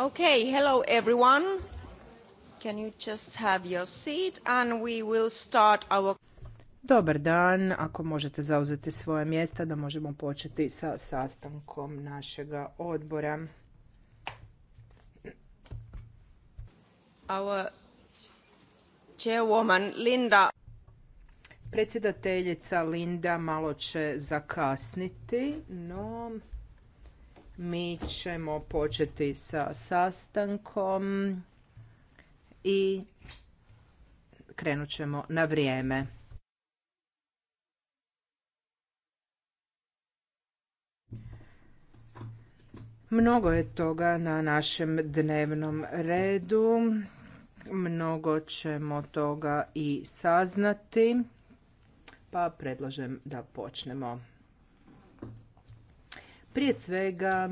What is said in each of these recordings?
Okay, hello everyone. Can you just have your seat and we will start our... Dobar dan, ako možete zauzeti svoje mjesta da možemo početi sa sastankom našega odbora. Our chairwoman Linda Predsjedateljica Linda malo će zakasniti, no mi ćemo početi sa sastankom i krenut ćemo na vrijeme. Mnogo je toga na našem dnevnom redu. Mnogo ćemo toga i saznati. Pa predlažem da počnemo. Prije svega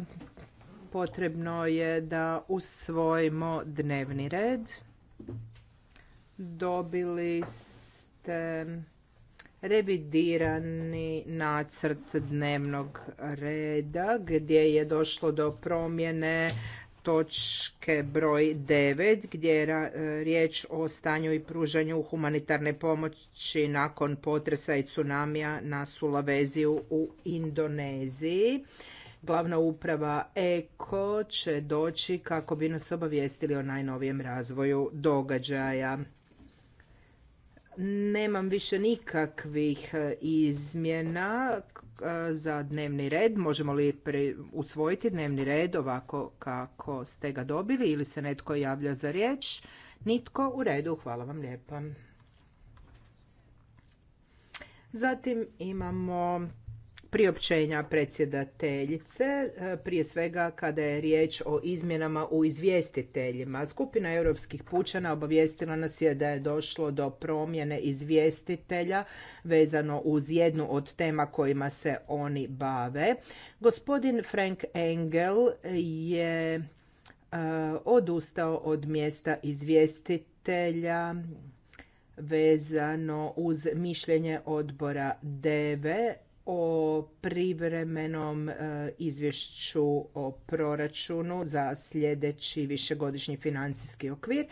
potrebno je da usvojimo dnevni red. Dobili ste revidirani nacrt dnevnog reda gdje je došlo do promjene točke broj 9 gdje je e, riječ o stanju i pružanju humanitarne pomoći nakon potresa i tsunamija na Sulaveziju u Indoneziji. Glavna uprava EKO će doći kako bi nas obavijestili o najnovijem razvoju događaja. Nemam više nikakvih e, izmjena E, za dnevni red. Možemo li usvojiti dnevni red ovako kako ste ga dobili ili se netko javlja za riječ? Nitko u redu. Hvala vam lijepa. Zatim imamo priopćenja predsjedateljice, e, prije svega kada je riječ o izmjenama u izvjestiteljima. Skupina europskih pučana obavijestila nas je da je došlo do promjene izvjestitelja vezano uz jednu od tema kojima se oni bave. Gospodin Frank Engel je e, odustao od mjesta izvjestitelja vezano uz mišljenje odbora DEVE o privremenom e, izvješću o proračunu za sljedeći višegodišnji financijski okvir, e,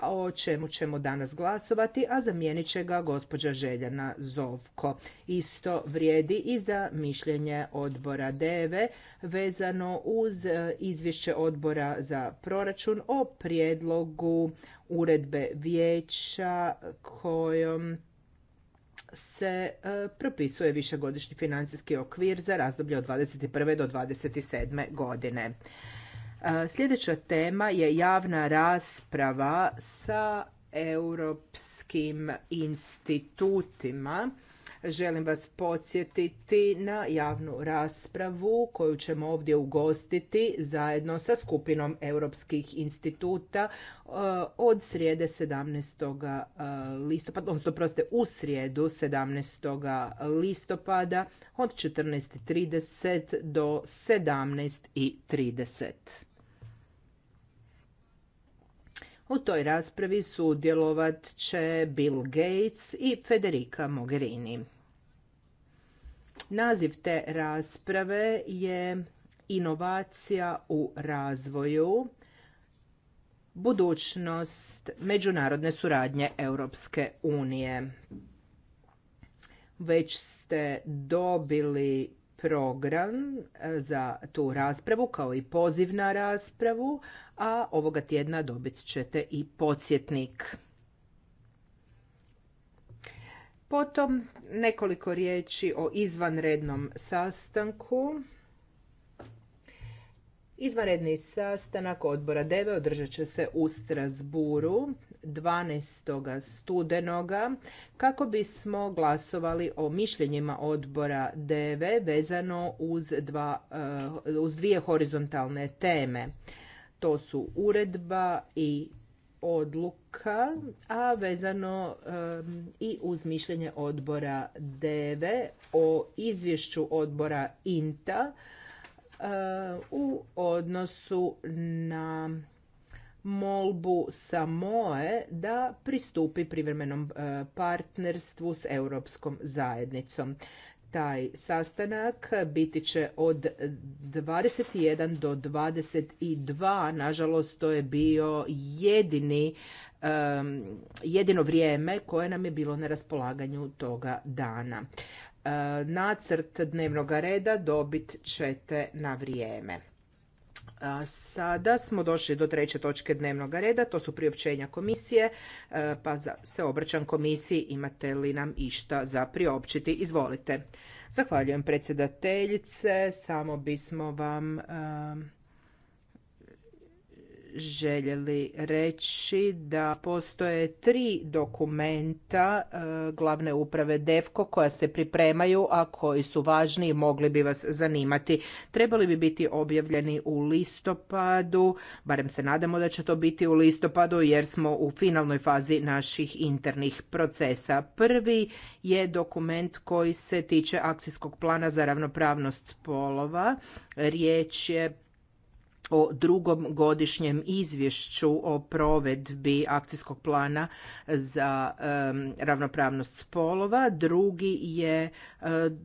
o čemu ćemo danas glasovati, a zamijenit će ga gospođa Željana Zovko. Isto vrijedi i za mišljenje odbora DEVE vezano uz e, izvješće odbora za proračun o prijedlogu uredbe vijeća kojom se e, propisuje višegodišnji financijski okvir za razdoblje od 2021. do 2027. godine. E, sljedeća tema je javna rasprava sa europskim institutima Želim vas podsjetiti na javnu raspravu koju ćemo ovdje ugostiti zajedno sa skupinom europskih instituta eh, od srijede 17. Eh, listopada, odnosno proste u srijedu 17. listopada od 14.30 do 17.30. U toj raspravi sudjelovat će Bill Gates i Federica Mogherini. Naziv te rasprave je Inovacija u razvoju budućnost međunarodne suradnje Europske unije. Već ste dobili program eh, za tu raspravu kao i poziv na raspravu, a ovoga tjedna dobit ćete i podsjetnik. Potom nekoliko riječi o izvanrednom sastanku. Izvanredni sastanak odbora DEVE održat će se u Strasburu 12. studenoga kako bismo glasovali o mišljenjima odbora DEVE vezano uz, dva, eh, uz dvije horizontalne teme. To su uredba i odluka, a vezano i uz mišljenje odbora DEVE o izvješću odbora INTA u odnosu na molbu Samoe da pristupi privremenom partnerstvu s Europskom zajednicom. Taj sastanak biti će od 21 do 22. Nažalost, to je bio jedini jedino vrijeme koje nam je bilo na raspolaganju toga dana. nacrt dnevnog reda dobit ćete na vrijeme. Sada smo došli do treće točke dnevnog reda, to su priopćenja komisije, e, pa se obraćam komisiji imate li nam išta za priopćiti. Izvolite. Zahvaljujem predsjedateljice, samo bismo vam željeli reći da postoje tri dokumenta e, glavne uprave DEFKO koja se pripremaju, a koji su važni i mogli bi vas zanimati. Trebali bi biti objavljeni u listopadu, barem se nadamo da će to biti u listopadu jer smo u finalnoj fazi naših internih procesa. Prvi je dokument koji se tiče akcijskog plana za ravnopravnost spolova. Riječ je o drugom godišnjem izvješću o provedbi akcijskog plana za ravnopravnost spolova. Drugi je e,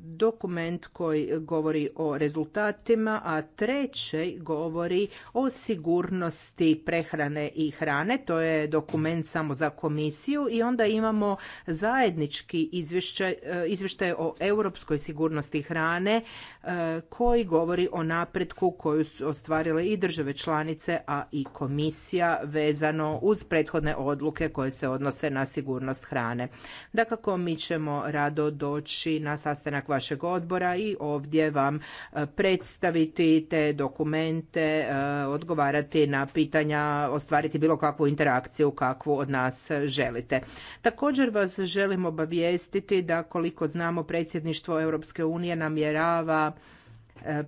dokument koji govori o rezultatima, a treći govori o sigurnosti prehrane i hrane. To je dokument samo za komisiju i onda imamo zajednički izvješće, e, izvještaj o europskoj sigurnosti hrane e, koji govori o napretku koju su ostvarile i države članice, a i komisija vezano uz prethodne odluke koje se odnose na sigurnost hrane. Dakako, mi ćemo rado doći na sastanak vašeg odbora i ovdje vam e, predstaviti te dokumente, e, odgovarati na pitanja, ostvariti bilo kakvu interakciju kakvu od nas želite. Također vas želim obavijestiti da koliko znamo predsjedništvo Europske unije namjerava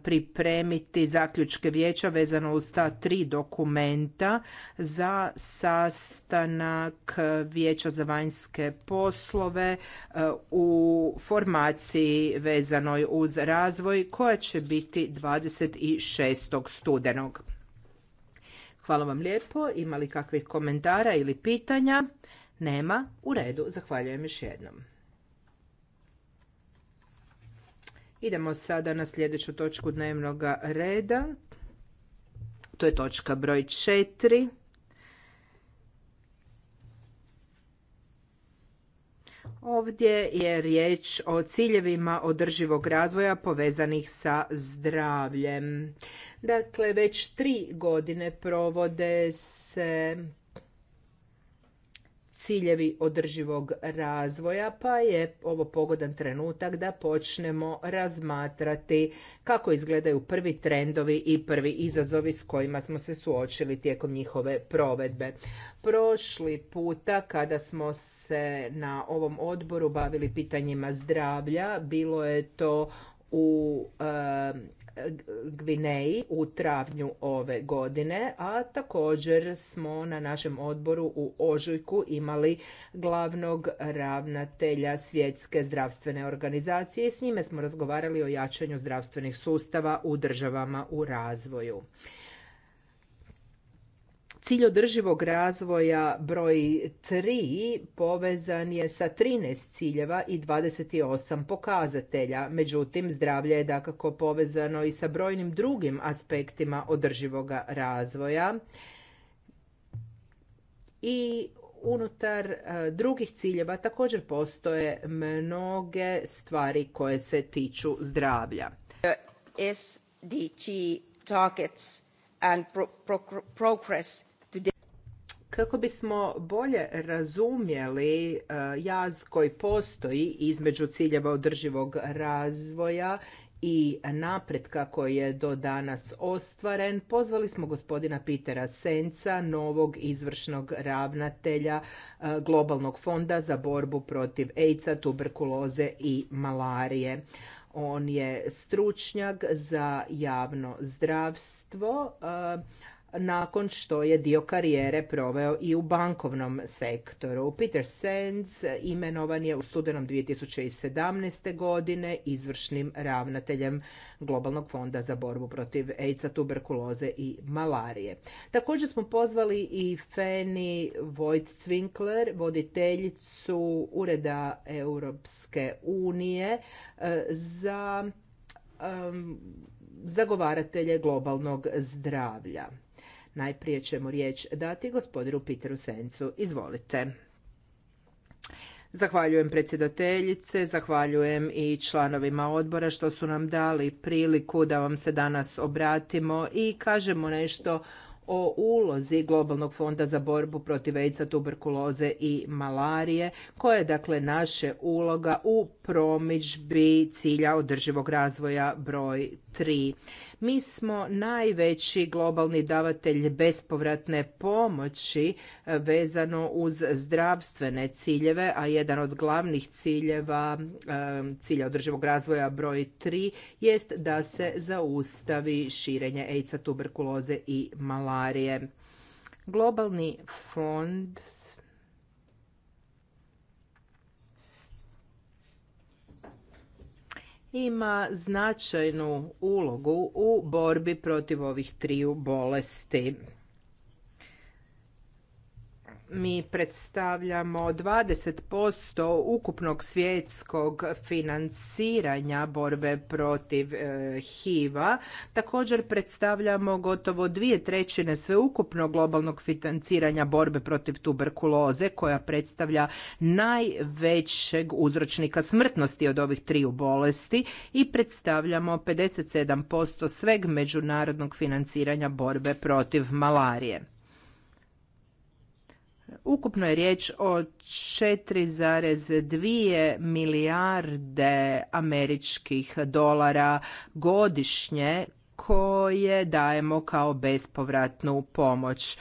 pripremiti zaključke vijeća vezano uz ta tri dokumenta za sastanak vijeća za vanjske poslove e, u formaciji vezanoj uz razvoj koja će biti 26. studenog. Hvala vam lijepo. Ima li kakvih komentara ili pitanja? Nema. U redu. Zahvaljujem još jednom. Idemo sada na sljedeću točku dnevnog reda. To je točka broj 4. Ovdje je riječ o ciljevima održivog razvoja povezanih sa zdravljem. Dakle, već tri godine provode se ciljevi održivog razvoja, pa je ovo pogodan trenutak da počnemo razmatrati kako izgledaju prvi trendovi i prvi izazovi s kojima smo se suočili tijekom njihove provedbe. Prošli puta kada smo se na ovom odboru bavili pitanjima zdravlja, bilo je to u Gvineji u travnju ove godine, a također smo na našem odboru u Ožujku imali glavnog ravnatelja Svjetske zdravstvene organizacije i s njime smo razgovarali o jačanju zdravstvenih sustava u državama u razvoju. Cilj održivog razvoja broj 3 povezan je sa 13 ciljeva i 28 pokazatelja. Međutim, zdravlje je dakako povezano i sa brojnim drugim aspektima održivog razvoja. I unutar e, drugih ciljeva također postoje mnoge stvari koje se tiču zdravlja. SDG targets and progress kako bismo bolje razumjeli e, jaz koji postoji između ciljeva održivog razvoja i napretka koji je do danas ostvaren, pozvali smo gospodina Pitera Senca, novog izvršnog ravnatelja e, Globalnog fonda za borbu protiv AIDS-a, tuberkuloze i malarije. On je stručnjak za javno zdravstvo e, nakon što je dio karijere proveo i u bankovnom sektoru. Peter Sands imenovan je u studenom 2017. godine izvršnim ravnateljem Globalnog fonda za borbu protiv AIDS-a, tuberkuloze i malarije. Također smo pozvali i Feni Vojt-Cvinkler, voditeljicu Ureda Europske unije e, za zagovaratelje globalnog zdravlja. Najprije ćemo riječ dati gospodinu Peteru Sencu. Izvolite. Zahvaljujem predsjedateljice, zahvaljujem i članovima odbora što su nam dali priliku da vam se danas obratimo i kažemo nešto o ulozi Globalnog fonda za borbu protiv aids tuberkuloze i malarije, koja je dakle naše uloga u promičbi cilja održivog razvoja broj 3. Mi smo najveći globalni davatelj bespovratne pomoći e, vezano uz zdravstvene ciljeve, a jedan od glavnih ciljeva e, cilja održivog razvoja broj 3 jest da se zaustavi širenje AIDS-a, tuberkuloze i malarije. Globalni fond ima značajnu ulogu u borbi protiv ovih triju bolesti mi predstavljamo 20% ukupnog svjetskog financiranja borbe protiv e, HIV-a. Također predstavljamo gotovo dvije trećine sveukupnog globalnog financiranja borbe protiv tuberkuloze koja predstavlja najvećeg uzročnika smrtnosti od ovih triju bolesti i predstavljamo 57% sveg međunarodnog financiranja borbe protiv malarije. Ukupno je riječ o 4,2 milijarde američkih dolara godišnje koje dajemo kao bespovratnu pomoć. E,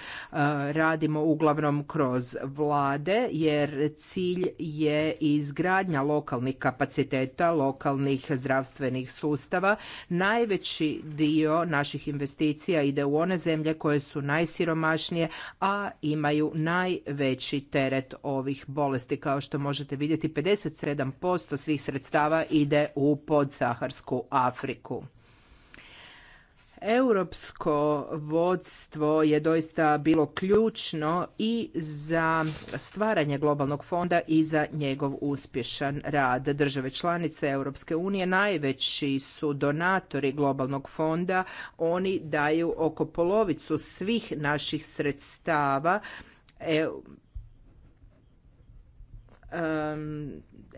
radimo uglavnom kroz vlade jer cilj je izgradnja lokalnih kapaciteta, lokalnih zdravstvenih sustava. Najveći dio naših investicija ide u one zemlje koje su najsiromašnije, a imaju najveći teret ovih bolesti. Kao što možete vidjeti, 57% svih sredstava ide u podsaharsku Afriku. Europsko vodstvo je doista bilo ključno i za stvaranje globalnog fonda i za njegov uspješan rad. Države članice Europske unije najveći su donatori globalnog fonda. Oni daju oko polovicu svih naših sredstava e,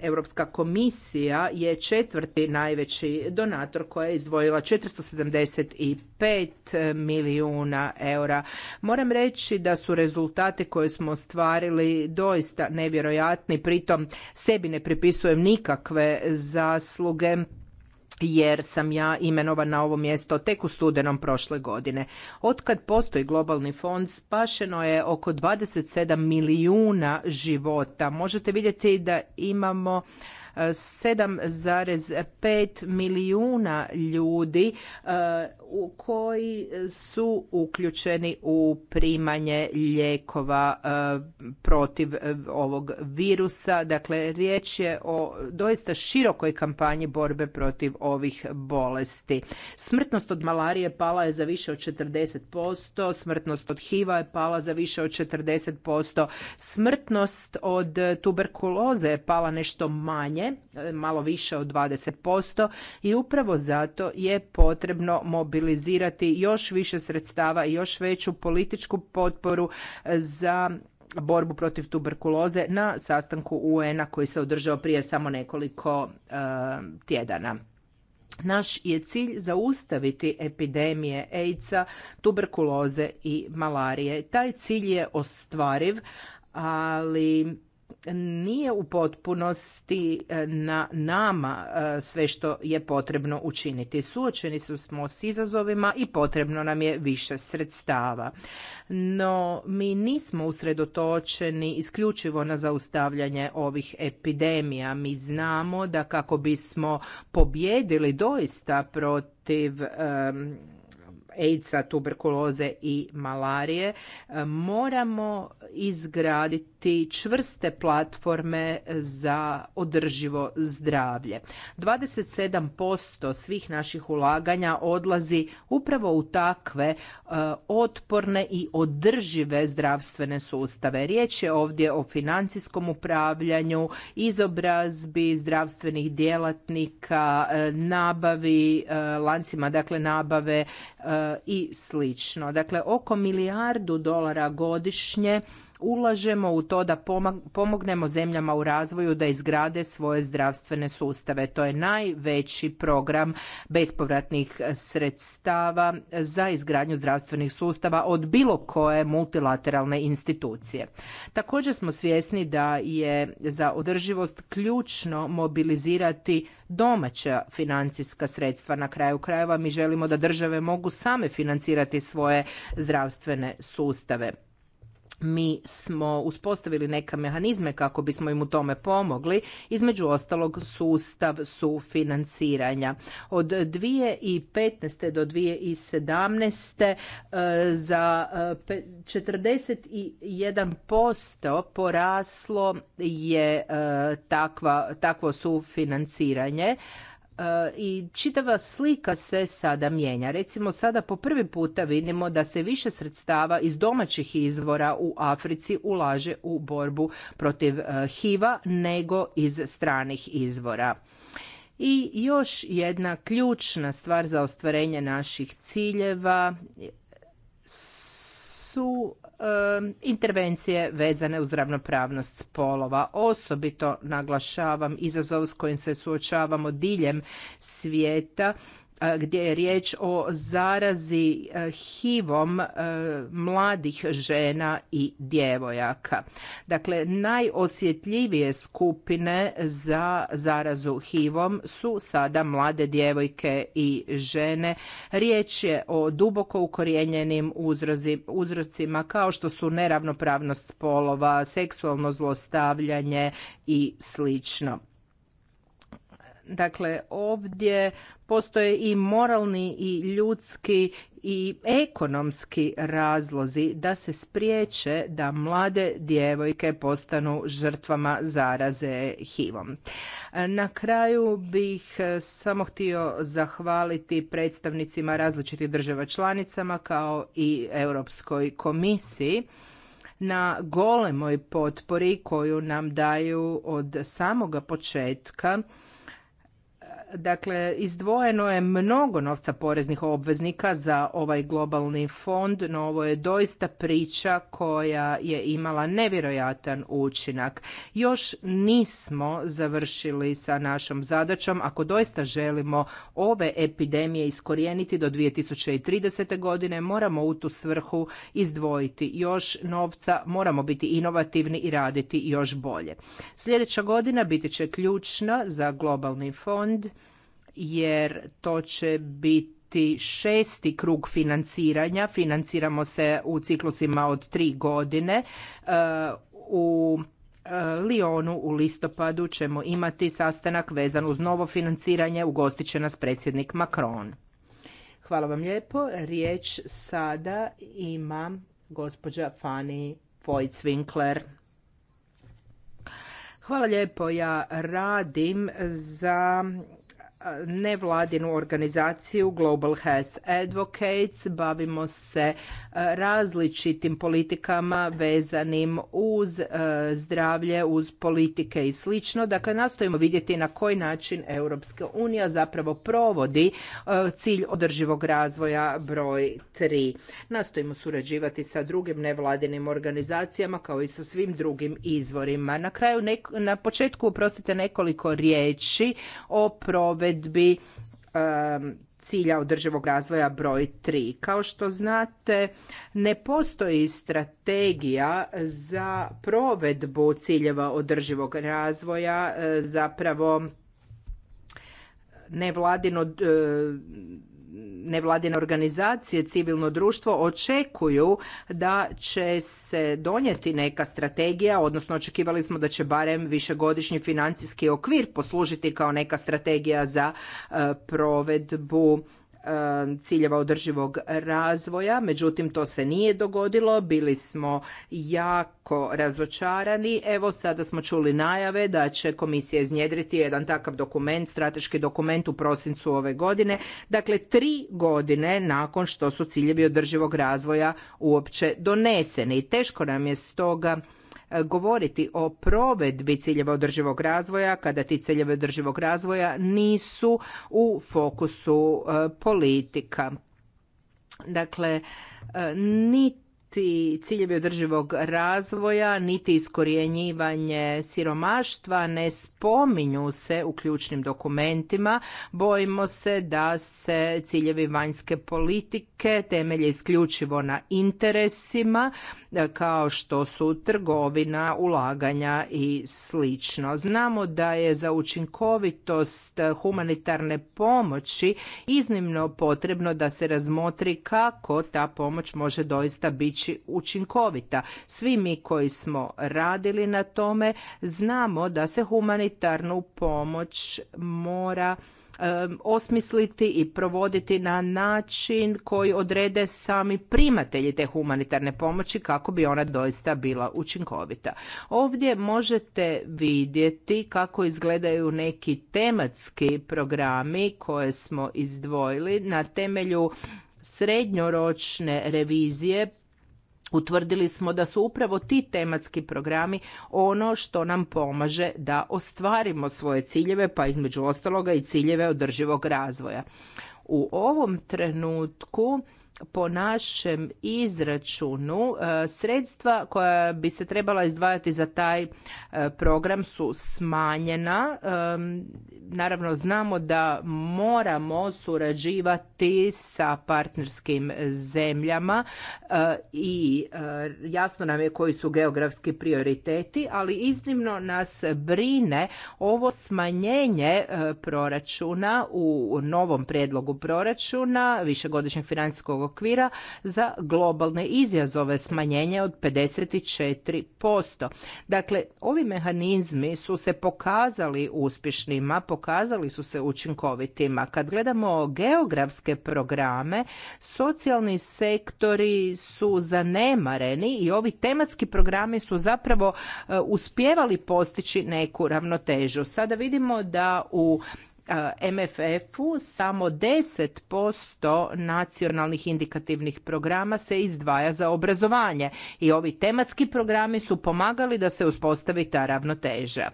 Europska komisija je četvrti najveći donator koja je izdvojila 475 milijuna eura. Moram reći da su rezultate koje smo ostvarili doista nevjerojatni, pritom sebi ne pripisujem nikakve zasluge jer sam ja imenovan na ovo mjesto tek u studenom prošle godine. Otkad postoji globalni fond, spašeno je oko 27 milijuna života. Možete vidjeti da imamo 7,5 milijuna ljudi eh, u koji su uključeni u primanje lijekova eh, protiv eh, ovog virusa. Dakle, riječ je o doista širokoj kampanji borbe protiv ovih bolesti. Smrtnost od malarije pala je za više od 40%, smrtnost od hiva je pala za više od 40%, smrtnost od tuberkuloze je pala nešto manje, malo više od 20% i upravo zato je potrebno mobilizirati još više sredstava i još veću političku potporu za borbu protiv tuberkuloze na sastanku UN-a koji se održao prije samo nekoliko e, tjedana. Naš je cilj zaustaviti epidemije AIDS-a, tuberkuloze i malarije. Taj cilj je ostvariv, ali nije u potpunosti e, na nama e, sve što je potrebno učiniti. Suočeni smo s izazovima i potrebno nam je više sredstava. No, mi nismo usredotočeni isključivo na zaustavljanje ovih epidemija. Mi znamo da kako bismo pobjedili doista protiv AIDS-a, tuberkuloze i malarije, e, moramo izgraditi čvrste platforme za održivo zdravlje. 27% svih naših ulaganja odlazi upravo u takve e, otporne i održive zdravstvene sustave. Riječ je ovdje o financijskom upravljanju, izobrazbi zdravstvenih djelatnika, e, nabavi, lancima dakle nabave i slično. Dakle, oko milijardu dolara godišnje ulažemo u to da pomognemo zemljama u razvoju da izgrade svoje zdravstvene sustave. To je najveći program bespovratnih e, sredstava za izgradnju zdravstvenih sustava od bilo koje multilateralne institucije. Također smo svjesni da je za održivost ključno mobilizirati domaća financijska sredstva. Na kraju krajeva mi želimo da države mogu same financirati svoje zdravstvene sustave mi smo uspostavili neke mehanizme kako bismo im u tome pomogli, između ostalog sustav sufinanciranja. Od 2015. do 2017. E, za 41% e, poraslo je e, takvo sufinanciranje E, i čitava slika se sada mijenja. Recimo sada po prvi puta vidimo da se više sredstava iz domaćih izvora u Africi ulaže u borbu protiv e, HIV-a nego iz stranih izvora. I još jedna ključna stvar za ostvarenje naših ciljeva su intervencije vezane uz ravnopravnost spolova. Osobito naglašavam izazov s kojim se suočavamo diljem svijeta E, gdje je riječ o zarazi e, hivom e, mladih žena i djevojaka. Dakle, najosjetljivije skupine za zarazu hivom su sada mlade djevojke i žene. Riječ je o duboko ukorijenjenim uzrocima kao što su neravnopravnost spolova, seksualno zlostavljanje i slično. Dakle, ovdje postoje i moralni i ljudski i ekonomski razlozi da se spriječe da mlade djevojke postanu žrtvama zaraze HIV-om. Na kraju bih e, samo htio zahvaliti predstavnicima različitih država članicama kao i Europskoj komisiji na golemoj potpori koju nam daju od samoga početka Dakle, izdvojeno je mnogo novca poreznih obveznika za ovaj globalni fond, no ovo je doista priča koja je imala nevjerojatan učinak. Još nismo završili sa našom zadaćom ako doista želimo ove epidemije iskorijeniti do 2030. godine, moramo u tu svrhu izdvojiti još novca, moramo biti inovativni i raditi još bolje. Sljedeća godina biti će ključna za globalni fond jer to će biti šesti krug financiranja. Financiramo se u ciklusima od tri godine. Uh, u uh, Lionu u listopadu ćemo imati sastanak vezan uz novo financiranje. Ugostit će nas predsjednik Macron. Hvala vam lijepo. Riječ sada ima gospođa Fani Vojcvinkler. Hvala lijepo. Ja radim za nevladinu organizaciju Global Health Advocates. Bavimo se različitim politikama vezanim uz e, zdravlje, uz politike i slično. Dakle, nastojimo vidjeti na koji način Europska unija zapravo provodi e, cilj održivog razvoja broj 3. Nastojimo surađivati sa drugim nevladinim organizacijama kao i sa svim drugim izvorima. Na kraju, na početku, oprostite, nekoliko riječi o provedbi e, cilja održivog razvoja broj 3. Kao što znate, ne postoji strategija za provedbu ciljeva održivog razvoja, e, zapravo nevladino e, nevladine organizacije, civilno društvo očekuju da će se donijeti neka strategija, odnosno očekivali smo da će barem višegodišnji financijski okvir poslužiti kao neka strategija za e, provedbu Um, ciljeva održivog razvoja, međutim to se nije dogodilo, bili smo jako razočarani. Evo sada smo čuli najave da će komisija iznjedriti jedan takav dokument, strateški dokument u prosincu ove godine, dakle tri godine nakon što su ciljevi održivog razvoja uopće doneseni. Teško nam je stoga E, govoriti o provedbi ciljeva održivog razvoja kada ti ciljevi održivog razvoja nisu u fokusu e, politika. Dakle, e, niti niti ciljevi održivog razvoja, niti iskorjenjivanje siromaštva ne spominju se u ključnim dokumentima. Bojimo se da se ciljevi vanjske politike temelje isključivo na interesima kao što su trgovina, ulaganja i slično. Znamo da je za učinkovitost humanitarne pomoći iznimno potrebno da se razmotri kako ta pomoć može doista biti učinkovita. Svi mi koji smo radili na tome znamo da se humanitarnu pomoć mora osmisliti i provoditi na način koji odrede sami primatelji te humanitarne pomoći kako bi ona doista bila učinkovita. Ovdje možete vidjeti kako izgledaju neki tematski programi koje smo izdvojili na temelju srednjoročne revizije utvrdili smo da su upravo ti tematski programi ono što nam pomaže da ostvarimo svoje ciljeve, pa između ostaloga i ciljeve održivog razvoja. U ovom trenutku po našem izračunu e, sredstva koja bi se trebala izdvajati za taj e, program su smanjena. E, naravno znamo da moramo surađivati sa partnerskim zemljama i jasno nam je koji su geografski prioriteti, ali iznimno nas brine ovo smanjenje proračuna u novom prijedlogu proračuna višegodišnjeg financijskog okvira za globalne izjazove smanjenje od 54%. Dakle, ovi mehanizmi su se pokazali uspješnima, pokazali su se učinkovitima. Kad gledamo geografske programe, socijalni sektori su zanemareni i ovi tematski programi su zapravo e, uspjevali postići neku ravnotežu. Sada vidimo da u E, MFF-u samo 10% nacionalnih indikativnih programa se izdvaja za obrazovanje i ovi tematski programi su pomagali da se uspostavi ta ravnoteža.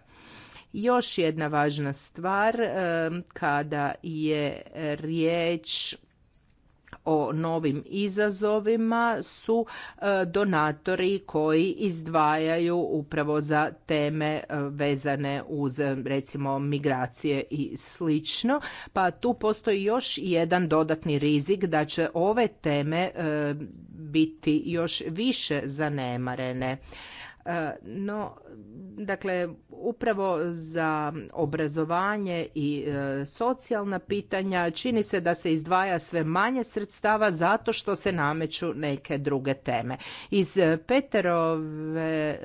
Još jedna važna stvar e, kada je riječ o novim izazovima su e, donatori koji izdvajaju upravo za teme e, vezane uz e, recimo migracije i slično. Pa tu postoji još jedan dodatni rizik da će ove teme biti još više zanemarene. E, no, dakle, upravo za obrazovanje i e, socijalna pitanja čini se da se izdvaja sve manje sredstava zato što se nameću neke druge teme. Iz e, Peterove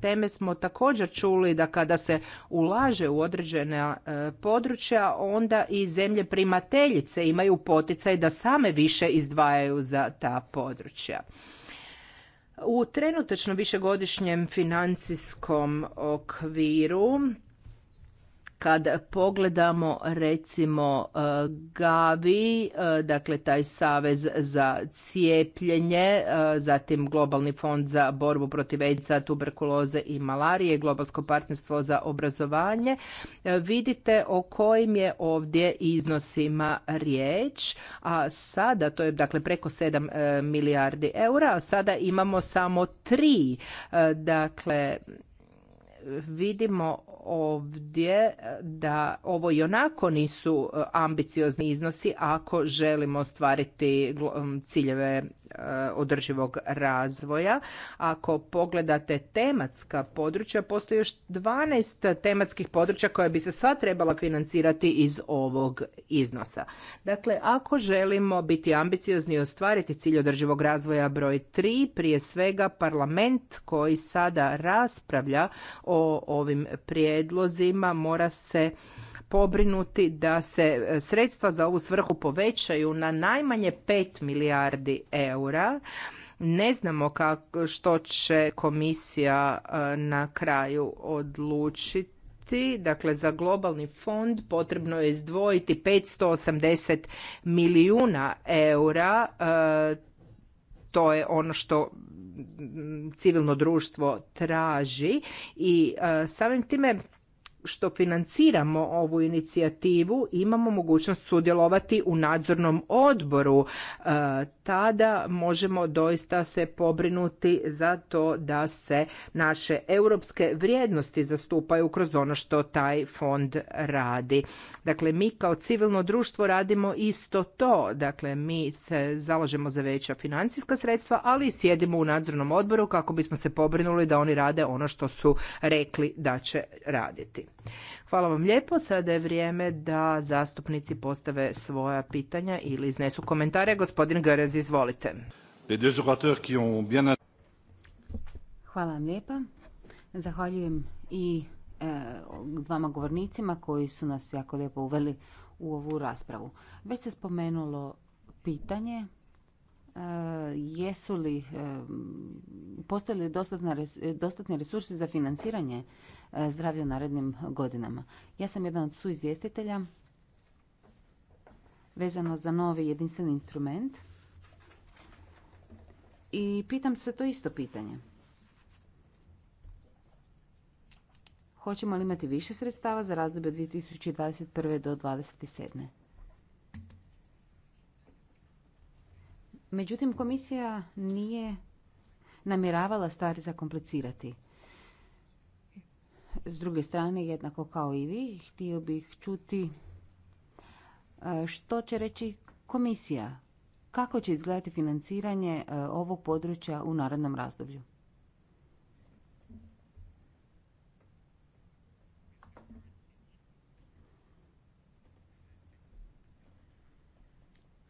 teme smo također čuli da kada se ulaže u određena područja, onda i zemlje primateljice imaju poticaj da same više izdvajaju za ta područja. U trenutačno višegodišnjem financijskom okviru kad pogledamo recimo e, Gavi, e, dakle taj savez za cijepljenje, e, zatim globalni fond za borbu protiv AIDS-a, tuberkuloze i malarije, globalsko partnerstvo za obrazovanje, vidite o kojim je ovdje iznosima riječ, a sada to je dakle preko 7 milijardi eura, a sada imamo samo 3. Dakle, vidimo ovdje da ovo i onako nisu e, ambiciozni iznosi ako želimo ostvariti ciljeve Eh, održivog razvoja. Ako pogledate tematska područja, postoji još 12 tematskih područja koja bi se sva trebala financirati iz ovog iznosa. Dakle, ako želimo biti ambiciozni i ostvariti cilj održivog razvoja broj 3, prije svega parlament koji sada raspravlja o ovim prijedlozima mora se pobrinuti da se e, sredstva za ovu svrhu povećaju na najmanje 5 milijardi eura. Ne znamo kako, što će komisija e, na kraju odlučiti dakle za globalni fond potrebno je izdvojiti 580 milijuna eura. E, to je ono što civilno društvo traži i samim time što financiramo ovu inicijativu imamo mogućnost sudjelovati u nadzornom odboru e, tada možemo doista se pobrinuti za to da se naše europske vrijednosti zastupaju kroz ono što taj fond radi. Dakle, mi kao civilno društvo radimo isto to. Dakle, mi se zalažemo za veća financijska sredstva, ali i sjedimo u nadzornom odboru kako bismo se pobrinuli da oni rade ono što su rekli da će raditi. Hvala vam lijepo. Sada je vrijeme da zastupnici postave svoja pitanja ili iznesu komentare. Gospodin Garez, izvolite. Hvala vam lijepa. Zahvaljujem i e, dvama govornicima koji su nas jako lijepo uveli u ovu raspravu. Već se spomenulo pitanje e, jesu li, e, postoje li dostatni resursi za financiranje E, zdravlje u narednim godinama. Ja sam jedan od suizvjestitelja vezano za novi jedinstveni instrument i pitam se to isto pitanje. Hoćemo li imati više sredstava za razdoblje od 2021. do 2027. Međutim, komisija nije namjeravala stvari zakomplicirati. S druge strane, jednako kao i vi, htio bih čuti e, što će reći komisija. Kako će izgledati financiranje e, ovog područja u narednom razdoblju?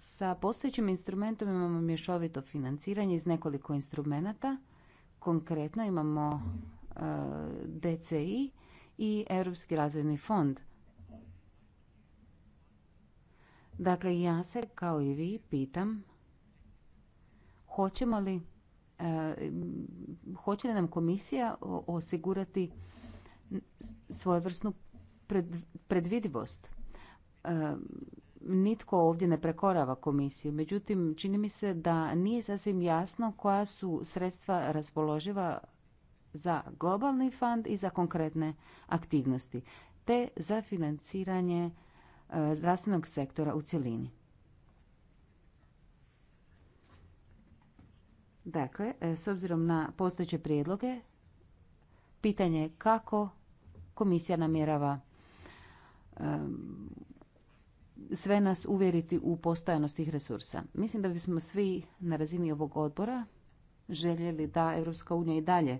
Sa postojećim instrumentom imamo mješovito financiranje iz nekoliko instrumenata. Konkretno imamo DCI i Europski razvojni fond. Dakle, ja se kao i vi pitam hoćemo li e, hoće li nam komisija osigurati svojevrsnu predvidivost. E, nitko ovdje ne prekorava komisiju, međutim čini mi se da nije sasvim jasno koja su sredstva raspoloživa za globalni fond i za konkretne aktivnosti, te za financiranje e, zdravstvenog sektora u cjelini. Dakle, e, s obzirom na postojeće prijedloge, pitanje je kako komisija namjerava e, sve nas uvjeriti u postojanost tih resursa. Mislim da bismo svi na razini ovog odbora željeli da EU i dalje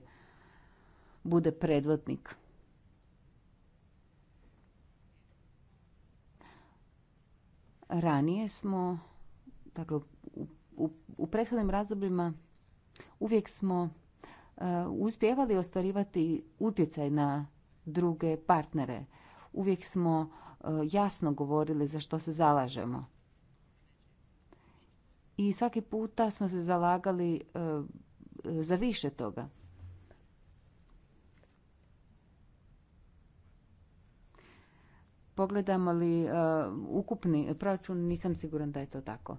bude predvodnik. Ranije smo, dakle, u, u, prethodnim razdobljima uvijek smo uh, uspjevali ostvarivati utjecaj na druge partnere. Uvijek smo e, jasno govorili za što se zalažemo. I svaki puta smo se zalagali e, za više toga. pogledamo li e, ukupni proračun, nisam siguran da je to tako.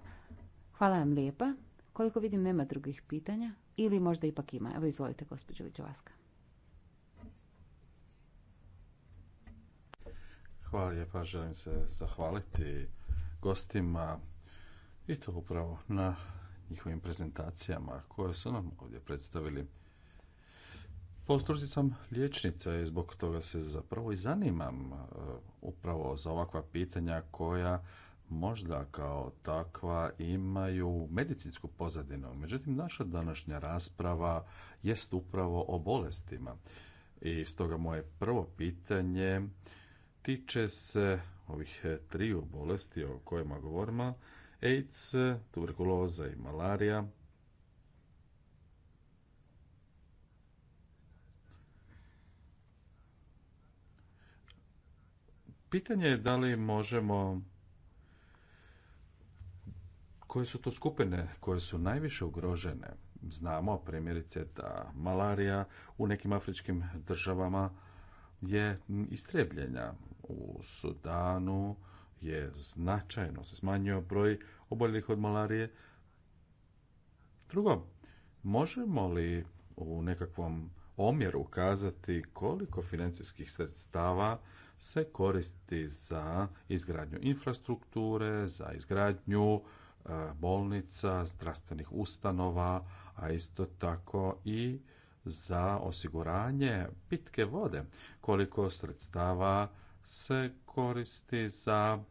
Hvala vam lijepa. Koliko vidim, nema drugih pitanja. Ili možda ipak ima. Evo, izvolite, gospođo Viđovaska. Hvala lijepa. Želim se zahvaliti gostima i to upravo na njihovim prezentacijama koje su nam ovdje predstavili. Po struci sam liječnica i zbog toga se zapravo i zanimam e, upravo za ovakva pitanja koja možda kao takva imaju medicinsku pozadinu. Međutim, naša današnja rasprava jest upravo o bolestima. I stoga moje prvo pitanje tiče se ovih triju bolesti o kojima govorimo, AIDS, tuberkuloza i malarija, Pitanje je da li možemo koje su to skupine koje su najviše ugrožene. Znamo primjerice da malarija u nekim afričkim državama je istrebljenja. U Sudanu je značajno se smanjio broj oboljelih od malarije. Drugo, možemo li u nekakvom omjeru ukazati koliko financijskih sredstava se koristi za izgradnju infrastrukture, za izgradnju e, bolnica, zdravstvenih ustanova, a isto tako i za osiguranje pitke vode, koliko sredstava se koristi za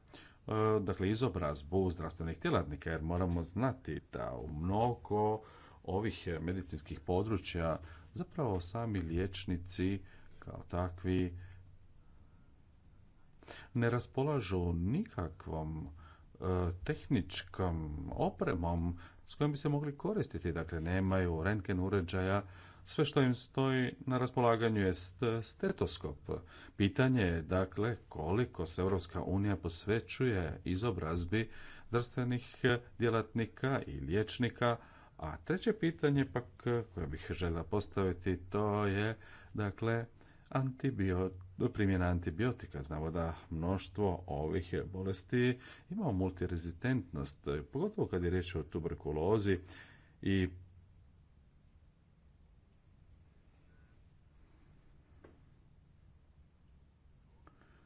e, dakle, izobrazbu zdravstvenih djelatnika, jer moramo znati da u mnogo ovih medicinskih područja zapravo sami liječnici kao takvi ne raspolažu nikakvom e, tehničkom opremom s kojom bi se mogli koristiti. Dakle, nemaju rentgen uređaja, sve što im stoji na raspolaganju je e, stetoskop. Pitanje je dakle koliko se Europska unija posvećuje izobrazbi zdravstvenih e, djelatnika i liječnika, a treće pitanje pak koje bih željela postaviti to je dakle antibiotik primjena antibiotika. Znamo da mnoštvo ovih bolesti ima multirezistentnost, pogotovo kad je riječ o tuberkulozi i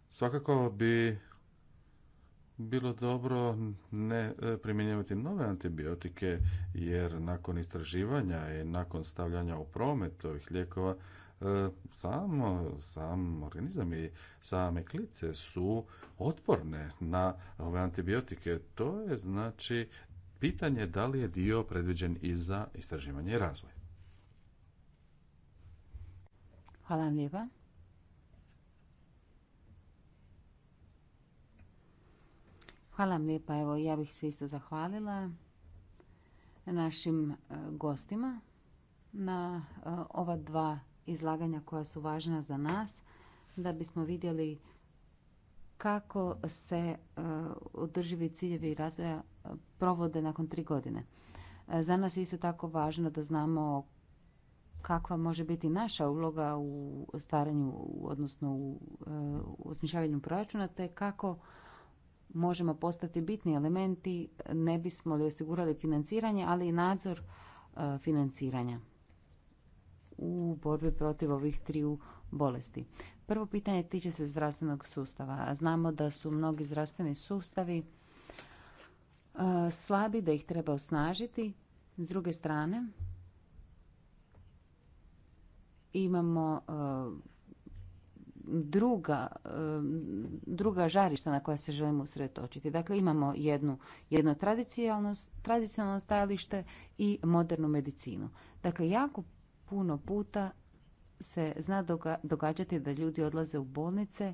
Svakako bi bilo dobro ne e, primjenjivati nove antibiotike jer nakon istraživanja i nakon stavljanja u promet ovih lijekova E, sam, sam organizam i same klice su otporne na ove antibiotike. To je znači pitanje da li je dio predviđen i za istraživanje i razvoj. Hvala vam lijepa. Hvala vam lijepa. ja bih se isto zahvalila našim e, gostima na e, ova dva izlaganja koja su važna za nas da bismo vidjeli kako se e, održivi ciljevi razvoja e, provode nakon tri godine. E, za nas je isto tako važno da znamo kakva može biti naša uloga u stvaranju, odnosno u osmišljavanju proračuna, te kako možemo postati bitni elementi, ne bismo li osigurali financiranje, ali i nadzor financiranja u borbi protiv ovih triju bolesti. Prvo pitanje tiče se zdravstvenog sustava. Znamo da su mnogi zdravstveni sustavi e, slabi, da ih treba osnažiti. S druge strane, imamo e, druga, e, druga žarišta na koja se želimo usretočiti. Dakle, imamo jednu, jedno tradicionalno, tradicionalno stajalište i modernu medicinu. Dakle, jako puno puta se zna događati da ljudi odlaze u bolnice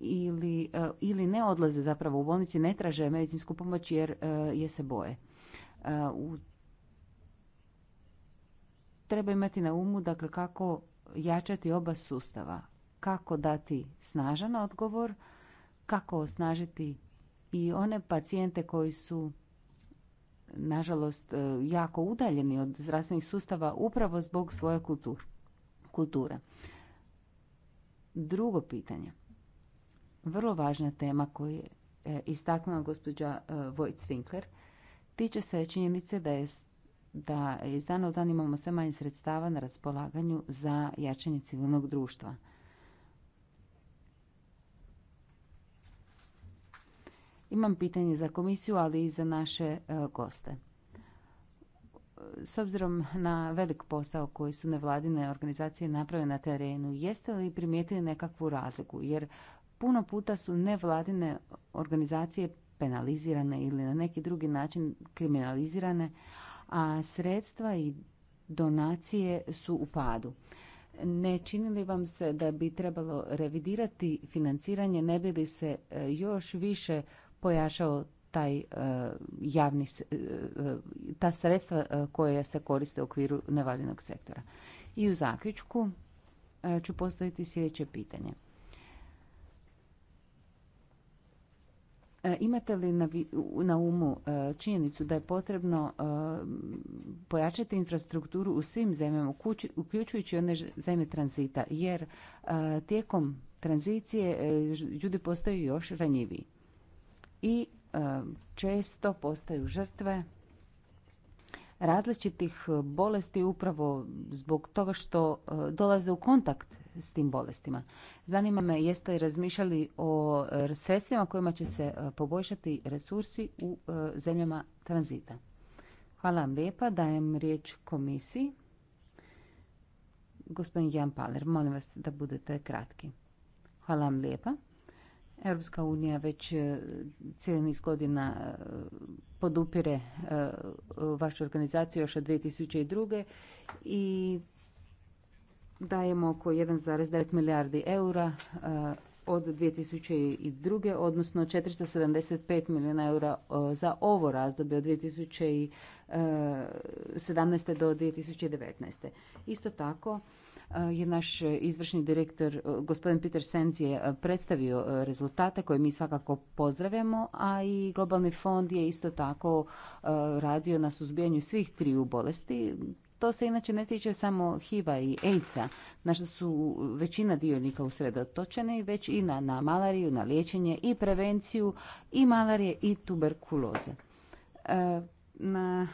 ili, e, ili ne odlaze zapravo u bolnici, ne traže medicinsku pomoć jer e, je se boje. E, u treba imati na umu dakle, kako jačati oba sustava, kako dati snažan odgovor, kako osnažiti i one pacijente koji su nažalost e, jako udaljeni od zdravstvenih sustava upravo zbog svoje kulture. Drugo pitanje, vrlo važna tema koju je e, istaknula gospođa e, Vojt Winkler, tiče se činjenice da je da iz dana u dan imamo sve manje sredstava na raspolaganju za jačanje civilnog društva. Imam pitanje za komisiju, ali i za naše e, goste. S obzirom na velik posao koji su nevladine organizacije napravile na terenu, jeste li primijetili nekakvu razliku? Jer puno puta su nevladine organizacije penalizirane ili na neki drugi način kriminalizirane, a sredstva i donacije su u padu. Ne čini li vam se da bi trebalo revidirati financiranje, ne bi li se e, još više pojašao taj e, javni, e, e, ta sredstva koja se koriste u okviru nevladinog sektora. I u zaključku ću postaviti sljedeće pitanje. Imate li na umu činjenicu da je potrebno pojačati infrastrukturu u svim zemljama, uključujući one zemlje tranzita, jer tijekom tranzicije ljudi postaju još ranjiviji? i e, često postaju žrtve različitih bolesti upravo zbog toga što e, dolaze u kontakt s tim bolestima. Zanima me jeste li razmišljali o e, sredstvima kojima će se poboljšati resursi u zemljama tranzita. Hvala vam lijepa. Dajem riječ komisiji. Gospodin Jan Paler, molim vas da budete kratki. Hvala vam lijepa. Europska unija već e, cijeli niz godina e, podupire e, vašu organizaciju još od 2002. i dajemo oko 1,9 milijardi eura od 2002. odnosno 475 milijuna eura za ovo razdoblje od 2017. do 2019. Isto tako je naš izvršni direktor, e, gospodin Peter Senz je e, predstavio e, rezultate koje mi svakako pozdravljamo, a i Globalni fond je isto tako radio na suzbijanju svih triju bolesti, to se inače ne tiče samo HIV-a i AIDS-a, na što su većina dionika usredotočeni, već i na, na malariju, na liječenje i prevenciju i malarije i tuberkuloze. na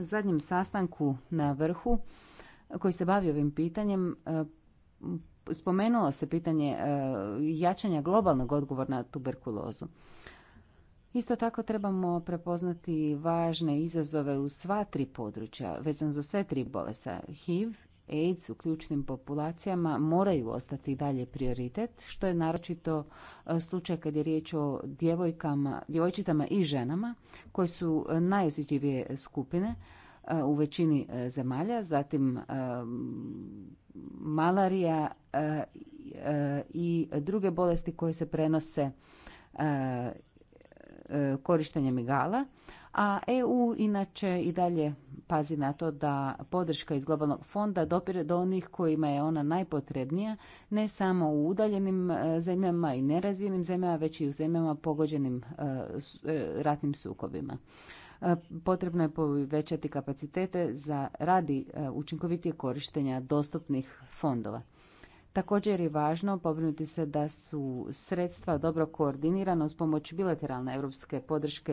zadnjem sastanku na vrhu koji se bavi ovim pitanjem e, spomenulo se pitanje e, jačanja globalnog odgovora na tuberkulozu. Isto tako trebamo prepoznati važne izazove u sva tri područja, vezano za sve tri bolesa. HIV, AIDS u ključnim populacijama moraju ostati dalje prioritet, što je naročito e, slučaj kad je riječ o djevojkama, djevojčicama i ženama koje su najosjetljivije skupine, E, u većini e, zemalja, zatim e, malarija i druge bolesti koje se prenose korištenjem igala, a EU inače i dalje pazi na to da podrška iz globalnog fonda dopire do onih kojima je ona najpotrebnija, ne samo u udaljenim zemljama i nerazvijenim zemljama, već i u zemljama pogođenim ratnim sukobima. Potrebno je povećati kapacitete za radi e, učinkovitije korištenja dostupnih fondova. Također je važno pobrinuti se da su sredstva dobro koordinirana s pomoć bilateralne europske podrške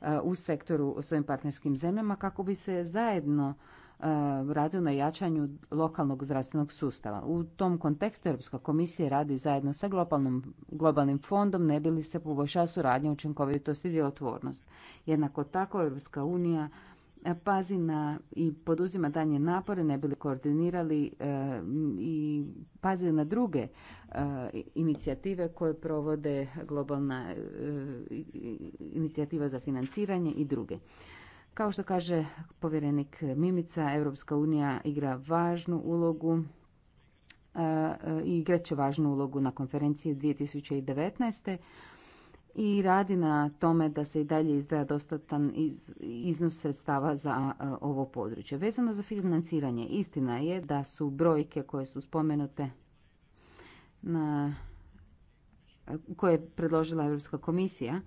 e, u sektoru svojim partnerskim zemljama kako bi se zajedno E, radio na jačanju lokalnog zdravstvenog sustava. U tom kontekstu Europska komisija radi zajedno sa globalnom, globalnim fondom ne bi li se poboljšala suradnja učinkovitost i djelotvornost. Jednako tako Europska unija e, pazi na i poduzima danje napore ne li koordinirali e, i pazi na druge inicijative koje provode globalna inicijativa za financiranje i druge. Kao što kaže povjerenik Mimica, Europska unija igra važnu ulogu i e, e, igrat će važnu ulogu na konferenciji 2019. i radi na tome da se i dalje izdaja dostatan iznos sredstava za e, ovo područje. Vezano za financiranje, istina je da su brojke koje su spomenute na koje je predložila Europska komisija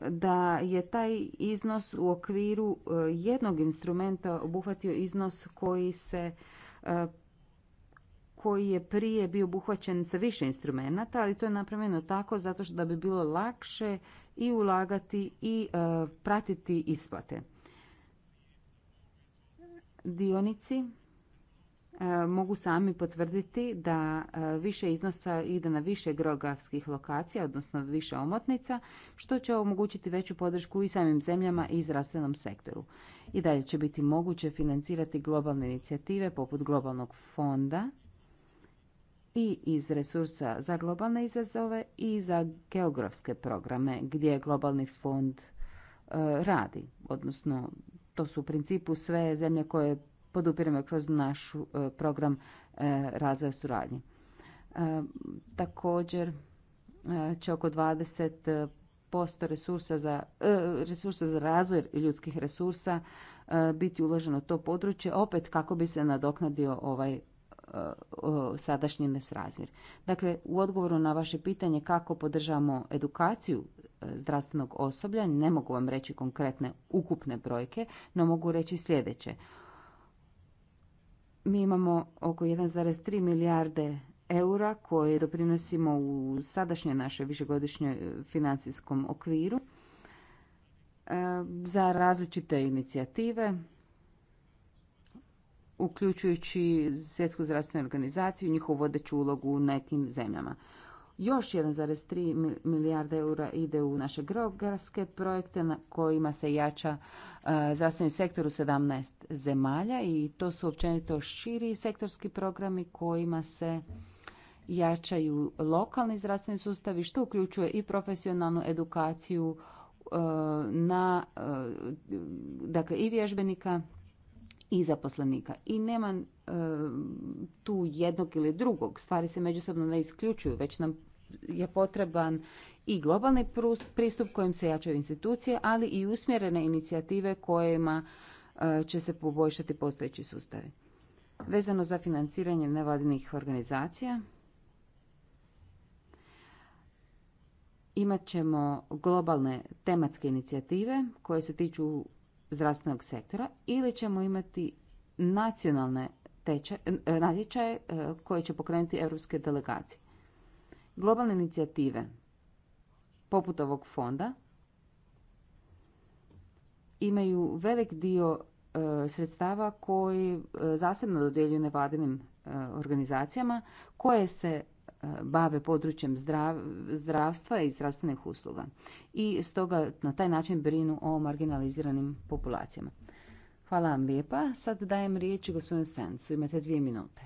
da je taj iznos u okviru e, jednog instrumenta obuhvatio iznos koji se e, koji je prije bio obuhvaćen sa više instrumenata, ali to je napravljeno tako zato što da bi bilo lakše i ulagati i e, pratiti isplate. Dionici E, mogu sami potvrditi da e, više iznosa ide na više geografskih lokacija, odnosno više omotnica, što će omogućiti veću podršku i samim zemljama i zdravstvenom sektoru. I dalje će biti moguće financirati globalne inicijative poput globalnog fonda i iz resursa za globalne izazove i za geografske programe gdje globalni fond e, radi, odnosno to su u principu sve zemlje koje podupiramo kroz naš e, program e, razvoja suradnje. E, također će oko 20% resursa za, resursa za razvoj ljudskih resursa biti uloženo u to područje, opet kako bi se nadoknadio ovaj sadašnji nesrazmjer. Dakle, u odgovoru na vaše pitanje kako podržamo edukaciju zdravstvenog osoblja, ne mogu vam reći konkretne ukupne brojke, no mogu reći sljedeće. Mi imamo oko 1,3 milijarde eura koje doprinosimo u sadašnje naše višegodišnje financijskom okviru e, za različite inicijative, uključujući Svjetsku zdravstvenu organizaciju i njihovu vodeću ulogu u nekim zemljama. Još 1,3 milijarda eura ide u naše geografske projekte na kojima se jača e, zdravstveni sektor u 17 zemalja i to su općenito širi sektorski programi kojima se jačaju lokalni zdravstveni sustavi što uključuje i profesionalnu edukaciju e, na e, dakle i vježbenika i zaposlenika. I nema e, tu jednog ili drugog. Stvari se međusobno ne isključuju, već nam je potreban i globalni pristup kojim se jačaju institucije, ali i usmjerene inicijative kojima e, će se poboljšati postojeći sustavi. Vezano za financiranje nevladinih organizacija, imat ćemo globalne tematske inicijative koje se tiču zdravstvenog sektora ili ćemo imati nacionalne teče, e, natječaje e, koje će pokrenuti europske delegacije. Globalne inicijative poput ovog fonda imaju velik dio e, sredstava koji zasebno dodjeljuju nevladinim organizacijama koje se bave područjem zdravstva i zdravstvenih usluga i stoga na taj način brinu o marginaliziranim populacijama. Hvala vam lijepa. Sad dajem riječ gospodinu Sencu. Imate dvije minute.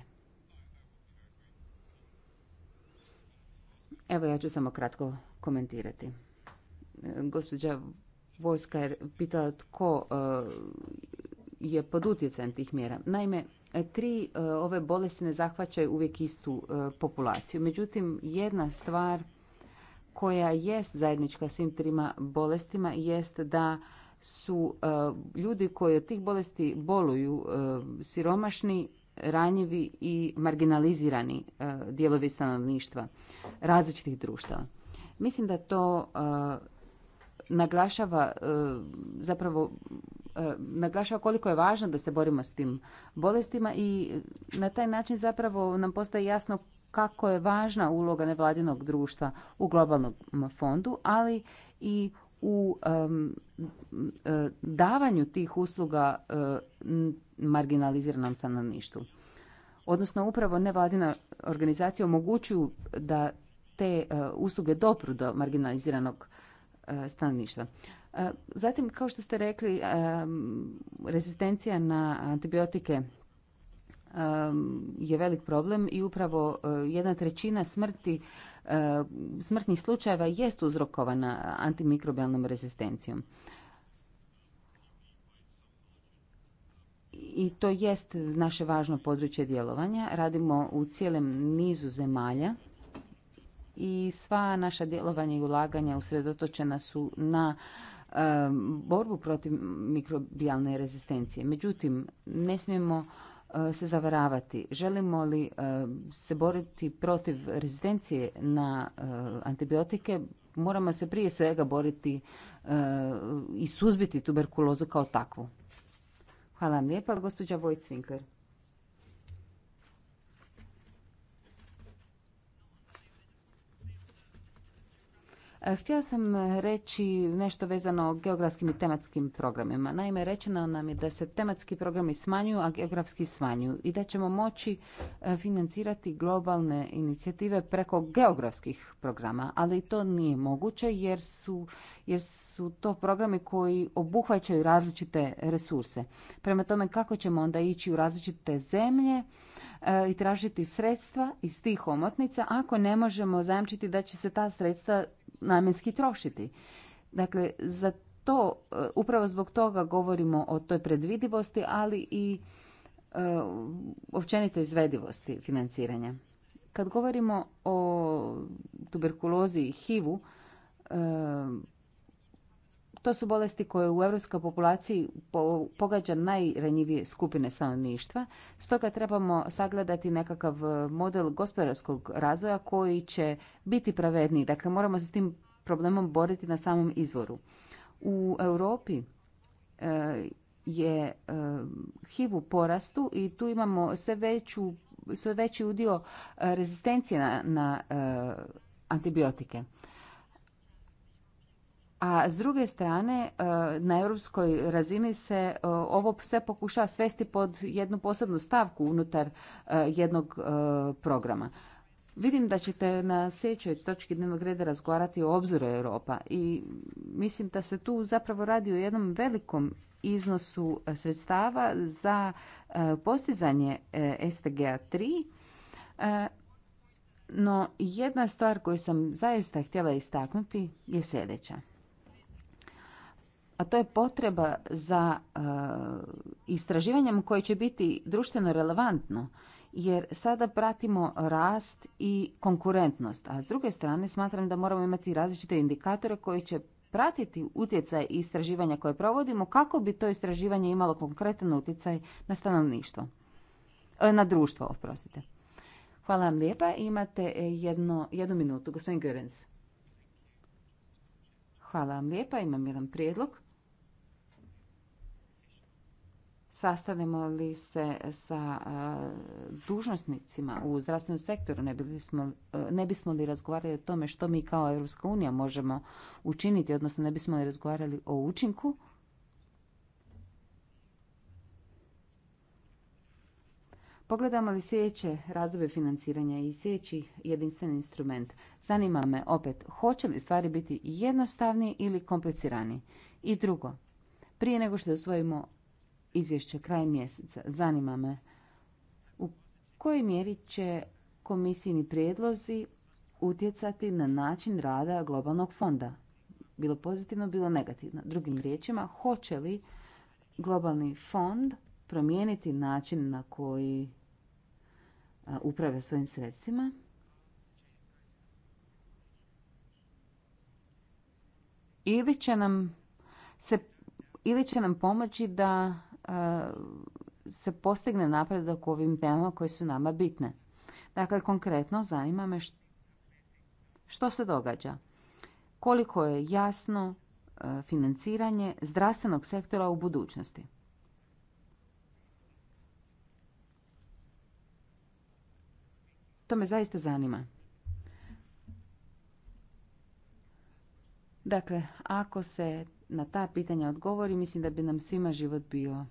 Evo ja ću samo kratko komentirati. Gospođa Vojska je pitala tko eh, je pod utjecajem tih mjera. Naime, E, tri e, ove bolesti ne zahvaćaju uvijek istu e, populaciju. Međutim, jedna stvar koja jest zajednička svim trima bolestima jest da su ljudi koji od tih bolesti boluju siromašni, ranjivi i marginalizirani dijelovi stanovništva različitih društava. Mislim da to naglašava zapravo E, naglašava koliko je važno da se borimo s tim bolestima i na taj način zapravo nam postaje jasno kako je važna uloga nevladinog društva u globalnom fondu, ali i u e, davanju tih usluga e, marginaliziranom stanovništvu. Odnosno, upravo nevladina organizacija omogućuju da te usluge dopru do marginaliziranog uh, stanovništva. Zatim, kao što ste rekli, rezistencija na antibiotike je velik problem i upravo eh, jedna trećina smrti, eh, smrtnih slučajeva jest uzrokovana antimikrobijalnom rezistencijom. I to jest naše važno područje djelovanja. Radimo u cijelom nizu zemalja i sva naša djelovanja i ulaganja usredotočena su na borbu protiv mikrobijalne rezistencije. Međutim, ne smijemo eh, se zavaravati. Želimo li eh, se boriti protiv rezistencije na eh, antibiotike, moramo se prije svega boriti i suzbiti tuberkulozu kao takvu. Hvala vam lijepa, gospođa Vojt Htjela sam reći nešto vezano o geografskim i tematskim programima. Naime, rečeno nam je da se tematski programi smanjuju, a geografski smanjuju i da ćemo moći e, financirati globalne inicijative preko geografskih programa, ali to nije moguće jer su, jer su to programi koji obuhvaćaju različite resurse. Prema tome, kako ćemo onda ići u različite zemlje, e, i tražiti sredstva iz tih omotnica ako ne možemo zajamčiti da će se ta sredstva namjenski trošiti. Dakle, za to, e, upravo zbog toga govorimo o toj predvidivosti, ali i e, općenito izvedivosti financiranja. Kad govorimo o tuberkulozi i HIV-u, e, to su bolesti koje u europskoj populaciji pogađa najranjivije skupine stanovništva, stoga trebamo sagledati nekakav e, model gospodarskog razvoja koji će biti pravedniji. Dakle, moramo se s tim problemom boriti na samom izvoru. U Europi e, je e, HIV u porastu i tu imamo sve, veću, sve veći udio rezistencije na antibiotike a s druge strane e, na europskoj razini se e, ovo sve pokušava svesti pod jednu posebnu stavku unutar e, jednog programa. Vidim da ćete na sljedećoj točki dnevnog reda razgovarati o obzoru Europa i mislim da se tu zapravo radi o jednom velikom iznosu sredstava za postizanje stg 3 no jedna stvar koju sam zaista htjela istaknuti je sljedeća a to je potreba za e, istraživanjem koje će biti društveno relevantno jer sada pratimo rast i konkurentnost, a s druge strane smatram da moramo imati različite indikatore koji će pratiti utjecaj istraživanja koje provodimo kako bi to istraživanje imalo konkretan utjecaj na stanovništvo, e, na društvo, oprostite. Hvala vam lijepa. Imate jedno, jednu minutu, gospodin Görens. Hvala vam lijepa. Imam jedan prijedlog sastanemo li se sa e, dužnosnicima u zdravstvenom sektoru, ne, bismo, e, ne bismo li razgovarali o tome što mi kao Europska unija možemo učiniti, odnosno ne bismo li razgovarali o učinku Pogledamo li sljedeće razdoblje financiranja i sljedeći jedinstveni instrument. Zanima me opet, hoće li stvari biti jednostavni ili komplicirani? I drugo, prije nego što usvojimo izvješće krajem mjeseca. Zanima me u kojoj mjeri će komisijni prijedlozi utjecati na način rada globalnog fonda. Bilo pozitivno, bilo negativno. Drugim riječima, hoće li globalni fond promijeniti način na koji uprave svojim sredstvima? Ili će nam se ili će nam pomoći da se postigne napredak u ovim temama koje su nama bitne. Dakle, konkretno zanima me što se događa. Koliko je jasno financiranje zdravstvenog sektora u budućnosti? To me zaista zanima. Dakle, ako se na ta pitanja odgovori, mislim da bi nam svima život bio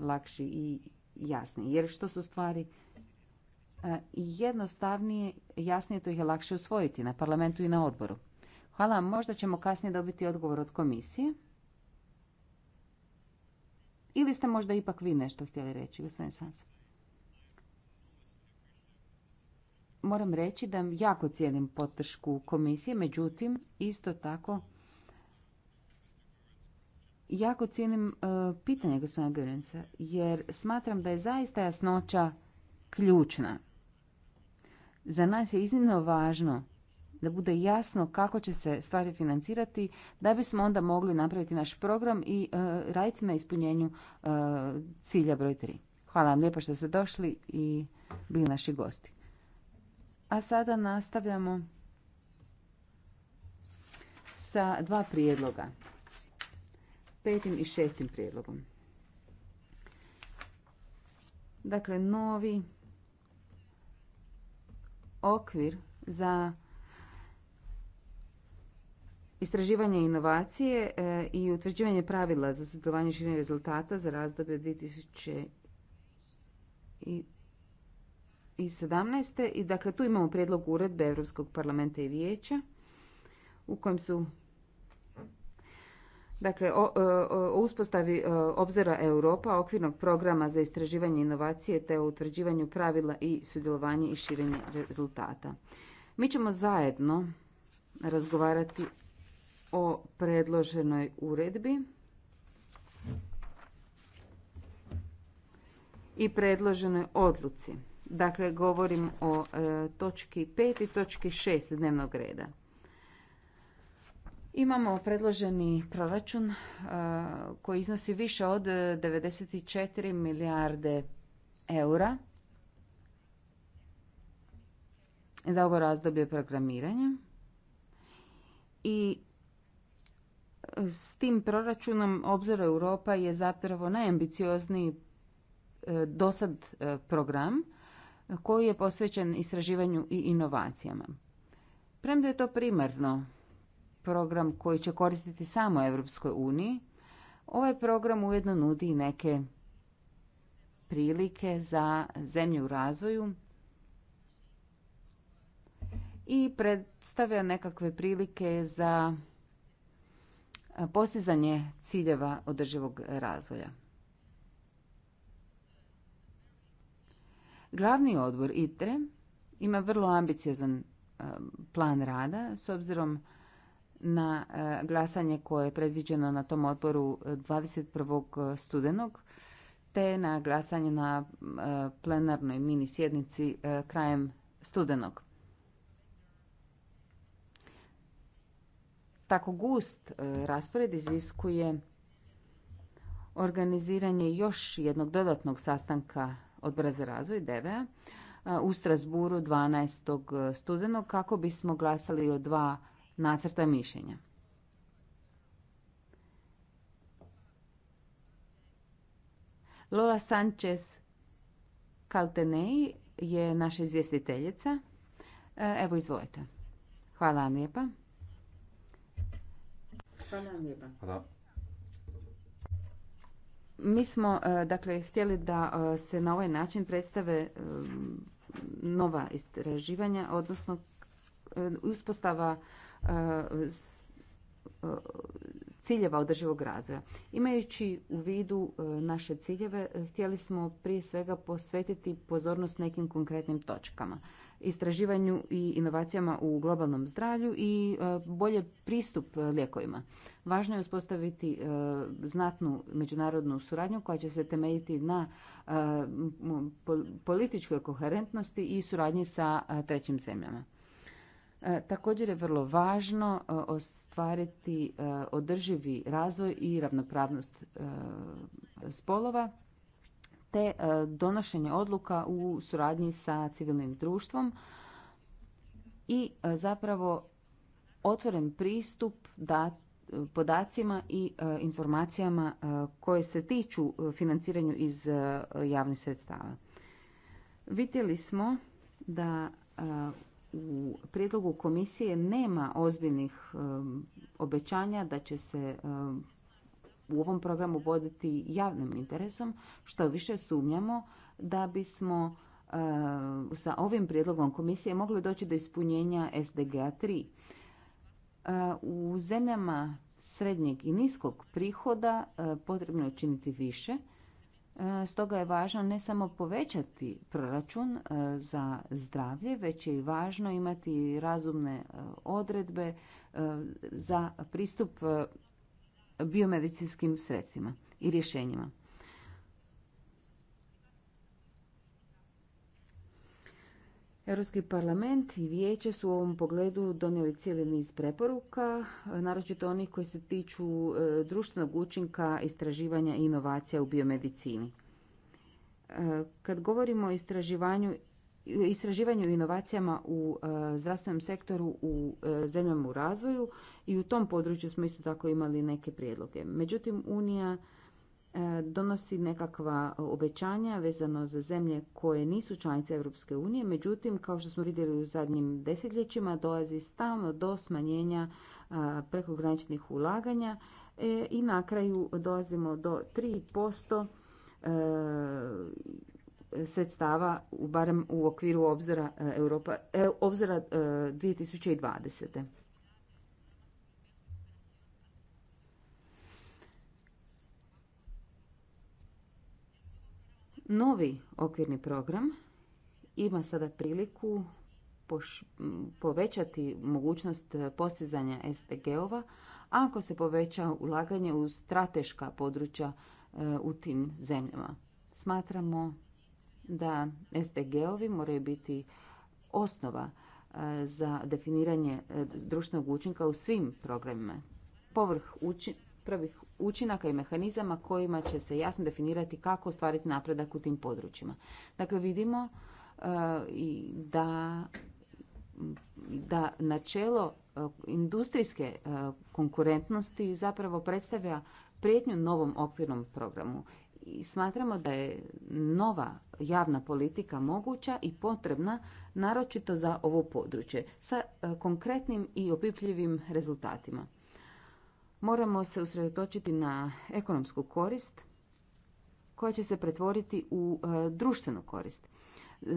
lakši i jasniji. Jer što su stvari e, jednostavnije, jasnije to ih je lakše usvojiti na parlamentu i na odboru. Hvala, možda ćemo kasnije dobiti odgovor od komisije. Ili ste možda ipak vi nešto htjeli reći, gospodin Sans? Moram reći da jako cijenim potršku komisije, međutim, isto tako jako cijenim e, pitanje gospodina Görensa, jer smatram da je zaista jasnoća ključna. Za nas je iznimno važno da bude jasno kako će se stvari financirati, da bismo onda mogli napraviti naš program i e, raditi na ispunjenju e, cilja broj 3. Hvala vam lijepo što ste došli i bili naši gosti. A sada nastavljamo sa dva prijedloga petim i šestim prijedlogom. Dakle, novi okvir za istraživanje inovacije e, i utvrđivanje pravila za sudjelovanje širine rezultata za razdoblje 2017. i I dakle tu imamo prijedlog uredbe Europskog parlamenta i vijeća u kojem su Dakle, o, e, uspostavi e, obzora Europa, okvirnog programa za istraživanje inovacije te o utvrđivanju pravila i sudjelovanje i širenje rezultata. Mi ćemo zajedno razgovarati o predloženoj uredbi i predloženoj odluci. Dakle, govorim o e, točki 5 i točki 6 dnevnog reda. Imamo predloženi proračun e, koji iznosi više od 94 milijarde eura za ovo razdoblje programiranja. I s tim proračunom Obzor Europa je zapravo najambiciozniji e, dosad e, program koji je posvećen istraživanju i inovacijama. Premda je to primarno program koji će koristiti samo Evropskoj uniji, ovaj program ujedno nudi i neke prilike za zemlje u razvoju i predstavlja nekakve prilike za postizanje ciljeva održivog razvoja. Glavni odbor ITRE ima vrlo ambiciozan eh, plan rada s obzirom na e, glasanje koje je predviđeno na tom odboru 21. E, e, studenog te na glasanje na plenarnoj mini sjednici krajem studenog. Tako gust raspored iziskuje organiziranje još jednog dodatnog sastanka odbora za razvoj DVA u Strasburu 12. studenog kako bismo glasali o dva nacrta mišljenja. Lola Sanchez Kaltenei je naša izvjestiteljica. E, evo, izvolite. Hvala vam lijepa. Hvala vam Hvala. Mi smo, e, dakle, htjeli da e, se na ovaj način predstave nova istraživanja, odnosno uspostava E, e, ciljeva održivog razvoja. Imajući u vidu e, naše ciljeve, htjeli smo prije svega posvetiti pozornost nekim konkretnim točkama, istraživanju i inovacijama u globalnom zdravlju i bolje pristup lijekovima. Važno je uspostaviti znatnu međunarodnu suradnju koja će se temeljiti na političkoj koherentnosti i suradnji sa trećim zemljama. E, također je vrlo važno e, ostvariti e, održivi razvoj i ravnopravnost spolova te donošenje odluka u suradnji sa civilnim društvom i zapravo otvoren pristup podacima i informacijama koje se tiču financiranju iz javnih sredstava. Vidjeli smo da u prijedlogu komisije nema ozbiljnih obećanja da će se u ovom programu voditi javnim interesom, što više sumnjamo da bismo sa ovim prijedlogom komisije mogli doći do ispunjenja SDGA 3. U zemljama srednjeg i niskog prihoda potrebno je učiniti više – E, stoga je važno ne samo povećati proračun e, za zdravlje, već je i važno imati razumne e, odredbe za pristup biomedicinskim sredstvima i rješenjima. Europski parlament i vijeće su u ovom pogledu donijeli cijeli niz preporuka, naročito onih koji se tiču e, društvenog učinka istraživanja i inovacija u biomedicini. E, kad govorimo o istraživanju istraživanju i inovacijama u e, zdravstvenom sektoru u zemljama u razvoju i u tom području smo isto tako imali neke prijedloge. Međutim, Unija E, donosi nekakva obećanja vezano za zemlje koje nisu članice Europske unije, međutim, kao što smo vidjeli u zadnjim desetljećima, dolazi stalno do smanjenja e, prekograničnih ulaganja e, i na kraju dolazimo do 3% sredstava, barem u okviru obzora, Europa, obzora 2020. Novi okvirni program ima sada priliku povećati mogućnost postizanja STG-ova ako se poveća ulaganje u strateška područja e, u tim zemljama. Smatramo da STG-ovi moraju biti osnova e, za definiranje e, društvenog učinka u svim programima. Povrh učinka prvih učinaka i mehanizama kojima će se jasno definirati kako ostvariti napredak u tim područjima. Dakle, vidimo e, da, da načelo e, industrijske e, konkurentnosti zapravo predstavlja prijetnju novom okvirnom programu. I smatramo da je nova javna politika moguća i potrebna naročito za ovo područje sa konkretnim i opipljivim rezultatima. Moramo se usredotočiti na ekonomsku korist koja će se pretvoriti u e, društvenu korist.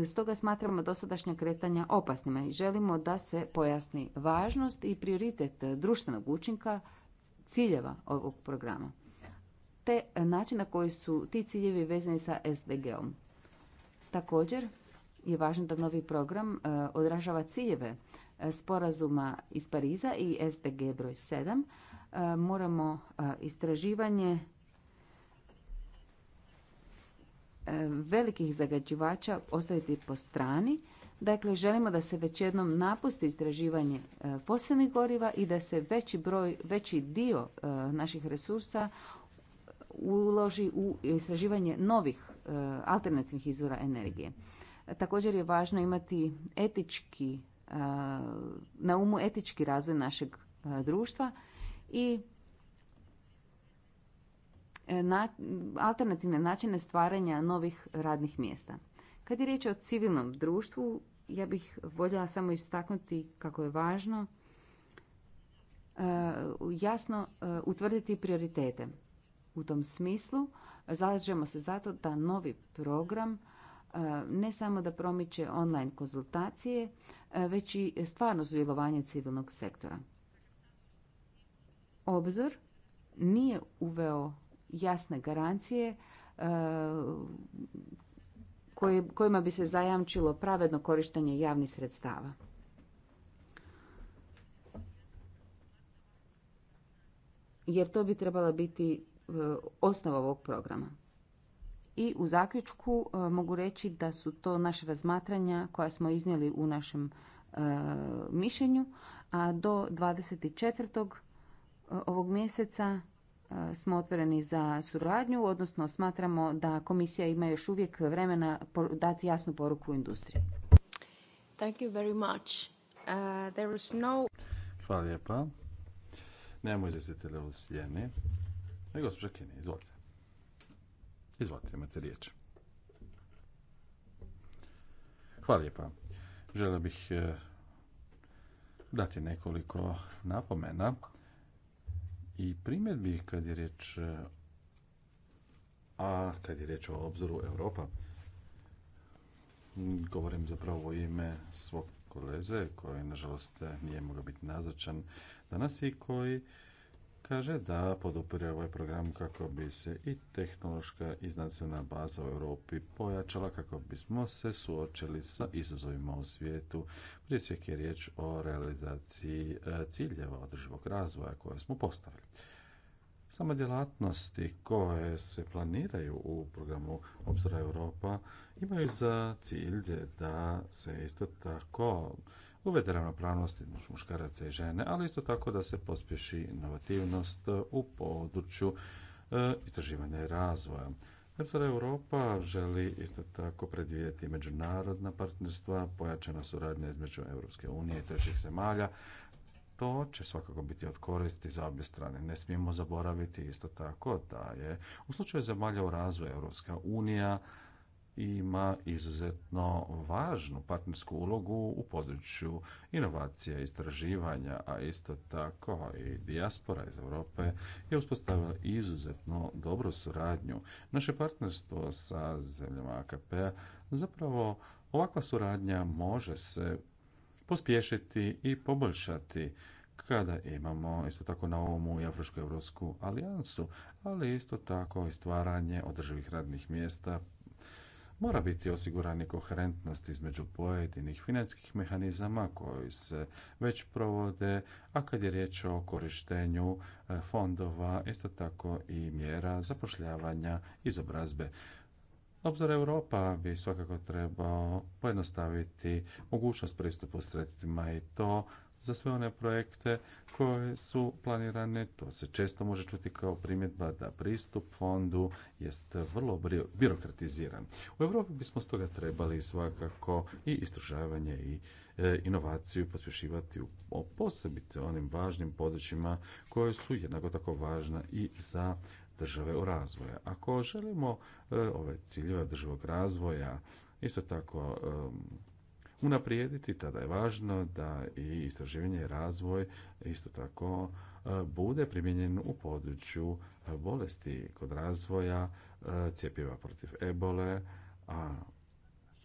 Stoga smatramo dosadašnja kretanja opasnima i želimo da se pojasni važnost i prioritet društvenog učinka ciljeva ovog programa, te način na koji su ti ciljevi vezani sa SDG-om. Također je važno da novi program e, odražava ciljeve e, sporazuma iz Pariza i SDG broj sedam, E, moramo e, istraživanje e, velikih zagađivača ostaviti po strani. Dakle, želimo da se već jednom napusti istraživanje fosilnih goriva i da se veći broj, veći dio naših resursa uloži u istraživanje novih alternativnih izvora energije. Također je važno imati etički, na umu etički razvoj našeg društva i e, na, alternativne načine stvaranja novih radnih mjesta. Kad je riječ o civilnom društvu, ja bih voljela samo istaknuti kako je važno e, jasno e, utvrditi prioritete. U tom smislu zalažemo se zato da novi program ne samo da promiče online konzultacije, već i stvarno sudjelovanje civilnog sektora obzor nije uveo jasne garancije e, kojima bi se zajamčilo pravedno korištenje javnih sredstava. Jer to bi trebala biti e, osnova ovog programa. I u zaključku e, mogu reći da su to naše razmatranja koja smo iznijeli u našem mišljenju, a do 24 ovog mjeseca e, smo otvoreni za suradnju, odnosno smatramo da komisija ima još uvijek vremena dati jasnu poruku industriji. Thank you very much. Uh, there was no... Hvala lijepa. Nemamo izvjestitelja u sjeni. E, gospođa Kini, izvolite. Izvolite, imate riječ. Hvala lijepa. Želio bih e, dati nekoliko napomena i primjedbi kad je riječ eh, a kad je reč o obzoru Europa govorim zapravo u ime svog koleze koji nažalost nije mogao biti nazočan danas i koji kaže da podupire ovaj program kako bi se i tehnološka i znanstvena baza u Europi pojačala kako bismo se suočili sa izazovima u svijetu. Prije svijek je riječ o realizaciji e, ciljeva održivog razvoja koje smo postavili. Samo djelatnosti koje se planiraju u programu Obzora Europa imaju za cilj da se isto tako uvede ravnopravnost između muškaraca i žene, ali isto tako da se pospješi inovativnost e, u području e, istraživanja i razvoja. Hercer Europa želi isto tako predvijeti međunarodna partnerstva, pojačana suradnja između Europske unije i trećih zemalja. To će svakako biti od koristi za obje strane. Ne smijemo zaboraviti isto tako da je u slučaju zemalja u razvoju Europska unija ima izuzetno važnu partnersku ulogu u području inovacija, istraživanja, a isto tako i dijaspora iz Europe je uspostavila izuzetno dobru suradnju. Naše partnerstvo sa zemljama akp zapravo ovakva suradnja može se pospješiti i poboljšati kada imamo isto tako na ovomu i Afričku alijansu, ali isto tako i stvaranje održivih radnih mjesta mora biti osigurani koherentnost između pojedinih financijskih mehanizama koji se već provode, a kad je riječ o korištenju e, fondova, isto tako i mjera zapošljavanja izobrazbe. Obzor Europa bi svakako trebao pojednostaviti mogućnost pristupu sredstvima i to za sve one projekte koje su planirane. To se često može čuti kao primjedba da pristup fondu jest vrlo birokratiziran. U Europi bismo stoga trebali svakako i istražavanje i e, inovaciju pospješivati u posebite onim važnim područjima koje su jednako tako važna i za države u razvoju. Ako želimo e, ove ciljeve državog razvoja, isto tako e, unaprijediti, tada je važno da i istraživanje i razvoj isto tako e, bude primijenjen u području e, bolesti kod razvoja e, cjepiva protiv ebole, a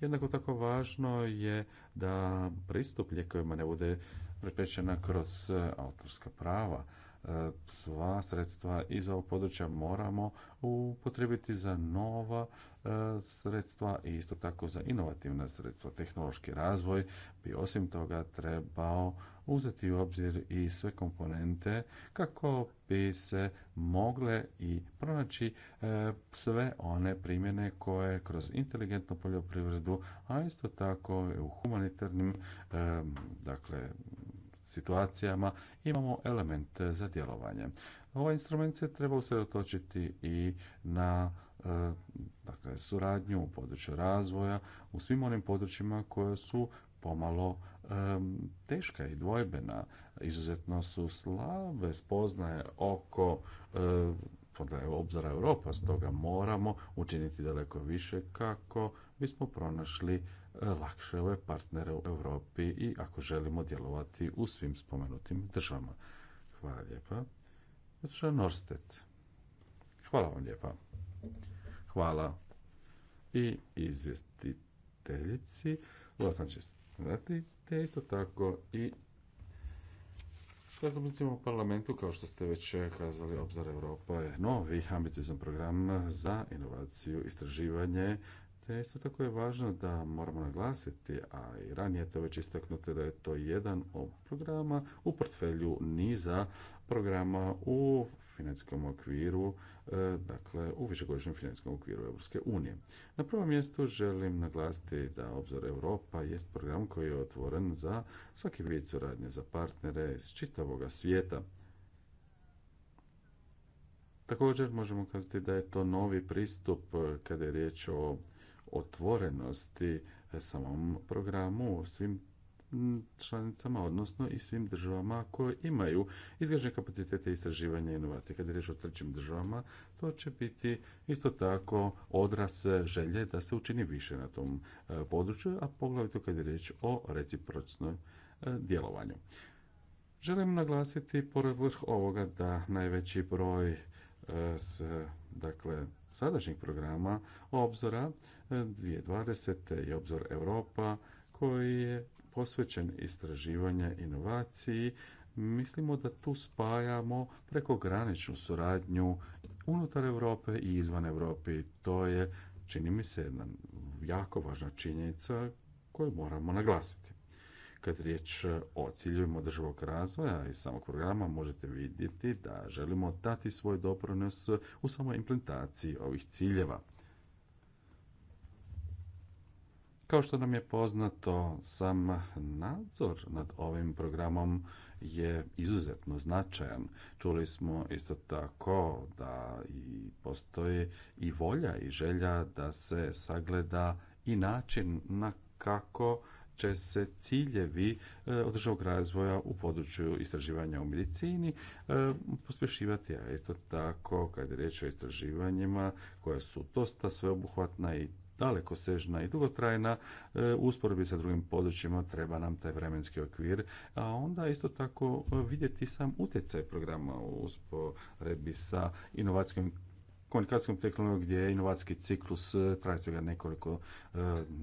jednako tako važno je da pristup ljekovima ne bude prepečena kroz autorska prava E, sva sredstva iz ovog područja moramo upotrebiti za nova e, sredstva i isto tako za inovativna sredstva. Tehnološki razvoj bi osim toga trebao uzeti u obzir i sve komponente kako bi se mogle i pronaći e, sve one primjene koje kroz inteligentnu poljoprivredu, a isto tako i u humanitarnim dakle situacijama imamo element e, za djelovanje. Ova instrument se treba usredotočiti i na e, dakle, suradnju u području razvoja u svim onim područjima koja su pomalo e, teška i dvojbena. Izuzetno su slabe spoznaje oko um, obzora Europa, stoga moramo učiniti daleko više kako bismo pronašli lakše ove partnere u Europi i ako želimo djelovati u svim spomenutim državama. Hvala lijepa. Gospođa Hvala vam lijepa. Hvala i izvjestiteljici. Ula sam te isto tako i zastupnicima u parlamentu, kao što ste već kazali, Obzor Europa je novi ambiciozan program za inovaciju, istraživanje, te isto tako je važno da moramo naglasiti, a i ranije to već istaknuto da je to jedan od programa u portfelju niza programa u financijskom okviru, e, dakle u višegodišnjem financijskom okviru Europske unije. Na prvom mjestu želim naglasiti da Obzor Europa jest program koji je otvoren za svaki vid suradnje za partnere iz čitavog svijeta. Također možemo kazati da je to novi pristup e, kada je riječ o otvorenosti e, samom programu, svim članicama, odnosno i svim državama koje imaju izgrađene kapacitete istraživanja i inovacije. Kada je riječ o trećim državama, to će biti isto tako odras želje da se učini više na tom e, području, a poglavito kada je riječ o recipročnom e, djelovanju. Želim naglasiti pored ovoga da najveći broj s, dakle, sadašnjih programa obzora 2020. je obzor Europa koji je posvećen istraživanja inovaciji. Mislimo da tu spajamo prekograničnu suradnju unutar Europe i izvan Europe. To je, čini mi se, jedna jako važna činjenica koju moramo naglasiti. Kad riječ o ciljevima održivog razvoja i samog programa, možete vidjeti da želimo dati svoj doprinos u samoj implementaciji ovih ciljeva. Kao što nam je poznato, sam nadzor nad ovim programom je izuzetno značajan. Čuli smo isto tako da i postoji i volja i želja da se sagleda i način na kako će se ciljevi e, održavog razvoja u području istraživanja u medicini e, pospješivati, a isto tako kad je reč o istraživanjima koja su dosta sveobuhvatna i daleko sežna i dugotrajna e, u usporedbi sa drugim područjima treba nam taj vremenski okvir, a onda isto tako e, vidjeti sam utjecaj programa u usporebi sa inovacijskim komunikacijskom tehnologijom gdje je inovacijski ciklus e, traje svega nekoliko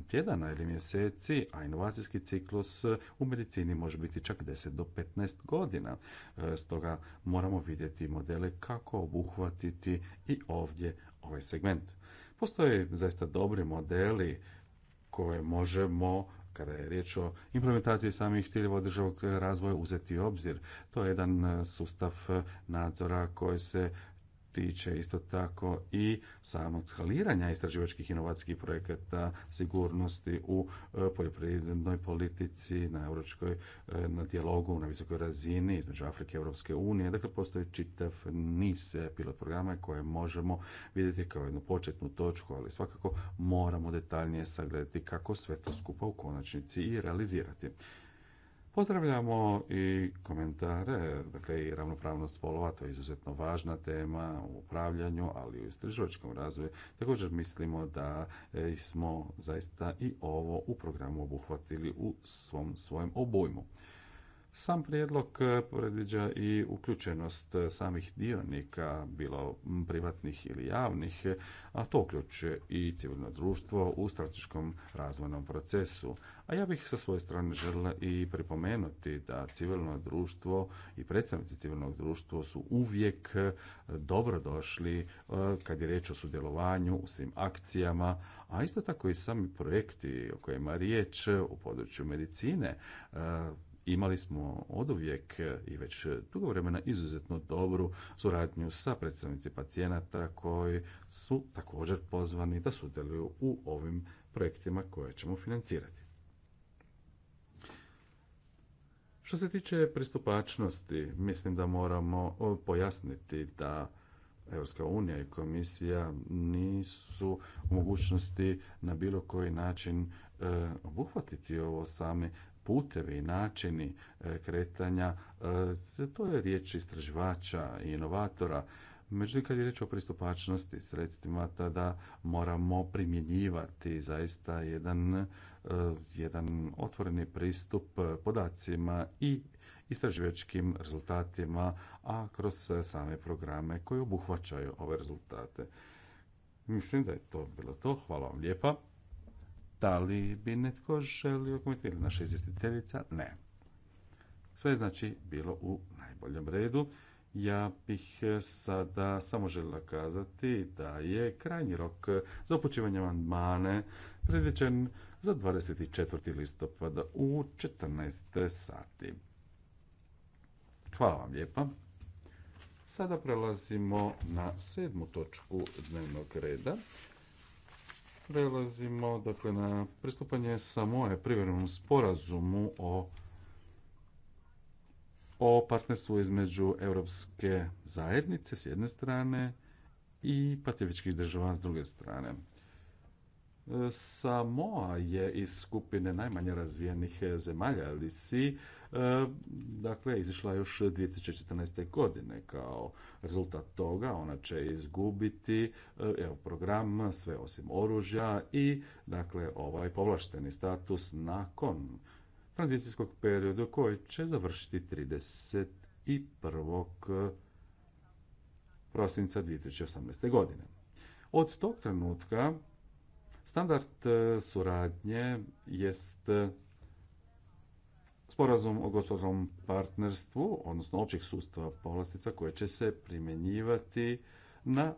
tjedana ili mjeseci, a inovacijski ciklus u medicini može biti čak 10 do 15 godina. Stoga moramo vidjeti modele kako obuhvatiti i ovdje ovaj segment. Postoje zaista dobri modeli koje možemo kada je riječ o implementaciji samih ciljeva održavog razvoja uzeti u obzir. To je jedan e, sustav e, nadzora koji se tiče isto tako i samog skaliranja istraživačkih inovacijskih projekata sigurnosti u e, poljoprivrednoj politici na europskoj e, na dijalogu na visokoj razini između Afrike i Europske unije. Dakle, postoji čitav niz e, pilot programa koje možemo vidjeti kao jednu početnu točku, ali svakako moramo detaljnije sagledati kako sve to skupa u konačnici i realizirati. Pozdravljamo i komentare, dakle i ravnopravnost spolova, to je izuzetno važna tema u upravljanju, ali i u istraživačkom razvoju. Također mislimo da e, smo zaista i ovo u programu obuhvatili u svom svojem obojmu. Sam prijedlog e, predviđa i uključenost e, samih dionika, bilo privatnih ili javnih, e, a to uključuje i civilno društvo u strateškom razvojnom procesu. A ja bih sa svoje strane želila i pripomenuti da civilno društvo i predstavnici civilnog društva su uvijek dobro došli kad je riječ o sudjelovanju u svim akcijama, a isto tako i sami projekti o kojima je riječ u području medicine Imali smo oduvijek i već dugo vremena izuzetno dobru suradnju sa predstavnici pacijenata koji su također pozvani da sudjeluju u ovim projektima koje ćemo financirati. Što se tiče pristupačnosti, mislim da moramo pojasniti da Europska unija i komisija nisu u mogućnosti na bilo koji način eh, obuhvatiti ovo sami, putevi, načini e, kretanja, e, to je riječ istraživača i inovatora. Međutim, kad je riječ o pristupačnosti sredstvima, tada moramo primjenjivati zaista jedan, e, jedan otvoreni pristup podacima i istraživačkim rezultatima, a kroz same programe koji obuhvaćaju ove rezultate. Mislim da je to bilo to. Hvala vam lijepa. Da li bi netko želio komentirati? Naša izvjestiteljica? Ne. Sve je znači bilo u najboljem redu. Ja bih eh, sada samo želila kazati da je krajnji rok za upućivanje amandmane predviđen za 24. listopada u 14. sati. Hvala vam lijepa. Sada prelazimo na sedmu točku dnevnog reda. Prelazimo dakle, na pristupanje sa moje privremenom sporazumu o, o partnerstvu između Europske zajednice s jedne strane i pacifičkih država s druge strane. Samoa je iz skupine najmanje razvijenih zemalja, LDC, e, dakle, izišla još 2014. godine. Kao rezultat toga ona će izgubiti e, evo, program sve osim oružja i dakle, ovaj povlašteni status nakon tranzicijskog perioda koji će završiti 31. prosinca 2018. godine. Od tog trenutka Standard e, suradnje jest e, sporazum o gospodarskom partnerstvu, odnosno općih sustava povlastica koje će se primjenjivati na e,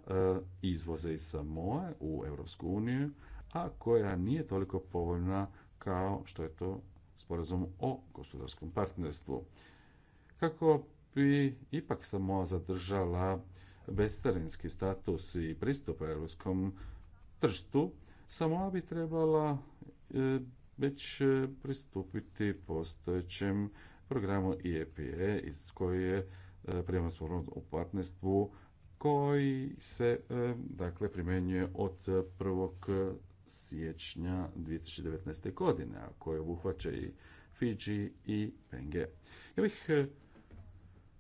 izvoze iz Samoa u Europsku uniju, a koja nije toliko povoljna kao što je to sporazum o gospodarskom partnerstvu. Kako bi ipak Samoa zadržala bestarinski status i pristup europskom tržstvu, Samoa bi trebala e, već e, pristupiti postojećem programu IEPE e iz koje je prema u partnerstvu koji se dakle primjenjuje od 1. siječnja 2019. godine, a koje obuhvaća i Fiji i PNG. Ja bih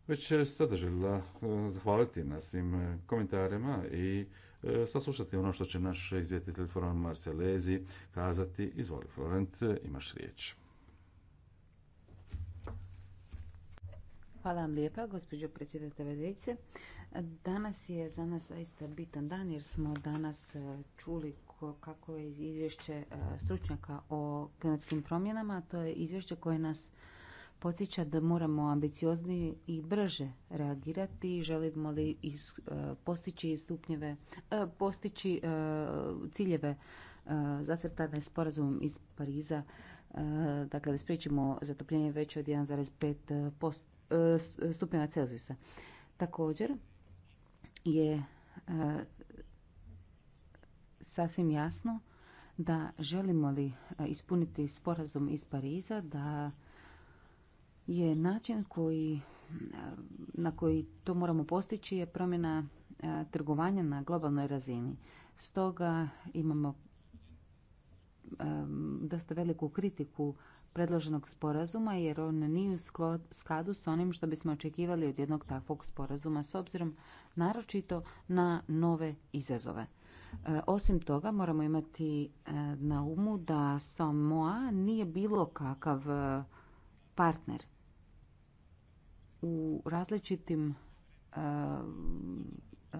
već sada želila zahvaliti na svim komentarima i E, saslušati ono što će naš izvjetitelj Florent Marcelezi kazati. Izvoli Florent, imaš riječ. Hvala vam lijepa, gospođo predsjedateljice. Danas je za nas zaista bitan dan jer smo danas e, čuli kako je izvješće e, stručnjaka o klimatskim promjenama. To je izvješće koje nas podsjeća da moramo ambicioznije i brže reagirati, želimo li e, postići stupnjeve, e, postići e, ciljeve zacrtane sporazum iz Pariza, dakle da spriječimo zatopljenje veće od 1,5 stupnjeva Celzijusa. Također je sasvim jasno da želimo li ispuniti sporazum iz Pariza, da je način koji, na koji to moramo postići je promjena e, trgovanja na globalnoj razini. Stoga imamo e, dosta veliku kritiku predloženog sporazuma jer on nije u skladu s onim što bismo očekivali od jednog takvog sporazuma s obzirom naročito na nove izazove. E, osim toga moramo imati na umu da Samoa nije bilo kakav partner u različitim e, e,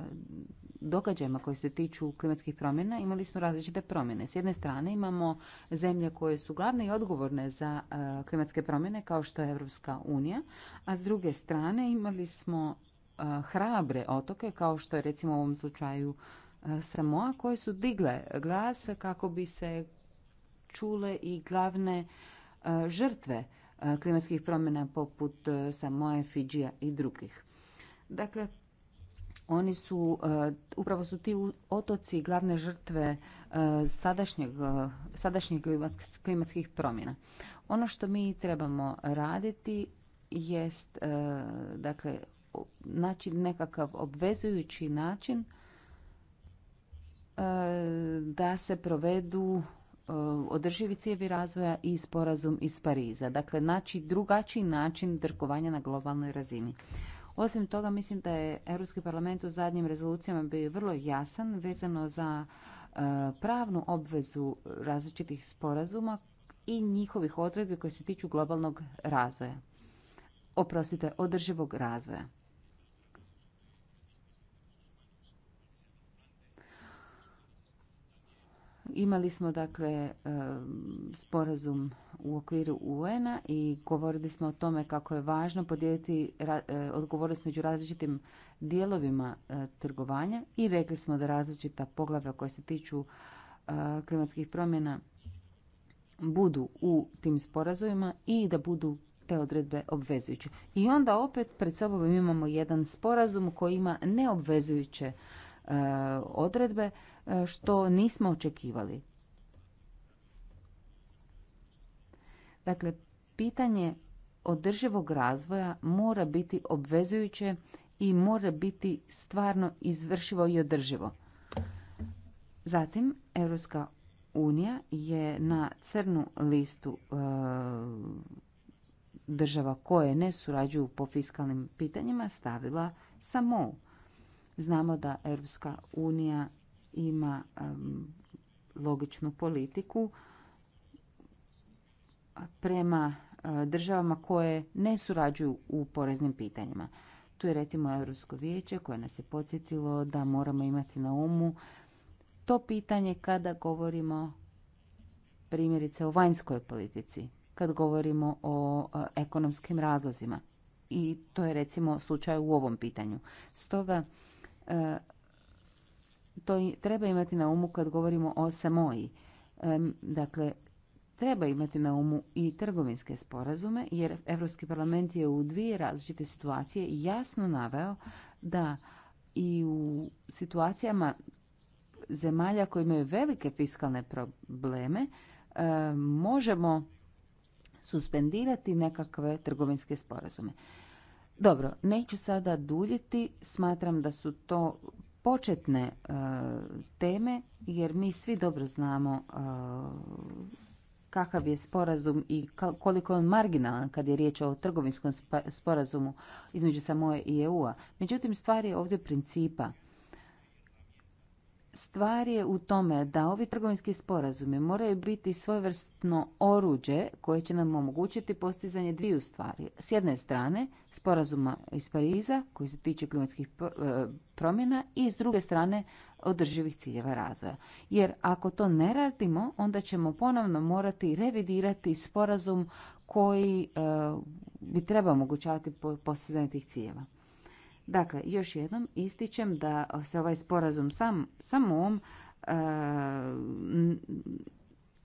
događajima koji se tiču klimatskih promjena imali smo različite promjene. S jedne strane imamo zemlje koje su glavne i odgovorne za e, klimatske promjene kao što je Europska unija, a s druge strane imali smo hrabre otoke kao što je recimo u ovom slučaju Samoa koje su digle glas kako bi se čule i glavne žrtve klimatskih promjena poput e, Samoa, Fidžija i drugih. Dakle, oni su, e, upravo su ti otoci glavne žrtve e, sadašnjeg, sadašnjih klimatskih promjena. Ono što mi trebamo raditi jest dakle, naći nekakav obvezujući način da se provedu E, održivi cijevi razvoja i sporazum iz Pariza. Dakle, naći drugačiji način trgovanja na globalnoj razini. Osim toga, mislim da je Europski parlament u zadnjim rezolucijama bio vrlo jasan vezano za e, pravnu obvezu različitih sporazuma i njihovih odredbi koje se tiču globalnog razvoja. Oprostite, održivog razvoja. Imali smo dakle e, sporazum u okviru UN-a i govorili smo o tome kako je važno podijeliti e, odgovornost među različitim dijelovima e, trgovanja i rekli smo da različita poglavlja koja se tiču klimatskih promjena budu u tim sporazumima i da budu te odredbe obvezujuće. I onda opet pred sobom imamo jedan sporazum koji ima neobvezujuće odredbe E, što nismo očekivali. Dakle, pitanje održivog razvoja mora biti obvezujuće i mora biti stvarno izvršivo i održivo. Zatim, Europska unija je na crnu listu e, država koje ne surađuju po fiskalnim pitanjima stavila samo. Znamo da Europska unija ima logičnu politiku prema e, državama koje ne surađuju u poreznim pitanjima. Tu je recimo Europsko vijeće koje nas je podsjetilo da moramo imati na umu to pitanje kada govorimo primjerice o vanjskoj politici, kad govorimo o e, ekonomskim razlozima. I to je recimo slučaj u ovom pitanju. Stoga e, to treba imati na umu kad govorimo o samoji. Dakle, treba imati na umu i trgovinske sporazume jer Europski parlament je u dvije različite situacije jasno naveo da i u situacijama zemalja koje imaju velike fiskalne probleme e, možemo suspendirati nekakve trgovinske sporazume. Dobro, neću sada duljiti, smatram da su to početne e, teme jer mi svi dobro znamo e, kakav je sporazum i koliko je on marginalan kad je riječ o trgovinskom sporazumu između samoje i EU-a. Međutim, stvar je ovdje principa. Stvar je u tome da ovi trgovinski sporazumi moraju biti svojvrstno oruđe koje će nam omogućiti postizanje dviju stvari. S jedne strane sporazuma iz Pariza koji se tiče klimatskih e, promjena i s druge strane održivih ciljeva razvoja. Jer ako to ne radimo, onda ćemo ponovno morati revidirati sporazum koji e, bi trebao omogućavati postizanje tih ciljeva. Dakle, još jednom ističem da se ovaj sporazum sam, samom e,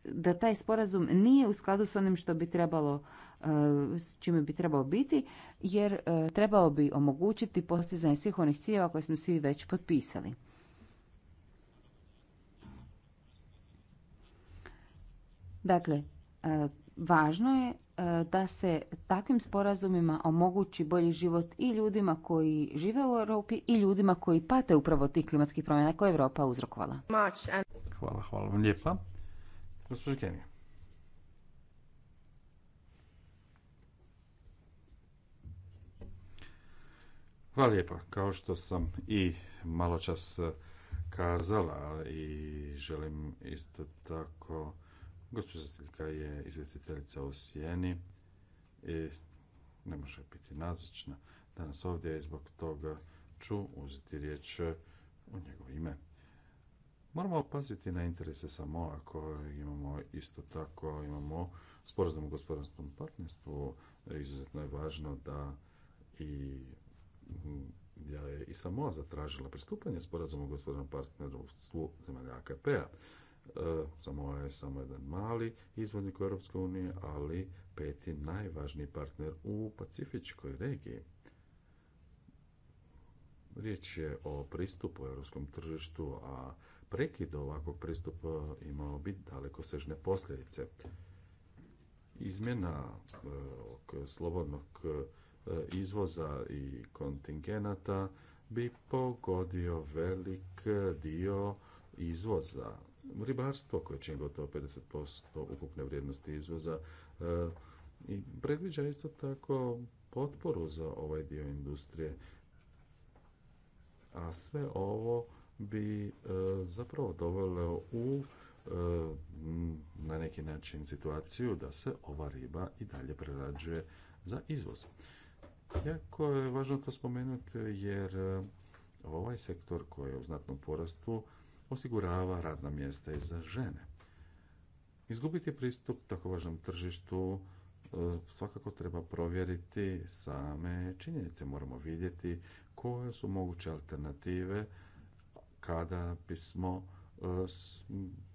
da taj sporazum nije u skladu s onim što bi trebalo e, s čime bi trebao biti, jer e, trebao bi omogućiti postizanje svih onih ciljeva koje smo svi već potpisali. Dakle, Važno je e, da se takvim sporazumima omogući bolji život i ljudima koji žive u Europi i ljudima koji pate upravo od tih klimatskih promjena koje je Europa uzrokovala. Hvala, hvala vam lijepa. Gospođa Kenija. Hvala lijepa. Kao što sam i malo čas e, kazala i želim isto tako Gospođa Stiljka je izvjestiteljica u Sijeni i ne može biti nazočna danas ovdje i zbog toga ću uzeti riječ u njegovo ime. Moramo paziti na interese samo ako imamo isto tako, imamo sporazum o gospodarskom partnerstvu. Izuzetno je važno da i mm, je i samo zatražila pristupanje sporazumu o gospodarskom partnerstvu zemalja AKP-a. E, samo ovaj je samo jedan mali izvodnik u Europskoj uniji, ali peti najvažniji partner u pacifičkoj regiji. Riječ je o pristupu u europskom tržištu, a prekid ovakvog pristupa imao bi daleko sežne posljedice. Izmjena e, slobodnog e, izvoza i kontingenata bi pogodio velik dio izvoza ribarstvo koje čini gotovo 50% ukupne vrijednosti izvoza e, i predviđa isto tako potporu za ovaj dio industrije. A sve ovo bi e, zapravo dovelo u e, na neki način situaciju da se ova riba i dalje prerađuje za izvoz. Jako je važno to spomenuti jer ovaj sektor koji je u znatnom porastu osigurava radna mjesta i za žene. Izgubiti pristup tako važnom tržištu e, svakako treba provjeriti same činjenice. Moramo vidjeti koje su moguće alternative kada bismo e,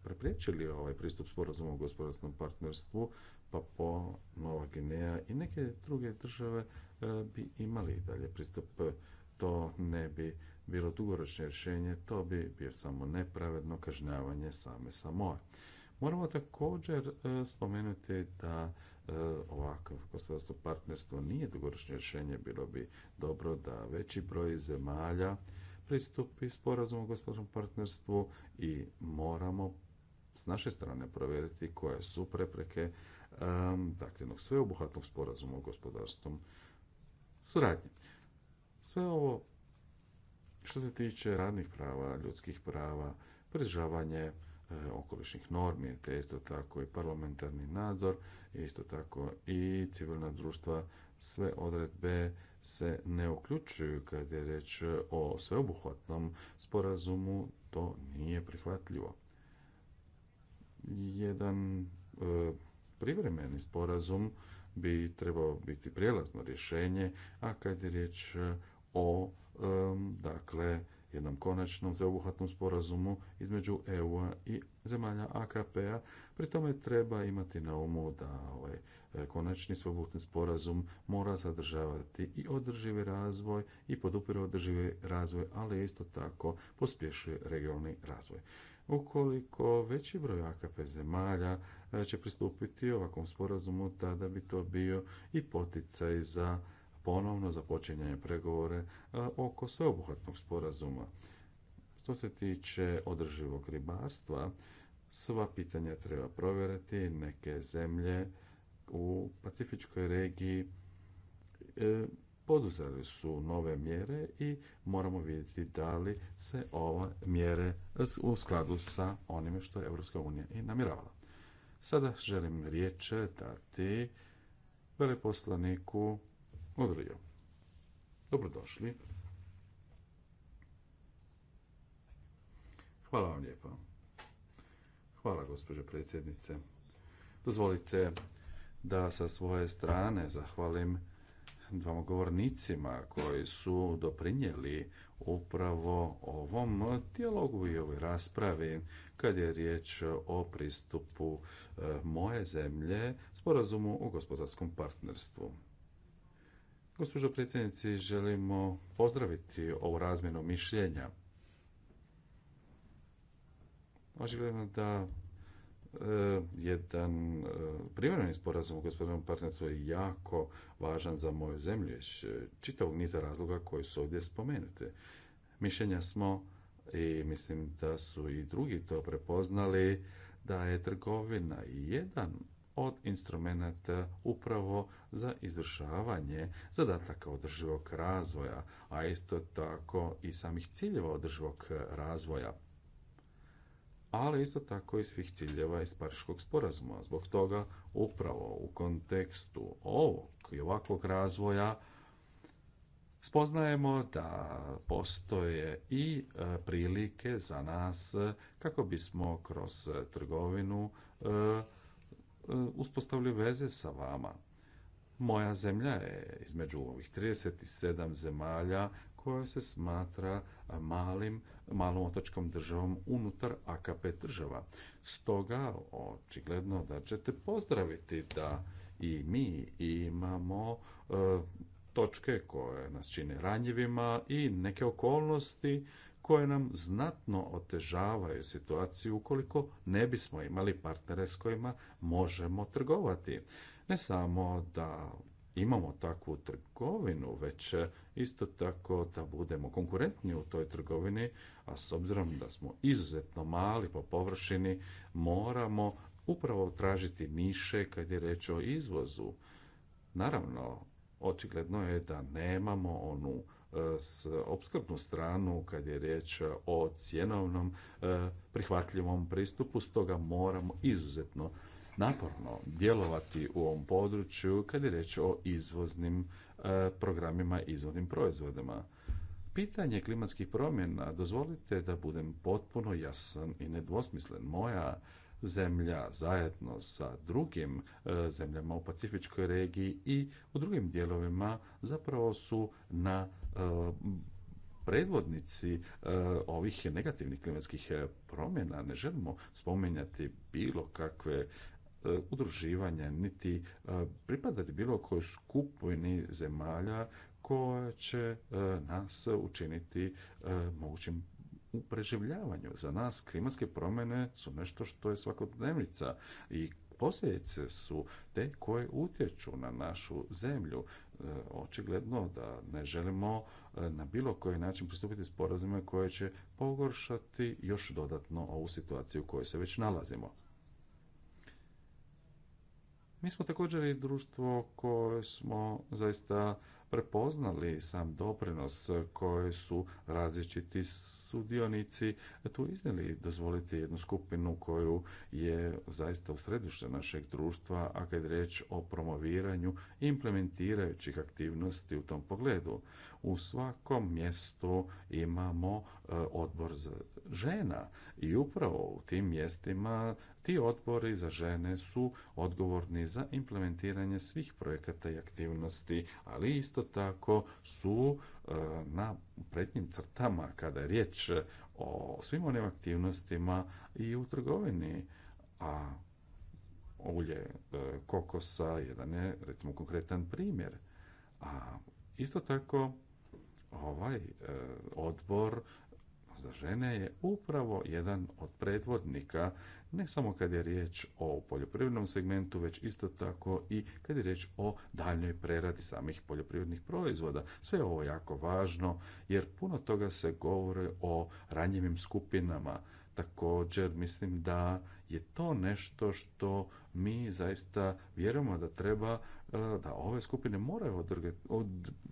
prepriječili ovaj pristup sporazumu o gospodarskom partnerstvu, pa po Nova Gineja i neke druge države e, bi imali dalje pristup. To ne bi bilo dugoročno rješenje, to bi bio samo nepravedno kažnjavanje same samo. Moramo također e, spomenuti da e, ovakav gospodarstvo partnerstvo nije dugoročno rješenje, bilo bi dobro da veći broj zemalja pristupi sporazumu o gospodarskom partnerstvu i moramo s naše strane provjeriti koje su prepreke e, dakle, jednog sveobuhvatnog sporazuma o gospodarstvom suradnji. Sve ovo što se tiče radnih prava, ljudskih prava, pridržavanje e, okolišnih normi, te isto tako i parlamentarni nadzor, isto tako i civilna društva, sve odredbe se ne uključuju kad je reč o sveobuhvatnom sporazumu, to nije prihvatljivo. Jedan e, privremeni sporazum bi trebao biti prijelazno rješenje, a kad je riječ o dakle jednom konačnom zauhatnom sporazumu između EU-a i zemalja AKP-a. Pri tome treba imati na umu da ovaj e, konačni svobodni sporazum mora sadržavati i održivi razvoj i podupire održivi razvoj, ali isto tako pospješuje regionalni razvoj. Ukoliko veći broj AKP zemalja e, će pristupiti ovakvom sporazumu, tada bi to bio i poticaj za ponovno započinjanje pregovore e, oko sveobuhvatnog sporazuma. Što se tiče održivog ribarstva, sva pitanja treba provjeriti. Neke zemlje u Pacifičkoj regiji e, poduzeli su nove mjere i moramo vidjeti da li se ova mjere u skladu sa onime što je Europska unija i namjeravala. Sada želim riječ dati veleposlaniku Odrejo. Dobrodošli. Hvala vam lijepo. Hvala, gospođo predsjednice. Dozvolite da sa svoje strane zahvalim dvama govornicima koji su doprinijeli upravo ovom dijalogu i ovoj raspravi kad je riječ o pristupu e, moje zemlje sporazumu o gospodarskom partnerstvu. Gospođo predsjednici, želimo pozdraviti ovu razmjenu mišljenja. Očigledno da e, jedan e, privremeni sporazum o gospodarnom partnerstvu je jako važan za moju zemlju iz čitavog niza razloga koji su ovdje spomenuti. Mišljenja smo i mislim da su i drugi to prepoznali da je trgovina jedan od instrumenta upravo za izvršavanje zadataka održivog razvoja, a isto tako i samih ciljeva održivog razvoja ali isto tako i svih ciljeva iz Pariškog sporazuma. Zbog toga upravo u kontekstu ovog i ovakvog razvoja spoznajemo da postoje i e, prilike za nas kako bismo kroz trgovinu e, E, uspostavlja veze sa vama. Moja zemlja je između ovih 37 zemalja koja se smatra malom otočkom državom unutar AKP država. Stoga očigledno da ćete pozdraviti da i mi imamo e, točke koje nas čine ranjivima i neke okolnosti koje nam znatno otežavaju situaciju ukoliko ne bismo imali partnere s kojima možemo trgovati. Ne samo da imamo takvu trgovinu, već isto tako da budemo konkurentni u toj trgovini, a s obzirom da smo izuzetno mali po površini, moramo upravo tražiti niše kad je reč o izvozu. Naravno, očigledno je da nemamo onu s opskrbnu stranu kad je riječ o cjenovnom e, prihvatljivom pristupu, stoga moramo izuzetno naporno djelovati u ovom području kad je riječ o izvoznim e, programima, izvoznim proizvodima. Pitanje klimatskih promjena, dozvolite da budem potpuno jasan i nedvosmislen. Moja zemlja zajedno sa drugim e, zemljama u Pacifičkoj regiji i u drugim dijelovima zapravo su na E, predvodnici e, ovih negativnih klimatskih e, promjena. Ne želimo spominjati bilo kakve udruživanja, niti pripadati bilo kojoj skupini zemalja koja će nas učiniti mogućim u preživljavanju. Za nas klimatske promjene su nešto što je svakodnevnica i posljedice su te koje utječu na našu zemlju. E, očigledno da ne želimo e, na bilo koji način pristupiti sporazume koje će pogoršati još dodatno ovu situaciju u kojoj se već nalazimo. Mi smo također i društvo koje smo zaista prepoznali sam doprinos koje su različiti sudionici tu iznijeli dozvoliti jednu skupinu koju je zaista u središte našeg društva, a kad je riječ o promoviranju implementirajućih aktivnosti u tom pogledu u svakom mjestu imamo e, odbor za žena i upravo u tim mjestima ti odbori za žene su odgovorni za implementiranje svih projekata i aktivnosti, ali isto tako su e, na prednjim crtama kada je riječ o svim onim aktivnostima i u trgovini, a ulje e, kokosa jedan je recimo konkretan primjer. A isto tako ovaj e, odbor za žene je upravo jedan od predvodnika ne samo kad je riječ o poljoprivrednom segmentu, već isto tako i kad je riječ o daljnjoj preradi samih poljoprivrednih proizvoda. Sve ovo je jako važno jer puno toga se govore o ranjivim skupinama. Također mislim da je to nešto što mi zaista vjerujemo da treba E, da ove skupine moraju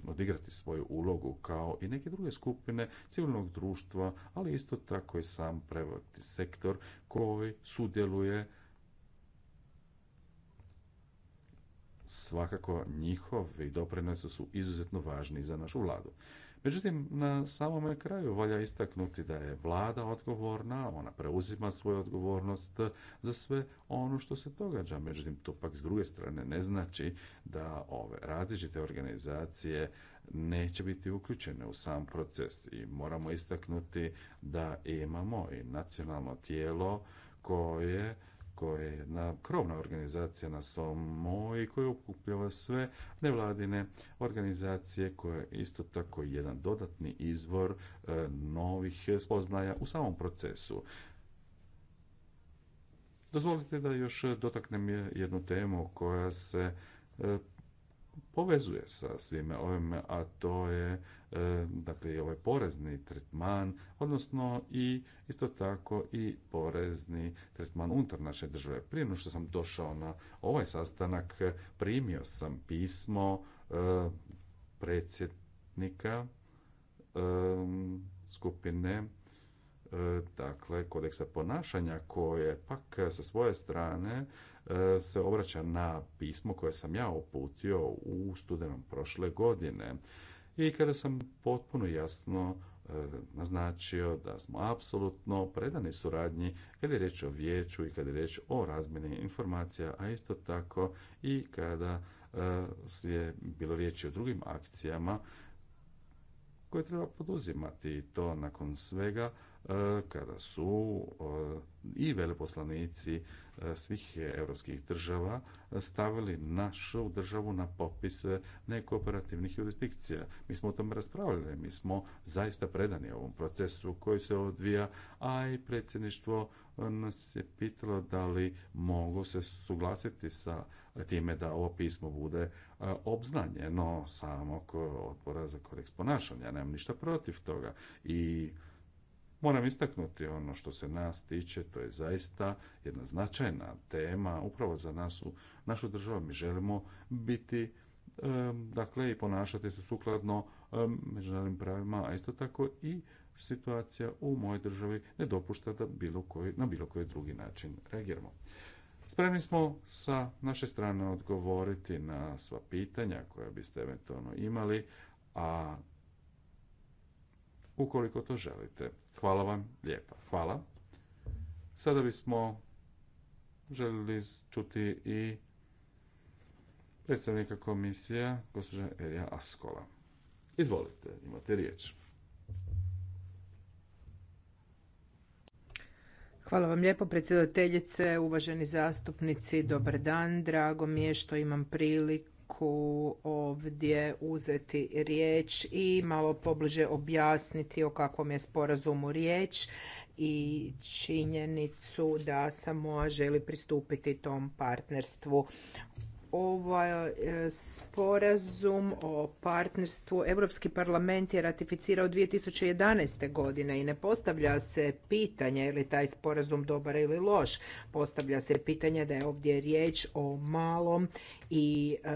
odigrati svoju ulogu kao i neke druge skupine civilnog društva, ali isto tako i sam sektor koji sudjeluje svakako njihovi doprinosi su izuzetno važni za našu vladu. Međutim, na samome kraju valja istaknuti da je vlada odgovorna, ona preuzima svoju odgovornost za sve ono što se događa. Međutim, to pak s druge strane ne znači da ove različite organizacije neće biti uključene u sam proces i moramo istaknuti da imamo i nacionalno tijelo koje koja je jedna krovna organizacija na i koja okupljava sve nevladine organizacije koja je isto tako jedan dodatni izvor e, novih spoznaja u samom procesu. Dozvolite da još dotaknem jednu temu koja se e, povezuje sa svime ovime, a to je e, dakle i ovaj porezni tretman, odnosno i isto tako i porezni tretman unutar naše države. Prije no što sam došao na ovaj sastanak, primio sam pismo e, predsjednika e, skupine dakle kodeksa ponašanja koje pak sa svoje strane E, se obraća na pismo koje sam ja uputio u studenom prošle godine i kada sam potpuno jasno e, naznačio da smo apsolutno predani suradnji kada je riječ o vijeću i kada je riječ o razmjeni informacija, a isto tako i kada e, je bilo riječi o drugim akcijama koje treba poduzimati to nakon svega E, kada su e, i veleposlanici e, svih europskih država stavili našu državu na popis nekooperativnih jurisdikcija. Mi smo o tome raspravljali, mi smo zaista predani ovom procesu koji se odvija, a i predsjedništvo nas je pitalo da li mogu se suglasiti sa time da ovo pismo bude obznanjeno samog odbora za koreks ponašanja. Ja nemam ništa protiv toga i Moram istaknuti ono što se nas tiče, to je zaista jedna značajna tema upravo za nas u našu državu. Mi želimo biti dakle i ponašati se sukladno međunarodnim pravima, a isto tako i situacija u mojoj državi ne dopušta da bilo koji, na bilo koji drugi način reagiramo. Spremni smo sa naše strane odgovoriti na sva pitanja koja biste eventualno imali, a ukoliko to želite. Hvala vam lijepa. Hvala. Sada bismo željeli čuti i predstavnika komisije, gospođa Elija Askola. Izvolite, imate riječ. Hvala vam lijepo predsjedateljice, uvaženi zastupnici, dobar dan. Drago mi je što imam priliku priliku ovdje uzeti riječ i malo pobliže objasniti o kakvom je sporazumu riječ i činjenicu da Samoa želi pristupiti tom partnerstvu ovaj e, sporazum o partnerstvu Europski parlament je ratificirao 2011. godine i ne postavlja se pitanje je li taj sporazum dobar ili loš. Postavlja se pitanje da je ovdje riječ o malom i e,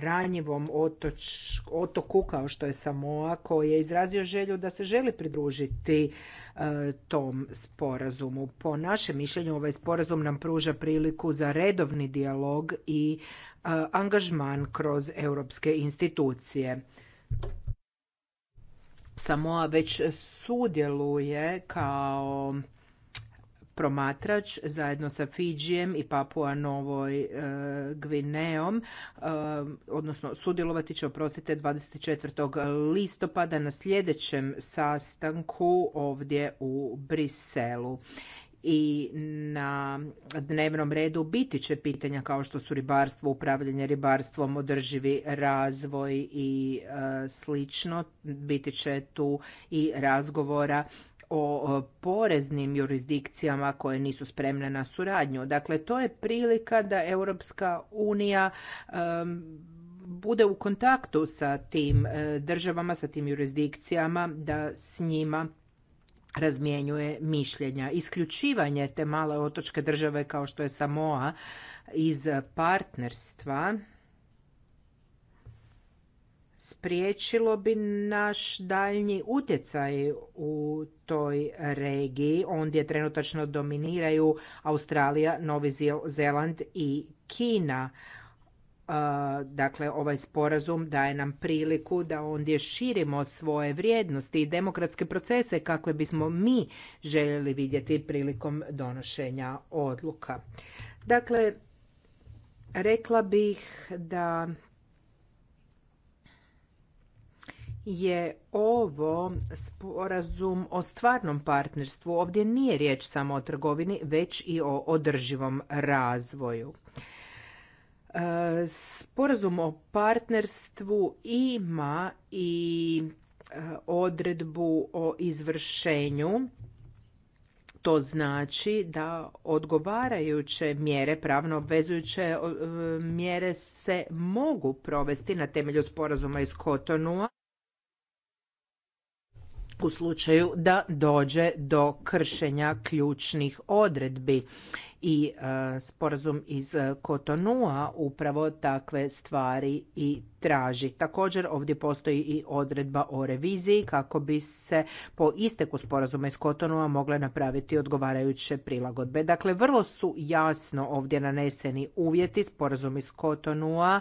ranjivom otoku kao što je Samoa koji je izrazio želju da se želi pridružiti tom sporazumu. Po našem mišljenju ovaj sporazum nam pruža priliku za redovni dijalog i e, angažman kroz europske institucije. Samoa već sudjeluje kao promatrač zajedno sa Fidžijem i Papua Novoj e, Gvineom, e, odnosno sudjelovati će, oprostite, 24. listopada na sljedećem sastanku ovdje u Briselu i na dnevnom redu biti će pitanja kao što su ribarstvo, upravljanje ribarstvom, održivi razvoj i e, slično. Biti će tu i razgovora o poreznim jurisdikcijama koje nisu spremne na suradnju. Dakle, to je prilika da Europska unija bude u kontaktu sa tim e, državama, sa tim jurisdikcijama, da s njima razmjenjuje mišljenja. Isključivanje te male otočke države kao što je Samoa iz partnerstva spriječilo bi naš daljnji utjecaj u toj regiji. Ondje trenutačno dominiraju Australija, Novi Zeland i Kina. E, dakle, ovaj sporazum daje nam priliku da ondje širimo svoje vrijednosti i demokratske procese kakve bismo mi željeli vidjeti prilikom donošenja odluka. Dakle, rekla bih da je ovo sporazum o stvarnom partnerstvu. Ovdje nije riječ samo o trgovini, već i o održivom razvoju. E, sporazum o partnerstvu ima i e, odredbu o izvršenju. To znači da odgovarajuće mjere, pravno obvezujuće e, mjere se mogu provesti na temelju sporazuma iz Kotonua u slučaju da dođe do kršenja ključnih odredbi i e, sporazum iz Kotonua upravo takve stvari i traži. Također ovdje postoji i odredba o reviziji kako bi se po isteku sporazuma iz Kotonua mogle napraviti odgovarajuće prilagodbe. Dakle, vrlo su jasno ovdje naneseni uvjeti. Sporazum iz Kotonua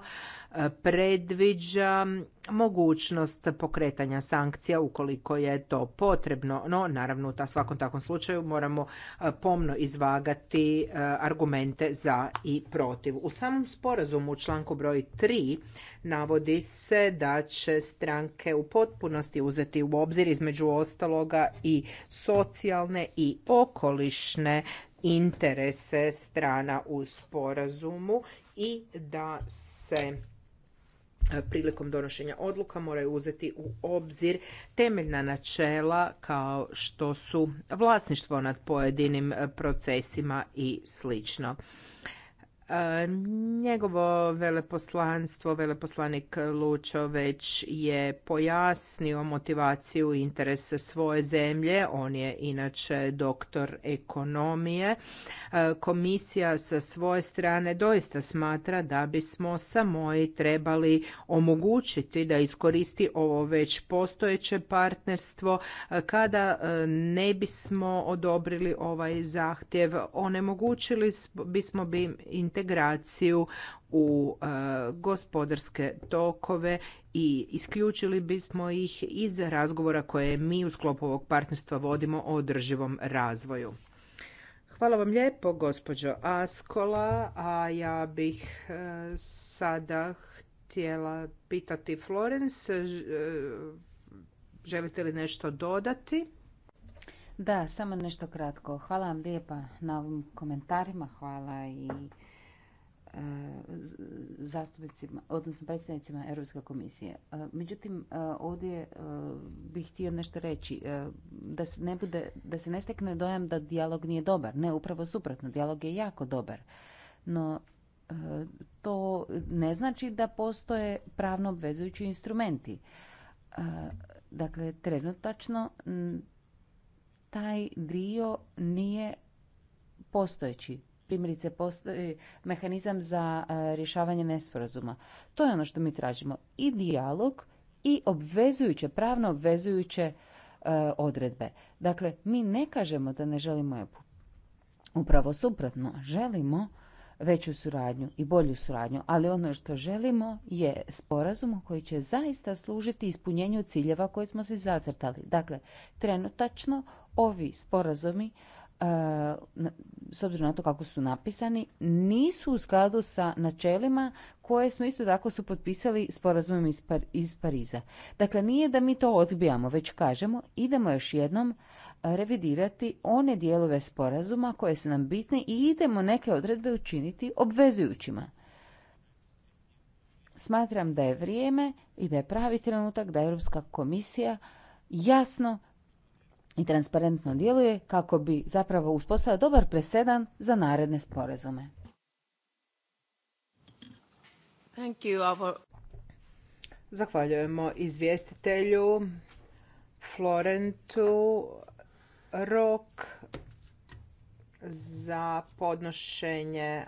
e, predviđa mogućnost pokretanja sankcija ukoliko je to potrebno. No, naravno, u svakom takvom slučaju moramo e, pomno izvagati e, argumente za i protiv. U samom sporazumu u članku broj 3 na navodi se da će stranke u potpunosti uzeti u obzir između ostaloga i socijalne i okolišne interese strana u sporazumu i da se e, prilikom donošenja odluka moraju uzeti u obzir temeljna načela kao što su vlasništvo nad pojedinim procesima i slično. E, njegovo veleposlanstvo, veleposlanik Lučo već je pojasnio motivaciju interese svoje zemlje, on je inače doktor ekonomije. E, komisija sa svoje strane doista smatra da bismo Samoji trebali omogućiti da iskoristi ovo već postojeće partnerstvo e, kada ne bismo odobrili ovaj zahtjev, onemogućili bismo bi interes integraciju u e, gospodarske tokove i isključili bismo ih iz razgovora koje mi u sklopu ovog partnerstva vodimo o održivom razvoju. Hvala vam lijepo, gospođo Askola, a ja bih e, sada htjela pitati Florence, e, želite li nešto dodati? Da, samo nešto kratko. Hvala vam lijepa na ovim komentarima, hvala i zastupnicima, odnosno predstavnicima Europske komisije. E, međutim, e, ovdje e, bih htio nešto reći. Da se ne, bude, da se ne stekne dojam da dijalog nije dobar. Ne, upravo suprotno. Dijalog je jako dobar. No, to ne znači da postoje pravno obvezujući instrumenti. Dakle, trenutačno taj dio nije postojeći primjerice postoji mehanizam za e, rješavanje nesporazuma. To je ono što mi tražimo. I dijalog i obvezujuće, pravno obvezujuće e, odredbe. Dakle, mi ne kažemo da ne želimo EPU. Upravo suprotno, želimo veću suradnju i bolju suradnju, ali ono što želimo je sporazum koji će zaista služiti ispunjenju ciljeva koje smo se zacrtali. Dakle, trenutačno ovi sporazumi E, s obzirom na to kako su napisani, nisu u skladu sa načelima koje smo isto tako su potpisali sporazumom iz, iz Pariza. Dakle, nije da mi to odbijamo, već kažemo idemo još jednom e, revidirati one dijelove sporazuma koje su nam bitne i idemo neke odredbe učiniti obvezujućima. Smatram da je vrijeme i da je pravi trenutak da Europska komisija jasno i transparentno djeluje kako bi zapravo uspostavio dobar presedan za naredne sporazume. Zahvaljujemo izvjestitelju Florentu Rok za podnošenje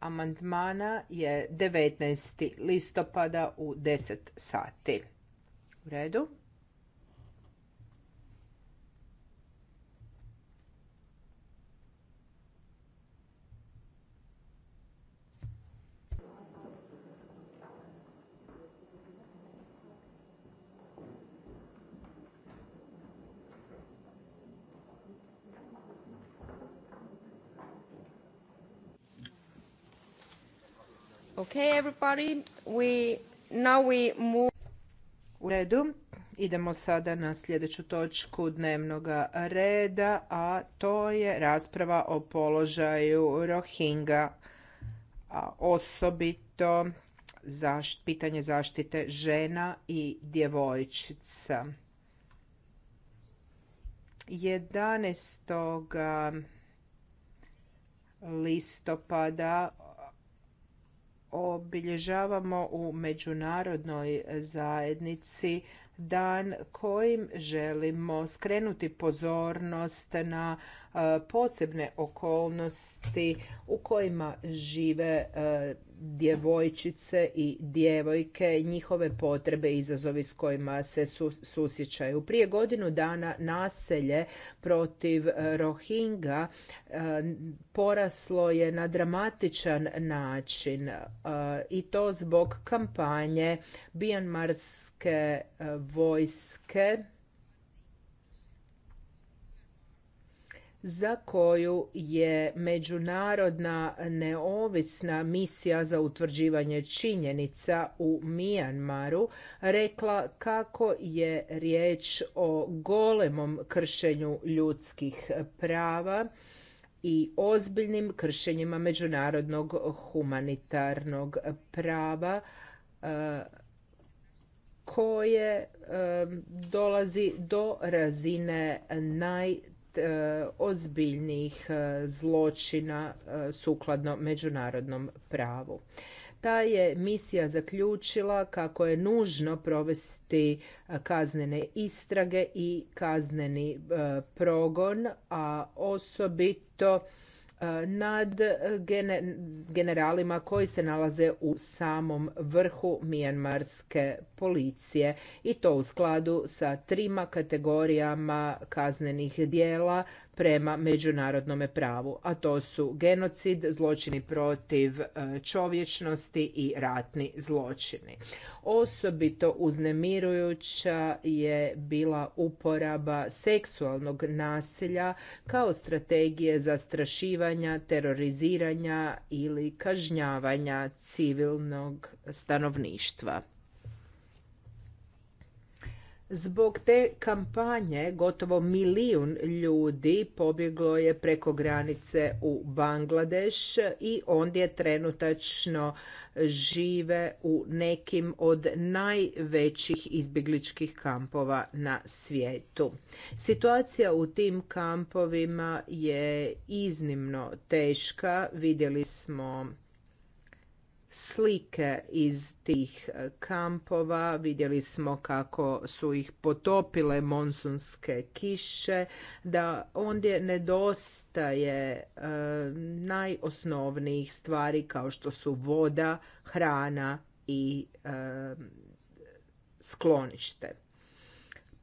amandmana je 19. listopada u 10 sati. U redu. Okay, everybody. We, now we move... U redu. Idemo sada na sljedeću točku dnevnog reda, a to je rasprava o položaju Rohinga, a osobito pitanje zaštite žena i djevojčica. 11. listopada obilježavamo u međunarodnoj zajednici dan kojim želimo skrenuti pozornost na E, posebne okolnosti u kojima žive e, djevojčice i djevojke, njihove potrebe i izazovi s kojima se susjećaju. Prije godinu dana naselje protiv e, Rohinga poraslo je na dramatičan način i to zbog kampanje bijanmarske vojske za koju je međunarodna neovisna misija za utvrđivanje činjenica u Mijanmaru rekla kako je riječ o golemom kršenju ljudskih prava i ozbiljnim kršenjima međunarodnog humanitarnog prava e, koje e, dolazi do razine naj E, ozbiljnih e, zločina e, sukladno međunarodnom pravu. Ta je misija zaključila kako je nužno provesti kaznene istrage i kazneni progon, a osobito nad eh, generalima koji se nalaze u samom vrhu mjanmarske policije i to u skladu sa trima kategorijama kaznenih dijela prema međunarodnom pravu, a to su genocid, zločini protiv e, čovječnosti i ratni zločini. Osobito uznemirujuća je bila uporaba seksualnog nasilja kao strategije zastrašivanja, teroriziranja ili kažnjavanja civilnog stanovništva. Zbog te kampanje gotovo milijun ljudi pobjeglo je preko granice u Bangladeš i ondje trenutačno žive u nekim od najvećih izbjegličkih kampova na svijetu. Situacija u tim kampovima je iznimno teška. Vidjeli smo slike iz tih e, kampova. Vidjeli smo kako su ih potopile monsunske kiše, da ondje nedostaje e, najosnovnijih stvari kao što su voda, hrana i e, sklonište.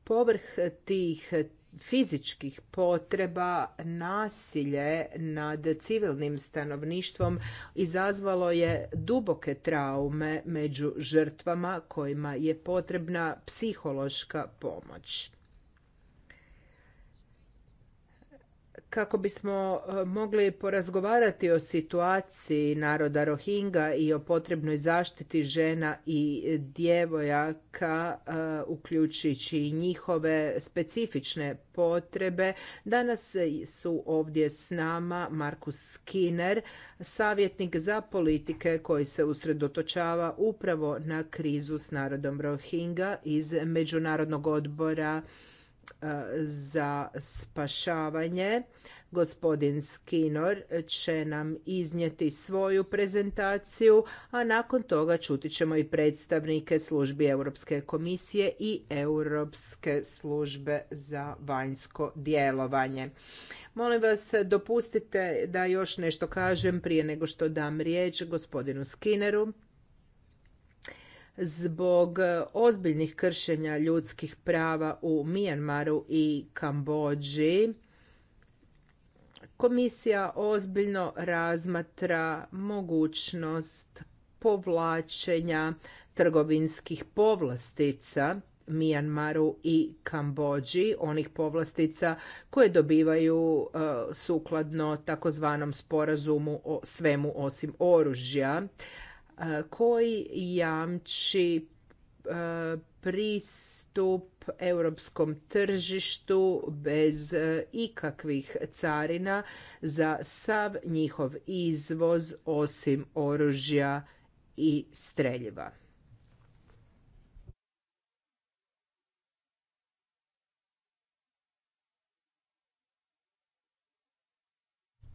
Povrh tih fizičkih potreba nasilje nad civilnim stanovništvom izazvalo je duboke traume među žrtvama kojima je potrebna psihološka pomoć. kako bismo e, mogli porazgovarati o situaciji naroda Rohinga i o potrebnoj zaštiti žena i djevojaka, e, uključujući i njihove specifične potrebe. Danas su ovdje s nama Markus Skinner, savjetnik za politike koji se usredotočava upravo na krizu s narodom Rohinga iz Međunarodnog odbora za spašavanje. Gospodin Skinor će nam iznijeti svoju prezentaciju, a nakon toga čuti ćemo i predstavnike službi Europske komisije i Europske službe za vanjsko djelovanje. Molim vas, dopustite da još nešto kažem prije nego što dam riječ gospodinu Skinneru zbog e, ozbiljnih kršenja ljudskih prava u Mijanmaru i Kambođi komisija ozbiljno razmatra mogućnost povlačenja trgovinskih povlastica Mijanmaru i Kambođi, onih povlastica koje dobivaju e, sukladno takozvanom sporazumu o svemu osim oružja koji jamči e, pristup europskom tržištu bez e, ikakvih carina za sav njihov izvoz osim oružja i streljiva.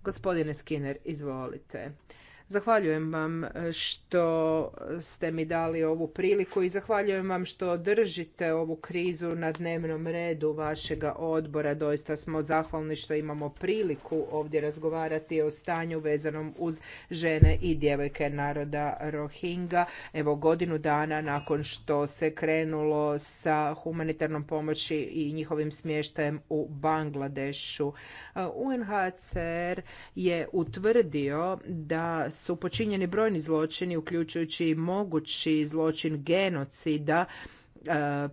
Gospodine Skinner, izvolite. Zahvaljujem vam e, što ste mi dali ovu priliku i zahvaljujem vam što držite ovu krizu na dnevnom redu vašega odbora. Doista smo zahvalni što imamo priliku ovdje razgovarati o stanju vezanom uz žene i djevojke naroda Rohinga. Evo godinu dana nakon što se krenulo sa humanitarnom pomoći i njihovim smještajem u Bangladešu. E, UNHCR je utvrdio da su počinjeni brojni zločini, uključujući i mogući zločin genocida, e,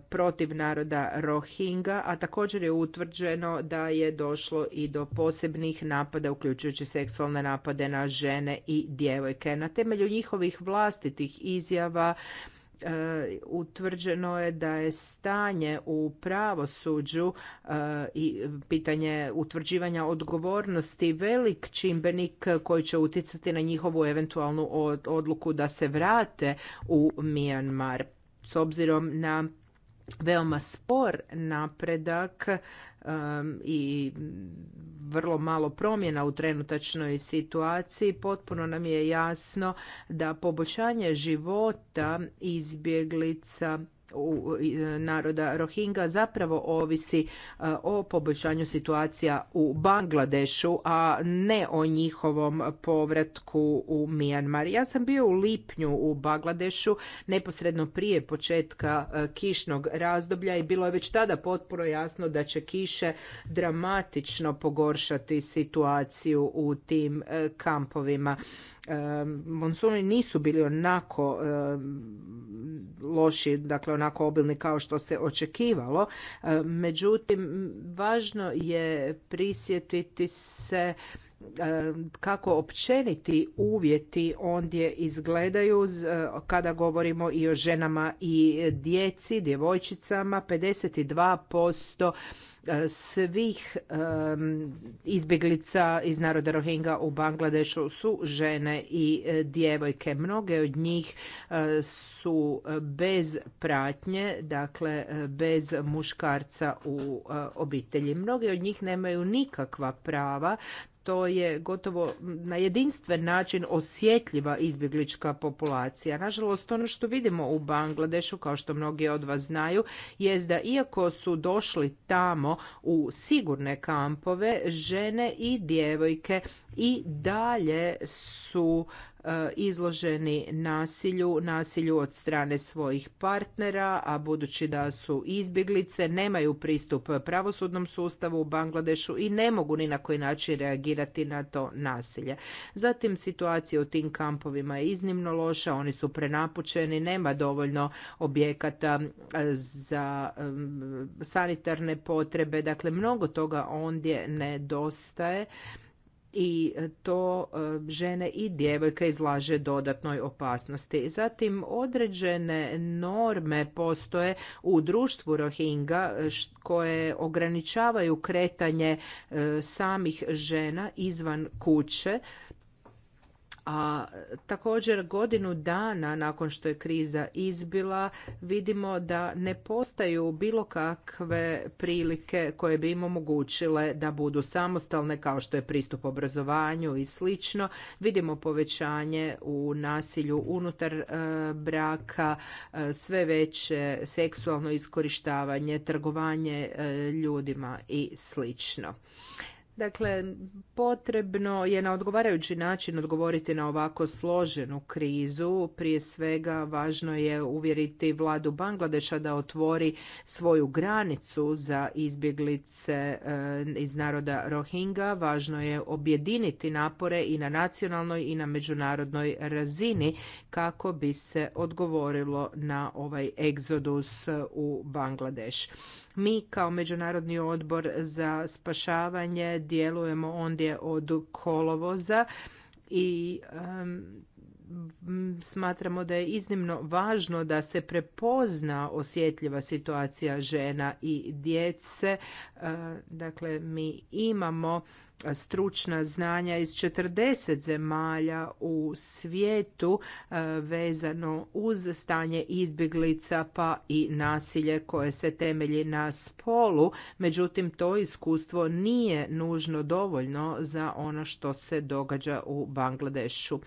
protiv naroda Rohinga, a također je utvrđeno da je došlo i do posebnih napada, uključujući seksualne napade na žene i djevojke. Na temelju njihovih vlastitih izjava E, utvrđeno je da je stanje u pravosuđu e, i pitanje utvrđivanja odgovornosti velik čimbenik koji će utjecati na njihovu eventualnu odluku da se vrate u Mijanmar s obzirom na veoma spor napredak um, i vrlo malo promjena u trenutačnoj situaciji potpuno nam je jasno da poboljšanje života izbjeglica E, naroda Rohingya zapravo ovisi e, o poboljšanju situacija u Bangladešu, a ne o njihovom povratku u Myanmar. Ja sam bio u lipnju u Bangladešu, neposredno prije početka e, kišnog razdoblja i bilo je već tada potpuno jasno da će kiše dramatično pogoršati situaciju u tim kampovima monsuni nisu bili onako loši, dakle onako obilni kao što se očekivalo. Međutim, važno je prisjetiti se E, kako općeniti uvjeti ondje izgledaju e, kada govorimo i o ženama i djeci, djevojčicama, 52% e, svih izbjeglica iz naroda Rohinga u Bangladešu su žene i djevojke. Mnoge od njih su bez pratnje, dakle bez muškarca u obitelji. Mnoge od njih nemaju nikakva prava, to je gotovo na jedinstven način osjetljiva izbjeglička populacija. Nažalost, ono što vidimo u Bangladešu, kao što mnogi od vas znaju, je da iako su došli tamo u sigurne kampove, žene i djevojke i dalje su E, izloženi nasilju, nasilju od strane svojih partnera, a budući da su izbjeglice, nemaju pristup pravosudnom sustavu u Bangladešu i ne mogu ni na koji način reagirati na to nasilje. Zatim situacija u tim kampovima je iznimno loša, oni su prenapučeni, nema dovoljno objekata e, za e, sanitarne potrebe, dakle mnogo toga ondje nedostaje i e, to e, žene i djevojke izlaže dodatnoj opasnosti. Zatim određene norme postoje u društvu Rohinga e, koje ograničavaju kretanje samih žena izvan kuće a također godinu dana nakon što je kriza izbila vidimo da ne postaju bilo kakve prilike koje bi im omogućile da budu samostalne kao što je pristup obrazovanju i slično. Vidimo povećanje u nasilju unutar e, braka, e, sve veće seksualno iskorištavanje, trgovanje e, ljudima i slično. Dakle, potrebno je na odgovarajući način odgovoriti na ovako složenu krizu. Prije svega važno je uvjeriti vladu Bangladeša da otvori svoju granicu za izbjeglice e, iz naroda Rohingya. Važno je objediniti napore i na nacionalnoj i na međunarodnoj razini kako bi se odgovorilo na ovaj egzodus u Bangladeš. Mi kao Međunarodni odbor za spašavanje djelujemo ondje od kolovoza i smatramo da je iznimno važno da se prepozna osjetljiva situacija žena i djece. E, dakle, mi imamo stručna znanja iz 40 zemalja u svijetu e, vezano uz stanje izbjeglica pa i nasilje koje se temelji na spolu. Međutim, to iskustvo nije nužno dovoljno za ono što se događa u Bangladešu.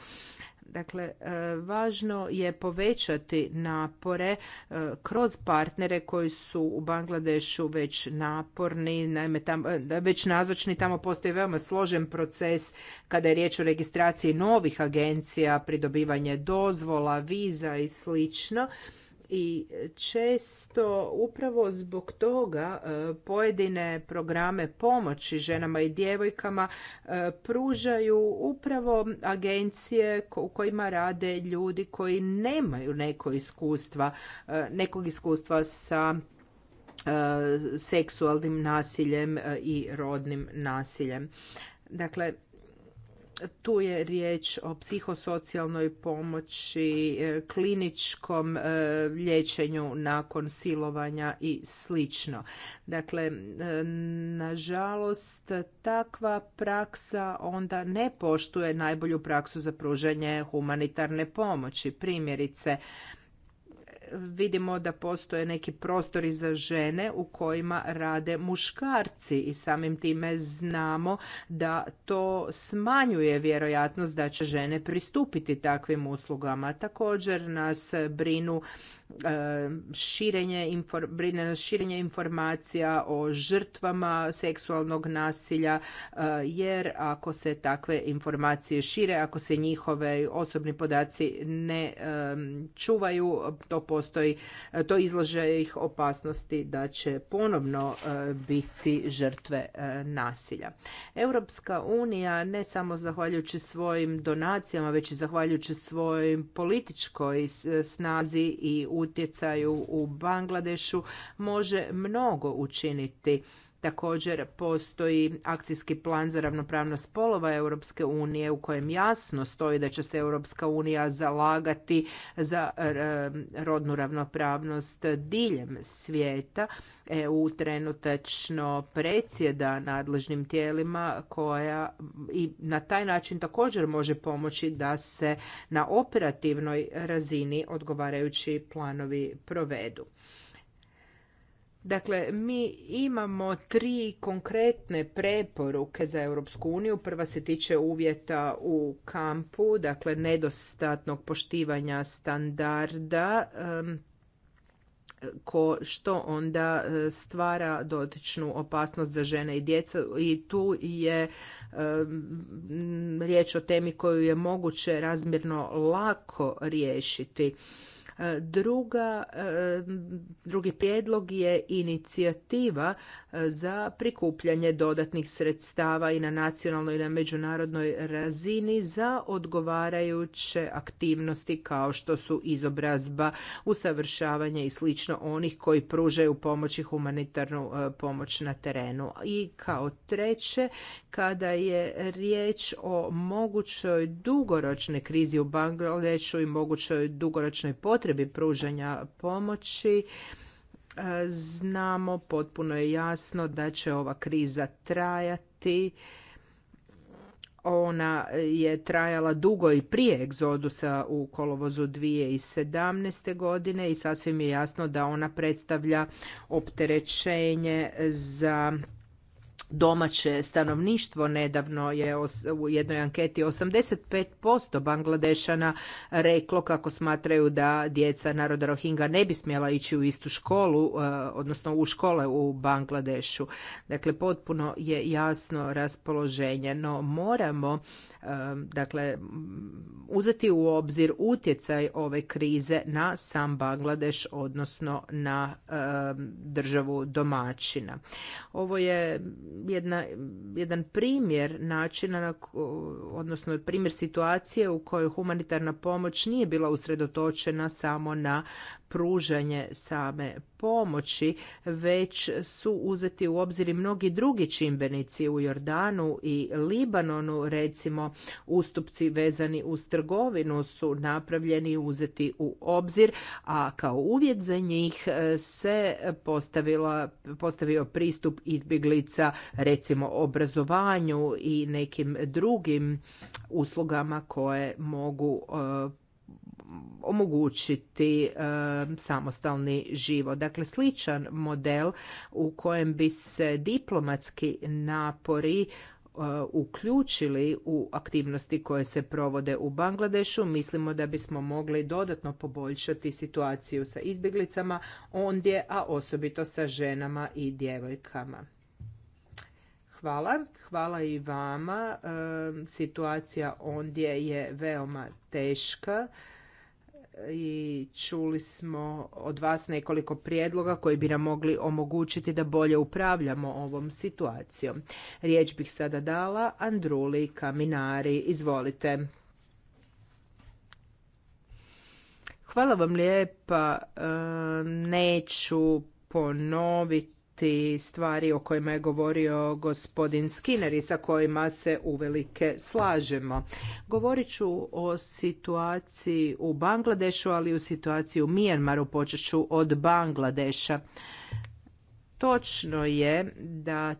Dakle, e, važno je povećati napore e, kroz partnere koji su u Bangladešu već naporni, naime tam, e, već nazočni, tamo postoji veoma složen proces kada je riječ o registraciji novih agencija, pridobivanje dozvola, viza i slično i često upravo zbog toga e, pojedine programe pomoći ženama i djevojkama e, pružaju upravo agencije u kojima rade ljudi koji nemaju neko iskustva, e, nekog iskustva sa seksualnim nasiljem i rodnim nasiljem. Dakle, tu je riječ o psihosocijalnoj pomoći, e, kliničkom e, liječenju nakon silovanja i slično. Dakle, e, nažalost, takva praksa onda ne poštuje najbolju praksu za pružanje humanitarne pomoći. Primjerice, vidimo da postoje neki prostori za žene u kojima rade muškarci i samim time znamo da to smanjuje vjerojatnost da će žene pristupiti takvim uslugama. Također nas brinu E, širenje, brine nas širenje informacija o žrtvama seksualnog nasilja, e, jer ako se takve informacije šire, ako se njihove osobni podaci ne e, čuvaju, to postoji, to izlaže ih opasnosti da će ponovno biti žrtve nasilja. Europska unija ne samo zahvaljujući svojim donacijama, već i zahvaljujući svojoj političkoj snazi i utjecaju u Bangladešu može mnogo učiniti Također postoji akcijski plan za ravnopravnost spolova Europske unije u kojem jasno stoji da će se Europska unija zalagati za rodnu ravnopravnost diljem svijeta. EU trenutačno predsjeda nadležnim tijelima koja i na taj način također može pomoći da se na operativnoj razini odgovarajući planovi provedu. Dakle, mi imamo tri konkretne preporuke za Europsku uniju. Prva se tiče uvjeta u kampu, dakle nedostatnog poštivanja standarda, što onda e, stvara dotičnu opasnost za žene i djeca. i tu je riječ o temi koju je moguće razmjerno lako riješiti E, druga, e, drugi prijedlog je inicijativa e, za prikupljanje dodatnih sredstava i na nacionalnoj i na međunarodnoj razini za odgovarajuće aktivnosti kao što su izobrazba, usavršavanje i slično onih koji pružaju pomoć i humanitarnu pomoć na terenu. I kao treće, kada je riječ o mogućoj dugoročnoj krizi u Bangladešu i mogućoj dugoročnoj potrebi pružanja pomoći e, znamo potpuno je jasno da će ova kriza trajati ona je trajala dugo i prije egzodusa u kolovozu 2017. godine i sasvim je jasno da ona predstavlja opterećenje za domaće stanovništvo. Nedavno je u jednoj anketi 85% Bangladešana reklo kako smatraju da djeca naroda Rohinga ne bi smjela ići u istu školu, e, odnosno u škole u Bangladešu. Dakle, potpuno je jasno raspoloženje, no moramo dakle uzeti u obzir utjecaj ove krize na sam Bangladeš odnosno na državu domaćina. Ovo je jedna, jedan primjer načina odnosno primjer situacije u kojoj humanitarna pomoć nije bila usredotočena samo na pružanje same pomoći, već su uzeti u obzir i mnogi drugi čimbenici u Jordanu i Libanonu, recimo ustupci vezani uz trgovinu su napravljeni i uzeti u obzir, a kao uvjet za njih e, se postavila, postavio pristup izbjeglica recimo obrazovanju i nekim drugim uslugama koje mogu e, omogućiti e, samostalni život. Dakle, sličan model u kojem bi se diplomatski napori e, uključili u aktivnosti koje se provode u Bangladešu. Mislimo da bismo mogli dodatno poboljšati situaciju sa izbjeglicama ondje, a osobito sa ženama i djevojkama. Hvala. Hvala i vama. E, situacija ondje je veoma teška i čuli smo od vas nekoliko prijedloga koji bi nam mogli omogućiti da bolje upravljamo ovom situacijom. Riječ bih sada dala Andruli Kaminari. Izvolite. Hvala vam lijepa. E, neću ponoviti ti stvari o kojima je govorio gospodin Skinner i sa kojima se uvelike slažemo. Govorit ću o situaciji u Bangladešu, ali i u situaciji u Mijenmaru. počet ću od Bangladeša. Točno je da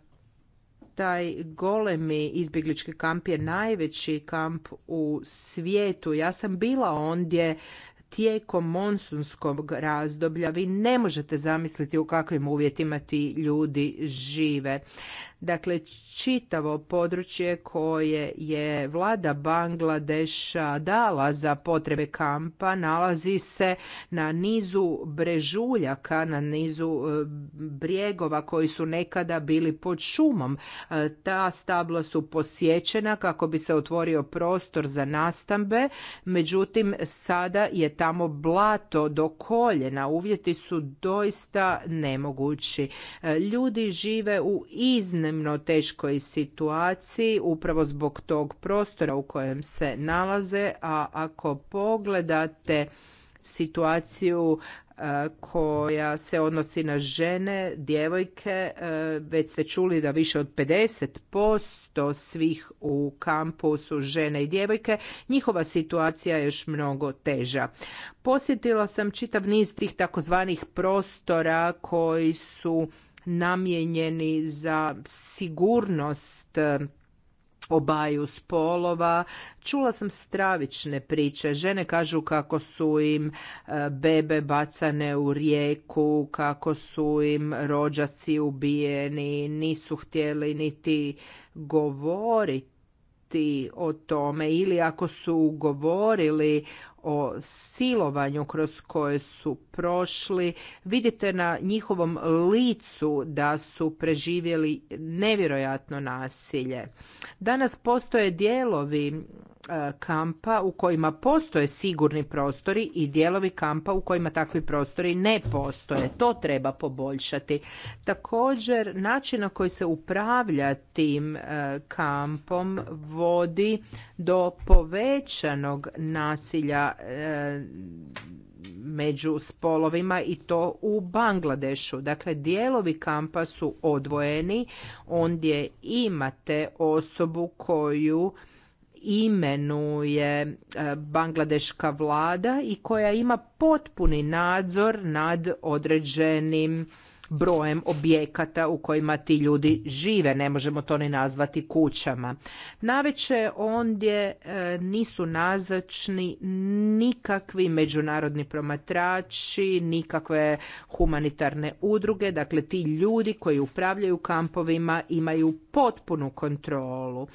taj golemi izbjeglički kamp je najveći kamp u svijetu. Ja sam bila ondje tijekom monsunskog razdoblja vi ne možete zamisliti u kakvim uvjetima ti ljudi žive Dakle, čitavo područje koje je vlada Bangladeša dala za potrebe kampa nalazi se na nizu brežuljaka, na nizu e, brijegova koji su nekada bili pod šumom. E, ta stabla su posjećena kako bi se otvorio prostor za nastambe, međutim sada je tamo blato do koljena, uvjeti su doista nemogući. E, ljudi žive u iznem iznimno teškoj situaciji upravo zbog tog prostora u kojem se nalaze, a ako pogledate situaciju e, koja se odnosi na žene, djevojke, e, već ste čuli da više od 50% svih u kampu su žene i djevojke, njihova situacija je još mnogo teža. Posjetila sam čitav niz tih takozvanih prostora koji su namijenjeni za sigurnost eh, obaju spolova. Čula sam stravične priče. Žene kažu kako su im eh, bebe bacane u rijeku, kako su im rođaci ubijeni, nisu htjeli niti govoriti o tome ili ako su govorili o silovanju kroz koje su prošli. Vidite na njihovom licu da su preživjeli nevjerojatno nasilje. Danas postoje dijelovi E, kampa u kojima postoje sigurni prostori i dijelovi kampa u kojima takvi prostori ne postoje. To treba poboljšati. Također, način na koji se upravlja tim e, kampom vodi do povećanog nasilja e, među spolovima i to u Bangladešu. Dakle, dijelovi kampa su odvojeni, ondje imate osobu koju imenuje e, bangladeška vlada i koja ima potpuni nadzor nad određenim brojem objekata u kojima ti ljudi žive, ne možemo to ni nazvati kućama. Naveće ondje e, nisu nazočni nikakvi međunarodni promatrači, nikakve humanitarne udruge, dakle ti ljudi koji upravljaju kampovima imaju potpunu kontrolu.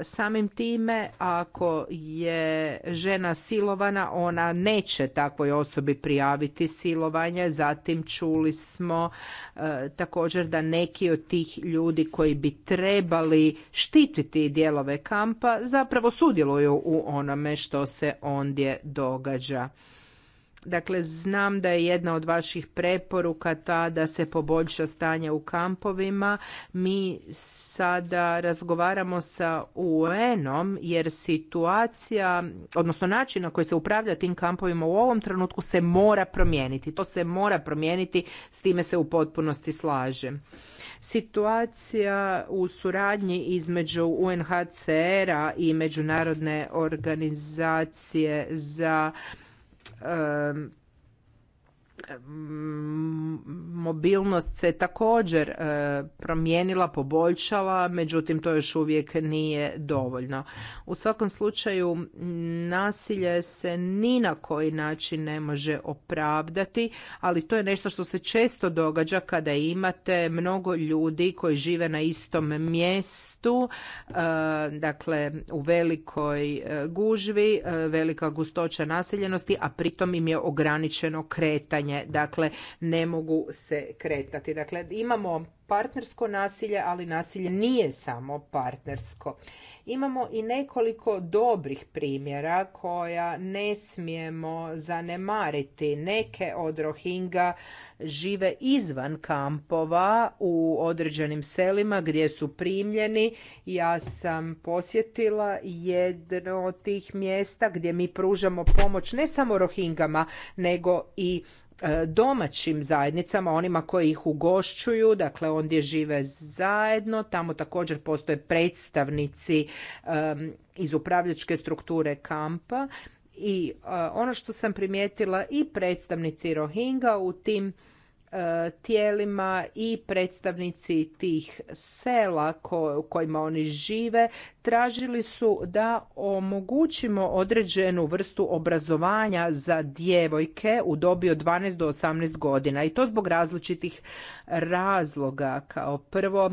Samim time, ako je žena silovana, ona neće takvoj osobi prijaviti silovanje. Zatim čuli smo e, također da neki od tih ljudi koji bi trebali štititi dijelove kampa zapravo sudjeluju u onome što se ondje događa. Dakle, znam da je jedna od vaših preporuka ta da se poboljša stanje u kampovima. Mi sada razgovaramo sa UN-om jer situacija, odnosno način na koji se upravlja tim kampovima u ovom trenutku se mora promijeniti. To se mora promijeniti, s time se u potpunosti slažem. Situacija u suradnji između UNHCR-a i Međunarodne organizacije za um, mobilnost se također e, promijenila, poboljšala, međutim to još uvijek nije dovoljno. U svakom slučaju nasilje se ni na koji način ne može opravdati, ali to je nešto što se često događa kada imate mnogo ljudi koji žive na istom mjestu, e, dakle u velikoj e, gužvi, velika gustoća naseljenosti, a pritom im je ograničeno kretanje dakle ne mogu se kretati. Dakle imamo partnersko nasilje, ali nasilje nije samo partnersko. Imamo i nekoliko dobrih primjera koja ne smijemo zanemariti. Neke od Rohinga žive izvan kampova u određenim selima gdje su primljeni. Ja sam posjetila jedno od tih mjesta gdje mi pružamo pomoć ne samo Rohingama, nego i E, domaćim zajednicama, onima koji ih ugošćuju, dakle ondje žive zajedno, tamo također postoje predstavnici e, iz upravljačke strukture kampa i e, ono što sam primijetila i predstavnici Rohinga u tim E, tijelima i predstavnici tih sela u kojima oni žive tražili su da omogućimo određenu vrstu obrazovanja za djevojke u dobi od 12 do 18 godina i to zbog različitih razloga. Kao prvo,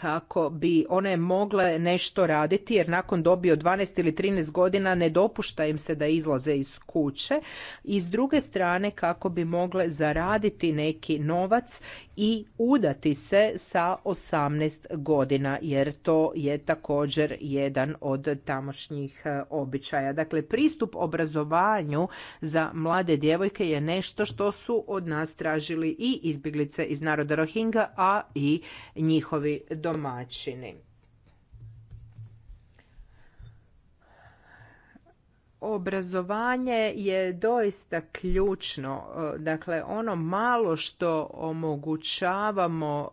kako bi one mogle nešto raditi jer nakon dobi 12 ili 13 godina ne dopušta im se da izlaze iz kuće i s druge strane kako bi mogle zaraditi neki novac i udati se sa 18 godina jer to je također jedan od tamošnjih e, običaja. Dakle pristup obrazovanju za mlade djevojke je nešto što su od nas tražili i izbjeglice iz naroda Rohinga, a i njihovi domaćini. obrazovanje je doista ključno. E, dakle, ono malo što omogućavamo,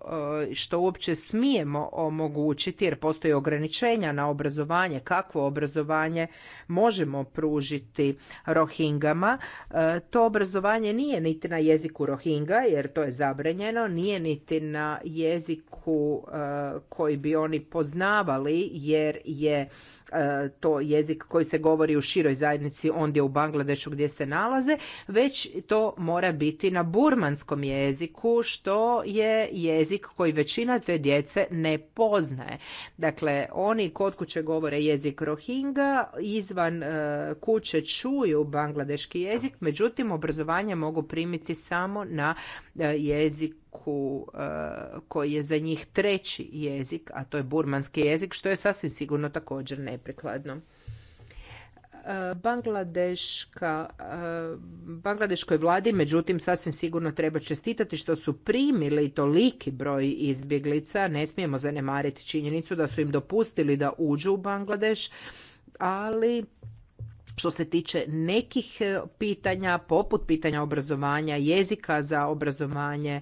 e, što uopće smijemo omogućiti, jer postoje ograničenja na obrazovanje, kakvo obrazovanje možemo pružiti rohingama. E, to obrazovanje nije niti na jeziku rohinga, jer to je zabranjeno, nije niti na jeziku koji bi oni poznavali, jer je E, to jezik koji se govori u široj zajednici ondje u Bangladešu gdje se nalaze, već to mora biti na burmanskom jeziku što je jezik koji većina te djece ne poznaje. Dakle, oni kod kuće govore jezik rohinga, izvan e, kuće čuju bangladeški jezik, međutim obrazovanje mogu primiti samo na e, jezik jeziku eh, koji je za njih treći jezik, a to je burmanski jezik, što je sasvim sigurno također neprikladno. Eh, Bangladeška, eh, Bangladeškoj vladi, međutim, sasvim sigurno treba čestitati što su primili toliki broj izbjeglica. Ne smijemo zanemariti činjenicu da su im dopustili da uđu u Bangladeš, ali što se tiče nekih e, pitanja, poput pitanja obrazovanja, jezika za obrazovanje e,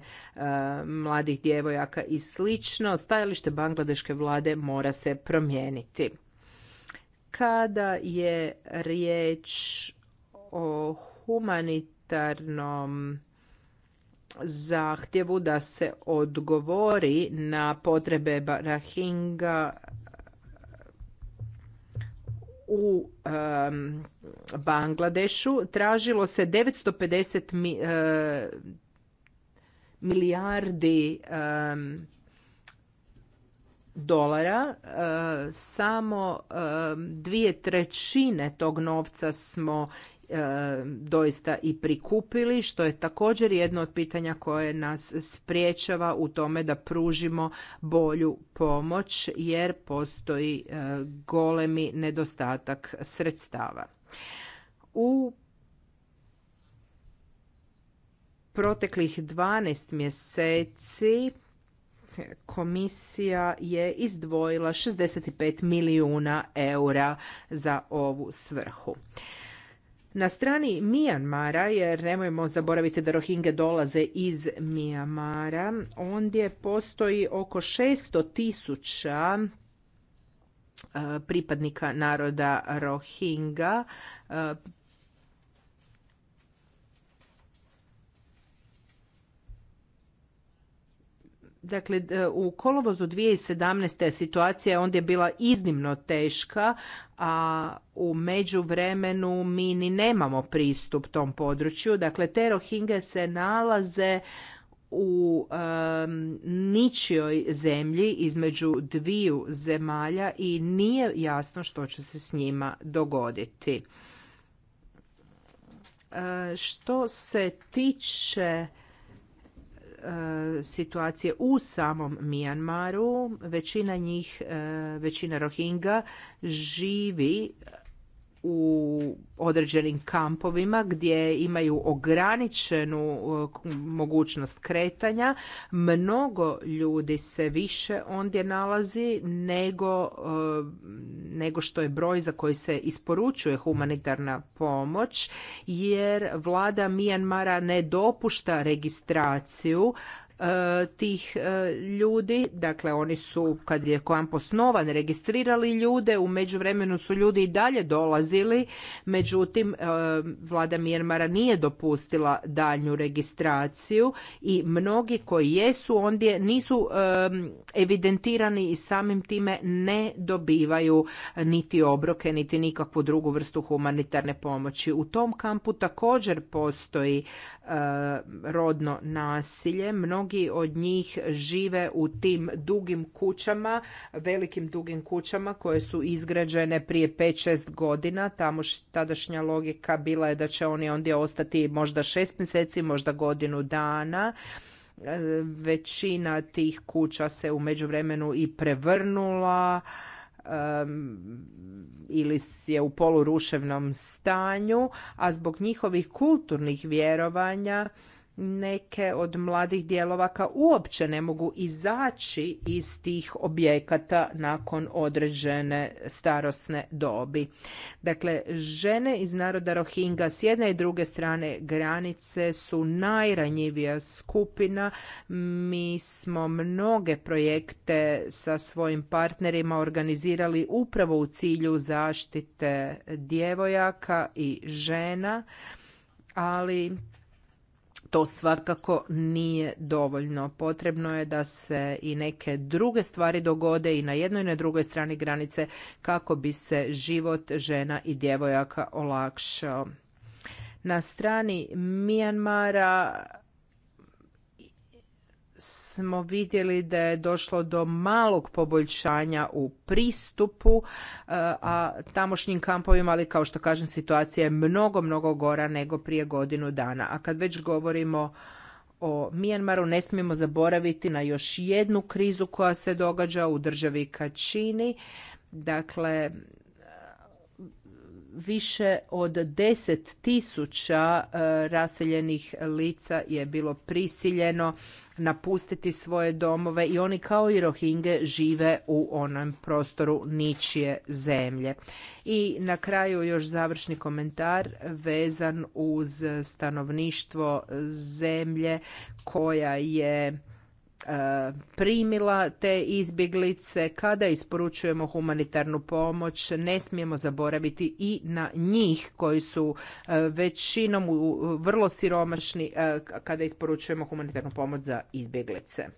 mladih djevojaka i slično, stajalište bangladeške vlade mora se promijeniti. Kada je riječ o humanitarnom zahtjevu da se odgovori na potrebe Rahinga u Bangladešu tražilo se 950 mi, eh, milijardi dolara. Eh, samo dvije trećine tog novca smo E, doista i prikupili, što je također jedno od pitanja koje nas spriječava u tome da pružimo bolju pomoć jer postoji e, golemi nedostatak sredstava. U proteklih 12 mjeseci komisija je izdvojila 65 milijuna eura za ovu svrhu na strani Mijanmara, jer nemojmo zaboraviti da Rohinge dolaze iz Mijanmara, ondje postoji oko 600 tisuća e, pripadnika naroda Rohinga, e, Dakle, u kolovozu 2017. situacija je onda bila iznimno teška, a u međuvremenu mi ni nemamo pristup tom području. Dakle, te Rohinge se nalaze u um, ničijoj zemlji između dviju zemalja i nije jasno što će se s njima dogoditi. E, što se tiče E, situacije u samom Mijanmaru. Većina njih, e, većina Rohinga živi u određenim kampovima gdje imaju ograničenu e, mogućnost kretanja, mnogo ljudi se više ondje nalazi nego, e, nego što je broj za koji se isporučuje humanitarna pomoć jer vlada Mijanmara ne dopušta registraciju E, tih e, ljudi. Dakle, oni su, kad je kamp osnovan, registrirali ljude. U međuvremenu su ljudi i dalje dolazili. Međutim, e, vlada Mijenmara nije dopustila daljnju registraciju i mnogi koji jesu ondje nisu evidentirani i samim time ne dobivaju niti obroke, niti nikakvu drugu vrstu humanitarne pomoći. U tom kampu također postoji rodno nasilje. Mnogi mnogi od njih žive u tim dugim kućama, velikim dugim kućama koje su izgrađene prije 5-6 godina. Tamo tadašnja logika bila je da će oni ondje ostati možda 6 mjeseci, možda godinu dana većina tih kuća se u međuvremenu i prevrnula um, ili je u poluruševnom stanju, a zbog njihovih kulturnih vjerovanja neke od mladih djelovaka uopće ne mogu izaći iz tih objekata nakon određene starosne dobi. Dakle, žene iz naroda Rohinga s jedne i druge strane granice su najranjivija skupina. Mi smo mnoge projekte sa svojim partnerima organizirali upravo u cilju zaštite djevojaka i žena ali to svakako nije dovoljno. Potrebno je da se i neke druge stvari dogode i na jednoj i na drugoj strani granice kako bi se život žena i djevojaka olakšao. Na strani Mijanmara smo vidjeli da je došlo do malog poboljšanja u pristupu e, a tamošnjim kampovima, ali kao što kažem situacija je mnogo, mnogo gora nego prije godinu dana. A kad već govorimo o Mijanmaru ne smijemo zaboraviti na još jednu krizu koja se događa u državi Kačini. Dakle, više od deset tisuća e, raseljenih lica je bilo prisiljeno napustiti svoje domove i oni kao i Rohinge žive u onom prostoru ničije zemlje. I na kraju još završni komentar vezan uz stanovništvo zemlje koja je E, primila te izbjeglice, kada isporučujemo humanitarnu pomoć, ne smijemo zaboraviti i na njih koji su e, većinom vrlo siromašni e, kada isporučujemo humanitarnu pomoć za izbjeglice.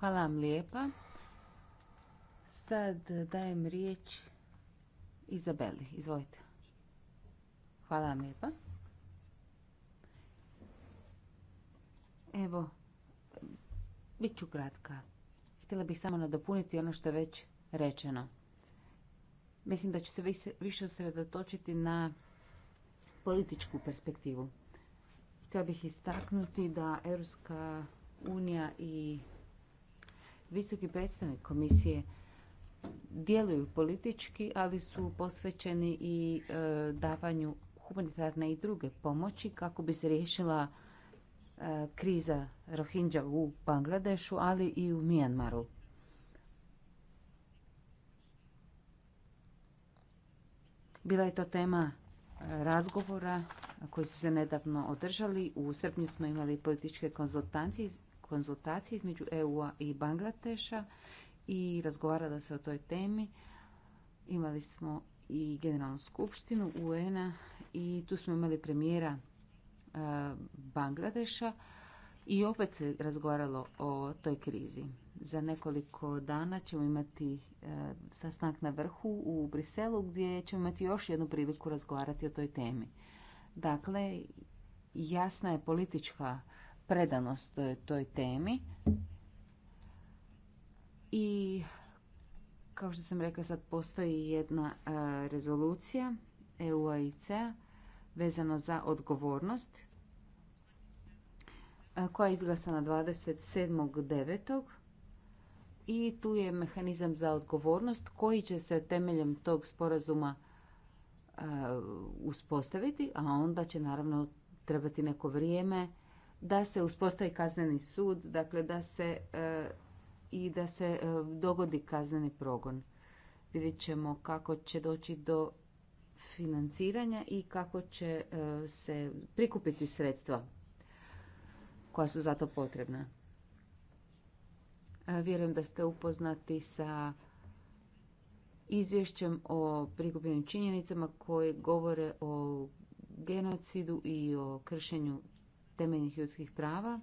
Hvala vam lijepa. Sad dajem riječ Izabeli. Izvolite. Hvala vam lijepa. Evo, bit ću kratka. Htjela bih samo nadopuniti ono što je već rečeno. Mislim da ću se više osredotočiti na političku perspektivu. Htjela bih istaknuti da Europska unija i visoki predstavnik komisije djeluju politički, ali su posvećeni i e, davanju humanitarne i druge pomoći kako bi se riješila E, kriza Rohingya u Bangladešu, ali i u Mijanmaru. Bila je to tema e, razgovora koji su se nedavno održali. U srpnju smo imali političke konzultacije, konzultacije između EU-a i Bangladeša i razgovarala se o toj temi. Imali smo i generalnu skupštinu UN-a i tu smo imali premijera Bangladeša i opet se razgovaralo o toj krizi. Za nekoliko dana ćemo imati e, sastanak na vrhu u Briselu gdje ćemo imati još jednu priliku razgovarati o toj temi. Dakle, jasna je politička predanost toj temi i kao što sam rekla sad postoji jedna e, rezolucija EU a vezano za odgovornost e, koja je izglasana 27.9. i tu je mehanizam za odgovornost koji će se temeljem tog sporazuma e, uspostaviti, a onda će naravno trebati neko vrijeme da se uspostavi kazneni sud, dakle da se e, i da se dogodi kazneni progon. Vidjet ćemo kako će doći do financiranja i kako će e, se prikupiti sredstva koja su za to potrebna. E, vjerujem da ste upoznati sa izvješćem o prikupljenim činjenicama koje govore o genocidu i o kršenju temeljnih ljudskih prava.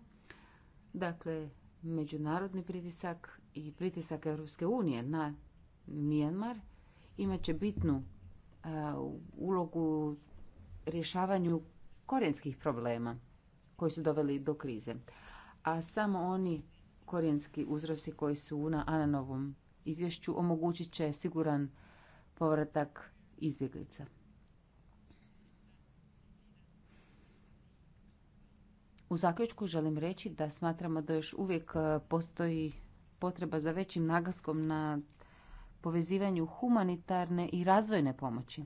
Dakle, međunarodni pritisak i pritisak Europske unije na Mijanmar imat će bitnu ulogu rješavanju korijenskih problema koji su doveli do krize. A samo oni korijenski uzrosi koji su na Ananovom izvješću omogućit će siguran povratak izbjeglica. U zaključku želim reći da smatramo da još uvijek postoji potreba za većim naglaskom na povezivanju humanitarne i razvojne pomoći.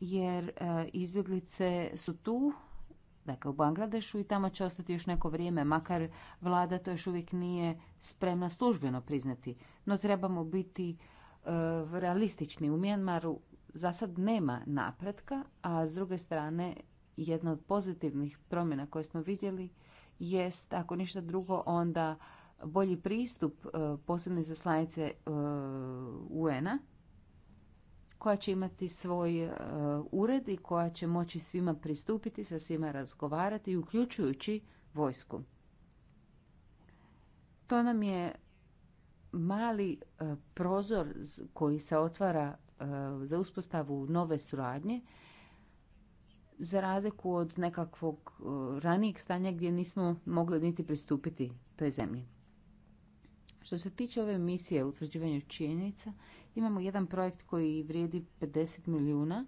Jer e, izbjeglice su tu, dakle u Bangladešu i tamo će ostati još neko vrijeme, makar vlada to još uvijek nije spremna službeno priznati. No trebamo biti e, realistični. U Mijanmaru za sad nema napretka, a s druge strane jedna od pozitivnih promjena koje smo vidjeli jest, ako ništa drugo, onda bolji pristup e, posebne zaslanice e, UN-a koja će imati svoj e, ured i koja će moći svima pristupiti, sa svima razgovarati, uključujući vojsku. To nam je mali prozor koji se otvara za uspostavu nove suradnje, za razliku od nekakvog ranijeg stanja gdje nismo mogli niti pristupiti toj zemlji. Što se tiče ove misije u utvrđivanju činjenica, imamo jedan projekt koji vrijedi 50 milijuna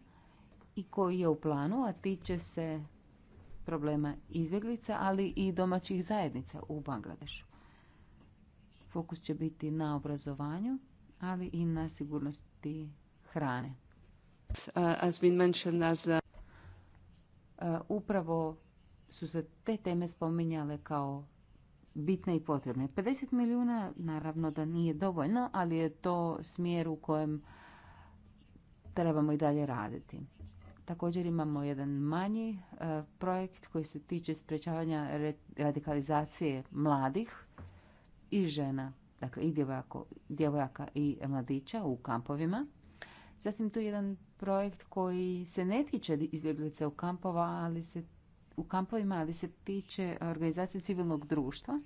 i koji je u planu, a tiče se problema izbjeglica, ali i domaćih zajednica u Bangladešu. Fokus će biti na obrazovanju, ali i na sigurnosti hrane. Uh, uh, uh, upravo su se te teme spominjale kao bitne i potrebne. 50 milijuna naravno da nije dovoljno, ali je to smjer u kojem trebamo i dalje raditi. Također imamo jedan manji e, projekt koji se tiče sprečavanja radikalizacije mladih i žena, dakle i djevojaka i mladića u kampovima. Zatim tu jedan projekt koji se ne tiče izbjeglica kampova, se u kampovima, ali se tiče organizacije civilnog društva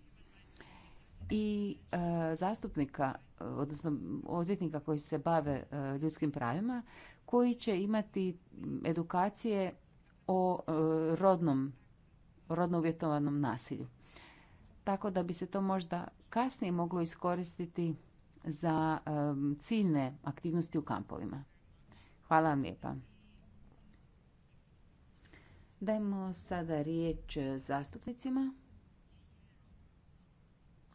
i e, zastupnika, odnosno odvjetnika koji se bave e, ljudskim pravima, koji će imati edukacije o e, rodnom, rodno uvjetovanom nasilju. Tako da bi se to možda kasnije moglo iskoristiti za ciljne aktivnosti u kampovima. Hvala vam lijepa. Dajmo sada riječ zastupnicima.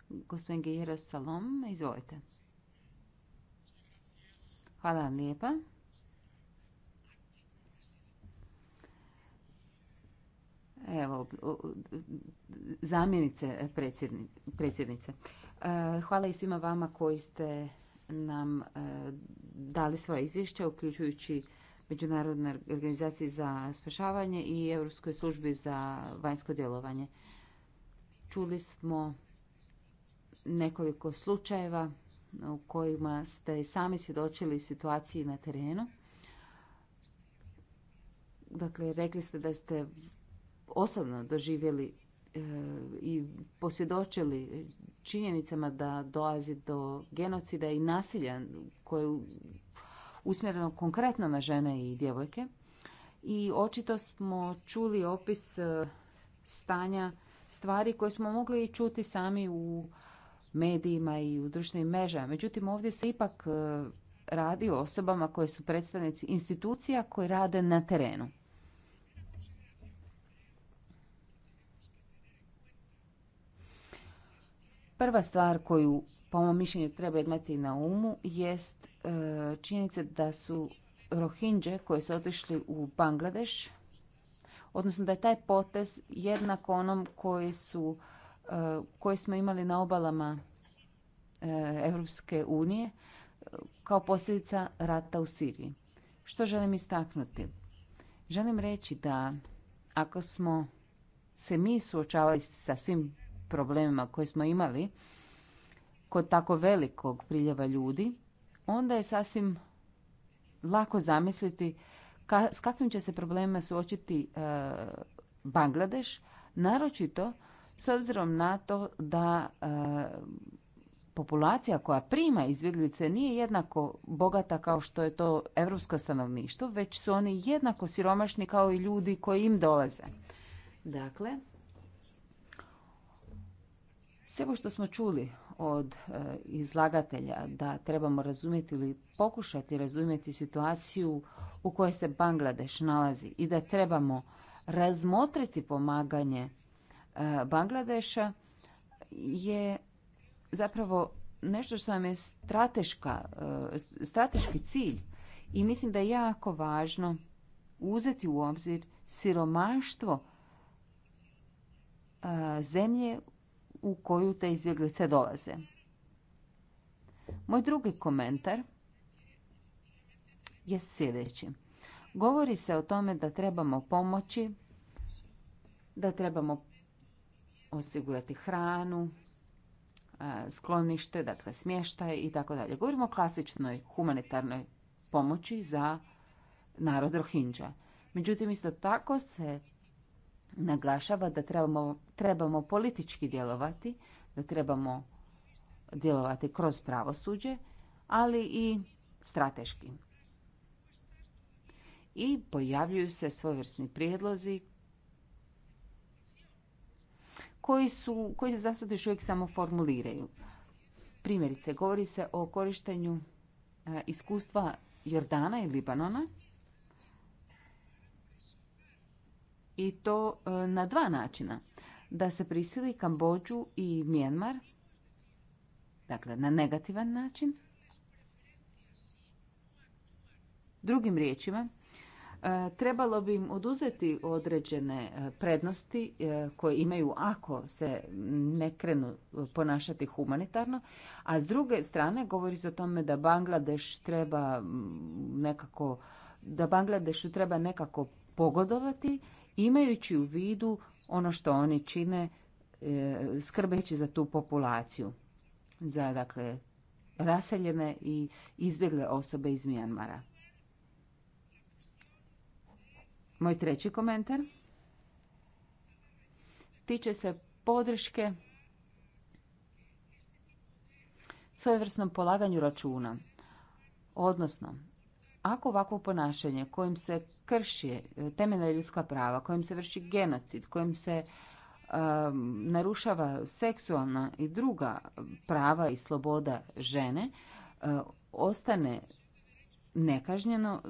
Gospodin Gijera Salom, izvolite. Hvala vam lijepa. Evo, zamjenice predsjednice. E, hvala i svima vama koji ste nam e, dali svoje izvješća, uključujući Međunarodne organizacije za spašavanje i Europskoj službi za vanjsko djelovanje. Čuli smo nekoliko slučajeva u kojima ste i sami svjedočili situaciji na terenu. Dakle, rekli ste da ste osobno doživjeli e, i posvjedočili činjenicama da dolazi do genocida i nasilja koje je usmjereno konkretno na žene i djevojke. I očito smo čuli opis e, stanja stvari koje smo mogli čuti sami u medijima i u društvenim mrežama. Međutim, ovdje se ipak e, radi o osobama koje su predstavnici institucija koji rade na terenu. Prva stvar koju po mom mišljenju treba imati na umu jest e, činjenica da su Rohinđe koji su otišli u Bangladeš, odnosno da je taj potez jednak onom koji su E, koje smo imali na obalama Europske unije e, kao posljedica rata u Siriji. Što želim istaknuti? Želim reći da ako smo se mi suočavali sa svim problemima koje smo imali kod tako velikog priljeva ljudi, onda je sasvim lako zamisliti s kakvim će se problemima suočiti e, Bangladeš, naročito s obzirom na to da e, populacija koja prima izbjeglice nije jednako bogata kao što je to europsko stanovništvo, već su oni jednako siromašni kao i ljudi koji im dolaze. Dakle, sve što smo čuli od e, izlagatelja da trebamo razumjeti ili pokušati razumjeti situaciju u kojoj se Bangladeš nalazi i da trebamo razmotriti pomaganje E, Bangladeša je zapravo nešto što nam je strateška, e, strateški cilj i mislim da je jako važno uzeti u obzir siromaštvo e, zemlje u koju te izbjeglice dolaze. Moj drugi komentar je sljedeći. Govori se o tome da trebamo pomoći, da trebamo osigurati hranu, e, sklonište, dakle smještaj i tako dalje. Govorimo o klasičnoj humanitarnoj pomoći za narod Rohinđa. Međutim, isto tako se naglašava da trebamo, trebamo politički djelovati, da trebamo djelovati kroz pravosuđe, ali i strateški. I pojavljuju se svojevrsni prijedlozi koji, su, koji se za sad još uvijek samo formuliraju. Primjerice, govori se o korištenju e, iskustva Jordana i Libanona i to e, na dva načina. Da se prisili Kambođu i Mijenmar, dakle na negativan način. Drugim riječima, E, trebalo bi im oduzeti određene e, prednosti e, koje imaju ako se ne krenu ponašati humanitarno, a s druge strane govori se o tome da Bangladeš treba nekako da Bangladešu treba nekako pogodovati imajući u vidu ono što oni čine skrbeći za tu populaciju za dakle raseljene i izbjegle osobe iz Mijanmara. Moj treći komentar tiče se podrške svojevrsnom polaganju računa. Odnosno, ako ovako ponašanje kojim se krši e, temeljna ljudska prava, kojim se vrši genocid, kojim se e, narušava seksualna i druga prava i sloboda žene, e, ostane nekažnjeno,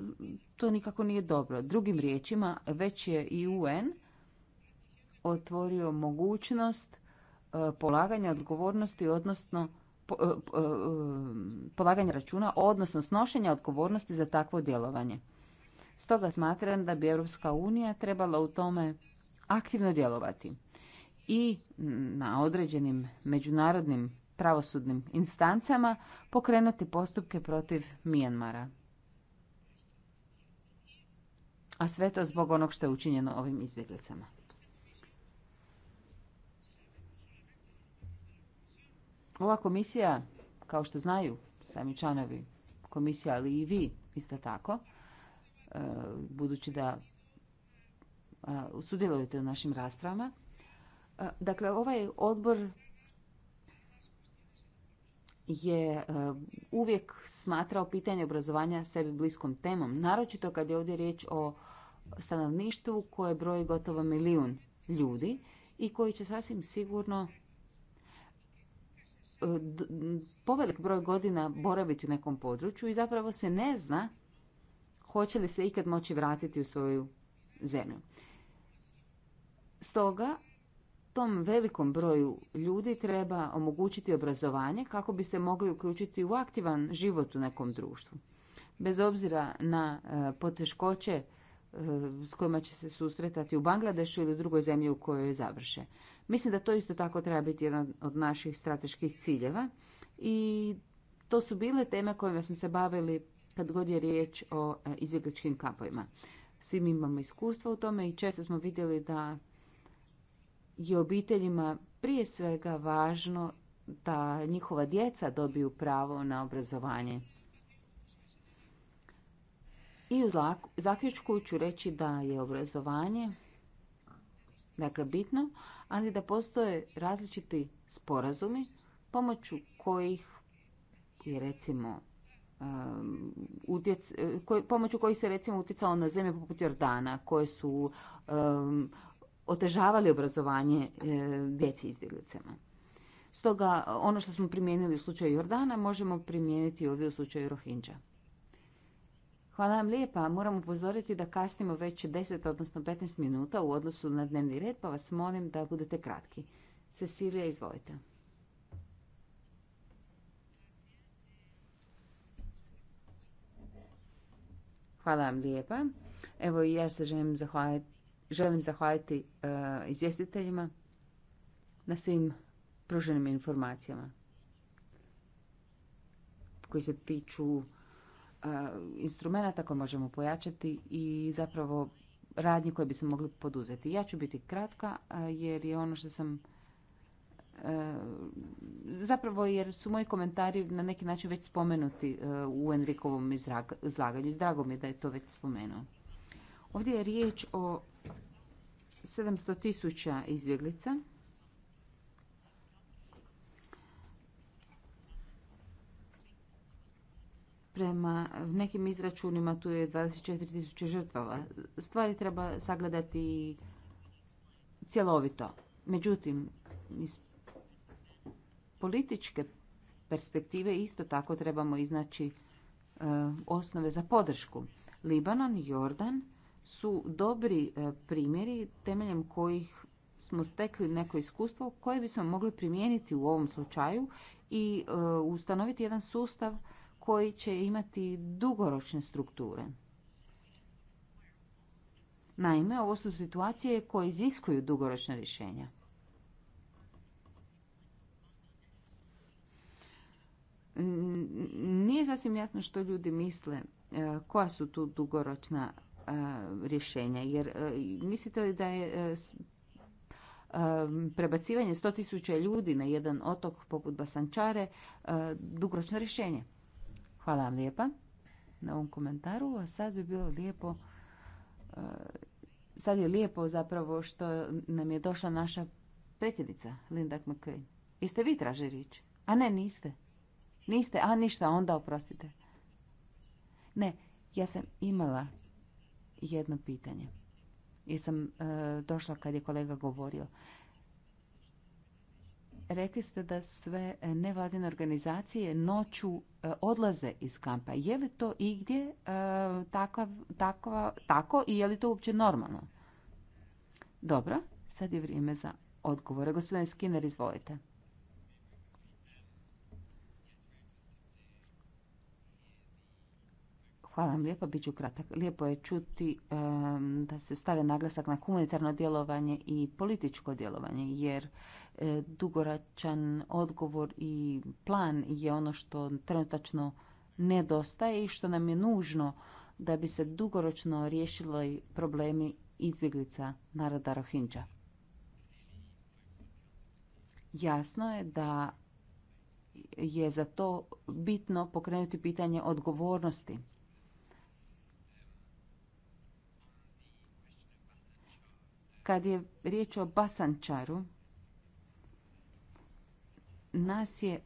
to nikako nije dobro. Drugim riječima, već je i UN otvorio mogućnost e, polaganja odgovornosti, odnosno e, e, polaganja računa, odnosno snošenja odgovornosti za takvo djelovanje. Stoga smatram da bi Europska unija trebala u tome aktivno djelovati i na određenim međunarodnim pravosudnim instancama pokrenuti postupke protiv Mijenmara a sve to zbog onog što je učinjeno ovim izbjeglicama. Ova komisija, kao što znaju sami članovi komisija, ali i vi isto tako, e, budući da e, sudjelujete u našim raspravama. E, dakle, ovaj odbor je uvijek smatrao pitanje obrazovanja sebi bliskom temom, naročito kad je ovdje riječ o stanovništvu koje broji gotovo milijun ljudi i koji će sasvim sigurno e, povelik broj godina boraviti u nekom području i zapravo se ne zna hoće li se ikad moći vratiti u svoju zemlju. Stoga, tom velikom broju ljudi treba omogućiti obrazovanje kako bi se mogli uključiti u aktivan život u nekom društvu. Bez obzira na e, poteškoće Eh, s kojima će se susretati u Bangladešu ili drugoj zemlji u kojoj završe. Mislim da to isto tako treba biti jedan od naših strateških ciljeva i to su bile teme kojima smo se bavili kad god je riječ o eh, izbjegličkim kampovima. Svi mi imamo iskustva u tome i često smo vidjeli da je obiteljima prije svega važno da njihova djeca dobiju pravo na obrazovanje. I u zaključku ću reći da je obrazovanje dakle, bitno, ali da postoje različiti sporazumi pomoću kojih je recimo pomoću kojih se recimo utjecalo na zemlje poput Jordana koje su otežavali obrazovanje e, djeci djece izbjeglicama. Stoga ono što smo primijenili u slučaju Jordana možemo primijeniti ovdje u slučaju Rohinđa. Hvala vam lijepa. Moram upozoriti da kasnimo već 10, odnosno 15 minuta u odnosu na dnevni red, pa vas molim da budete kratki. Cecilija, izvolite. Hvala vam lijepa. Evo i ja se želim zahvaliti, želim zahvaliti e, izvjestiteljima na svim pruženim informacijama koji se tiču instrumenta koje možemo pojačati i zapravo radnje koje bi se mogli poduzeti. Ja ću biti kratka jer je ono što sam zapravo jer su moji komentari na neki način već spomenuti u Enrikovom izlaganju. Drago mi je da je to već spomenuo. Ovdje je riječ o 700.000 tisuća izbjeglica Prema nekim izračunima tu je 24.000 žrtava. Stvari treba sagledati cjelovito. Međutim, iz političke perspektive isto tako trebamo iznaći e, osnove za podršku. Libanon i Jordan su dobri e, primjeri temeljem kojih smo stekli neko iskustvo koje bismo mogli primijeniti u ovom slučaju i e, ustanoviti jedan sustav koji će imati dugoročne strukture. Naime, ovo su situacije koje iziskuju dugoročne rješenja. Nije sasvim jasno što ljudi misle, e, koja su tu dugoročna e, rješenja, jer e, mislite li da je prebacivanje 100.000 ljudi na jedan otok poput Basančare dugoročno rješenje? Hvala vam lijepa na ovom komentaru. A sad bi bilo lijepo, e, sad je lijepo zapravo što nam je došla naša predsjednica Linda McQueen. Jeste vi traži rič? A ne, niste. Niste, a ništa, onda oprostite. Ne, ja sam imala jedno pitanje. Jesam sam e, došla kad je kolega govorio rekli ste da sve nevladine organizacije noću e, odlaze iz kampa. Je li to igdje tako, e, tako, tako i je li to uopće normalno? Dobro, sad je vrijeme za odgovore. Gospodin Skinner, izvolite. Hvala vam lijepa, bit ću kratak. Lijepo je čuti e, da se stave naglasak na humanitarno djelovanje i političko djelovanje, jer E, dugoračan odgovor i plan je ono što trenutačno nedostaje i što nam je nužno da bi se dugoročno riješili problemi izbjeglica naroda Rohingya. Jasno je da je za to bitno pokrenuti pitanje odgovornosti. Kad je riječ o Basančaru, nas je e,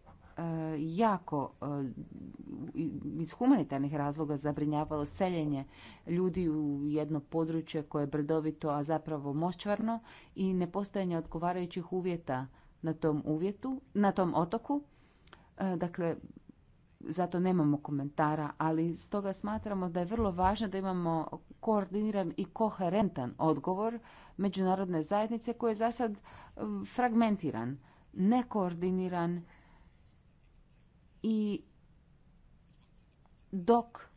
jako e, iz humanitarnih razloga zabrinjavalo seljenje ljudi u jedno područje koje je brdovito, a zapravo močvarno i nepostojanje odgovarajućih uvjeta na tom uvjetu, na tom otoku. E, dakle, zato nemamo komentara, ali stoga smatramo da je vrlo važno da imamo koordiniran i koherentan odgovor međunarodne zajednice koji je za sad fragmentiran nekoordiniran i dok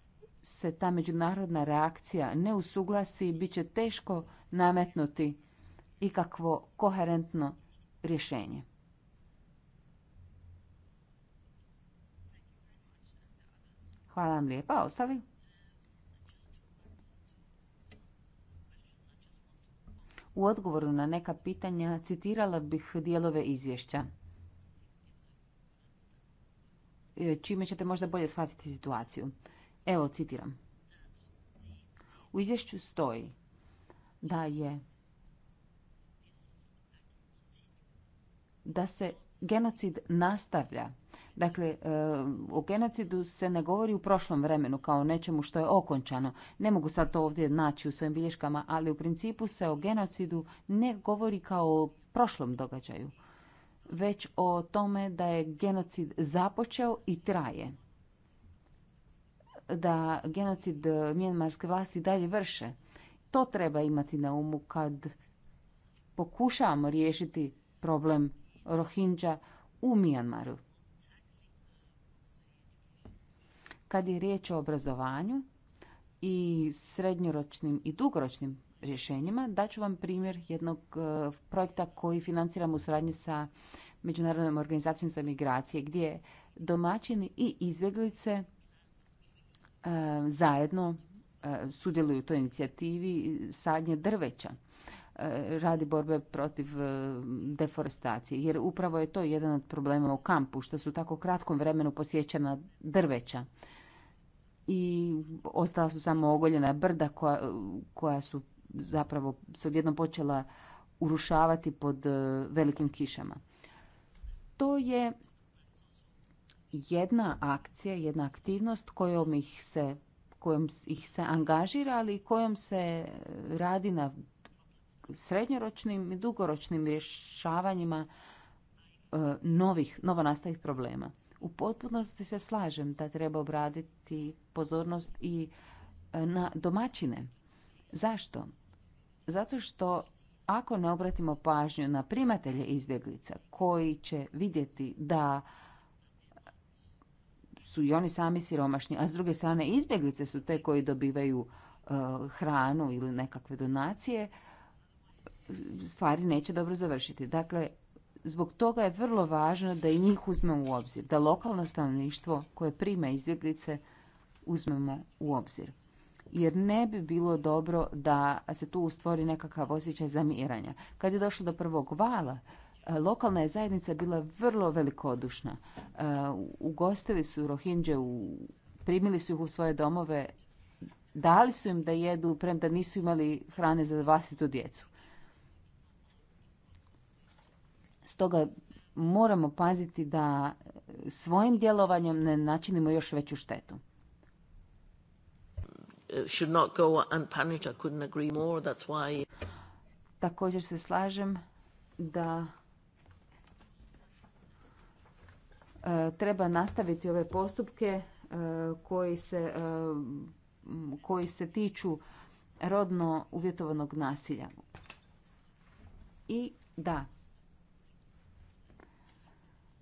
se ta međunarodna reakcija ne usuglasi, bit će teško nametnuti ikakvo koherentno rješenje. Hvala vam lijepa, ostali. U odgovoru na neka pitanja citirala bih dijelove izvješća. E, čime ćete možda bolje shvatiti situaciju. Evo, citiram. U izvješću stoji da je da se genocid nastavlja Dakle, e, o genocidu se ne govori u prošlom vremenu kao nečemu što je okončano. Ne mogu sad to ovdje naći u svojim bilješkama, ali u principu se o genocidu ne govori kao o prošlom događaju, već o tome da je genocid započeo i traje. Da genocid mjenmarske vlasti dalje vrše. To treba imati na umu kad pokušavamo riješiti problem Rohinđa u Mijanmaru. Kad je riječ o obrazovanju i srednjoročnim i dugoročnim rješenjima, daću vam primjer jednog e, projekta koji financiramo u suradnji sa Međunarodnom organizacijom za migracije, gdje domaćini i izbjeglice e, zajedno e, sudjeluju u toj inicijativi sadnje drveća radi borbe protiv deforestacije. Jer upravo je to jedan od problema u kampu, što su tako kratkom vremenu posjećena drveća i ostala su samo ogoljena brda koja, koja su zapravo se odjednom počela urušavati pod e, velikim kišama. To je jedna akcija, jedna aktivnost kojom ih se kojom ih se angažira, ali i kojom se radi na srednjoročnim i dugoročnim rješavanjima e, novih, novonastalih problema. U potpunosti se slažem da treba obraditi pozornost i e, na domaćine. Zašto? Zato što ako ne obratimo pažnju na primatelje izbjeglica koji će vidjeti da su i oni sami siromašni, a s druge strane izbjeglice su te koji dobivaju e, hranu ili nekakve donacije, stvari neće dobro završiti. Dakle, Zbog toga je vrlo važno da i njih uzmemo u obzir, da lokalno stanovništvo koje prima izbjeglice uzmemo u obzir. Jer ne bi bilo dobro da se tu ustvori nekakav osjećaj zamiranja. Kad je došlo do prvog vala, e, lokalna je zajednica bila vrlo velikodušna. E, ugostili su Rohinđe, primili su ih u svoje domove, dali su im da jedu, premda nisu imali hrane za vlastitu djecu. Stoga moramo paziti da svojim djelovanjem ne načinimo još veću štetu. Također se slažem da e, treba nastaviti ove postupke e, koji se, e, koji se tiču rodno uvjetovanog nasilja. I da,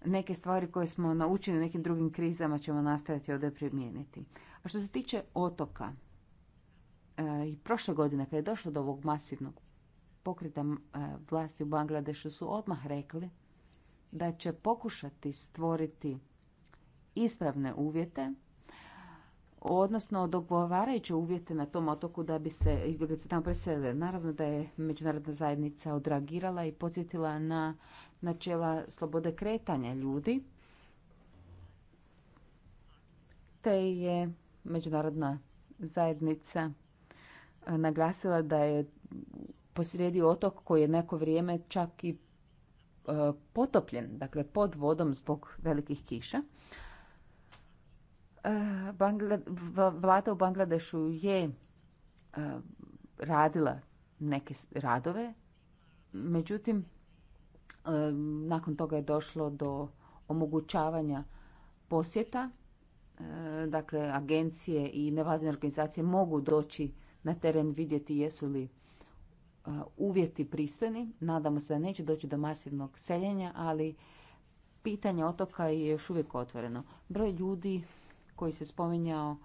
neke stvari koje smo naučili nekim drugim krizama ćemo nastaviti ovdje primijeniti. A što se tiče otoka, e, i prošle godine kada je došlo do ovog masivnog pokreta e, vlasti u Bangladešu su odmah rekli da će pokušati stvoriti ispravne uvjete odnosno dogovarajuće uvjete na tom otoku da bi se izbjeglice tamo preselile. Naravno da je međunarodna zajednica odreagirala i podsjetila na načela slobode kretanja ljudi, te je međunarodna zajednica naglasila da je posrijedi otok koji je neko vrijeme čak i potopljen, dakle pod vodom zbog velikih kiša. Eh, vlada u Bangladešu je eh, radila neke radove, međutim, eh, nakon toga je došlo do omogućavanja posjeta. Dakle, agencije i nevladine organizacije mogu doći na teren vidjeti jesu li uvjeti pristojni. Nadamo se da neće doći do masivnog seljenja, ali pitanje otoka je još uvijek otvoreno. Broj ljudi koji se spominjao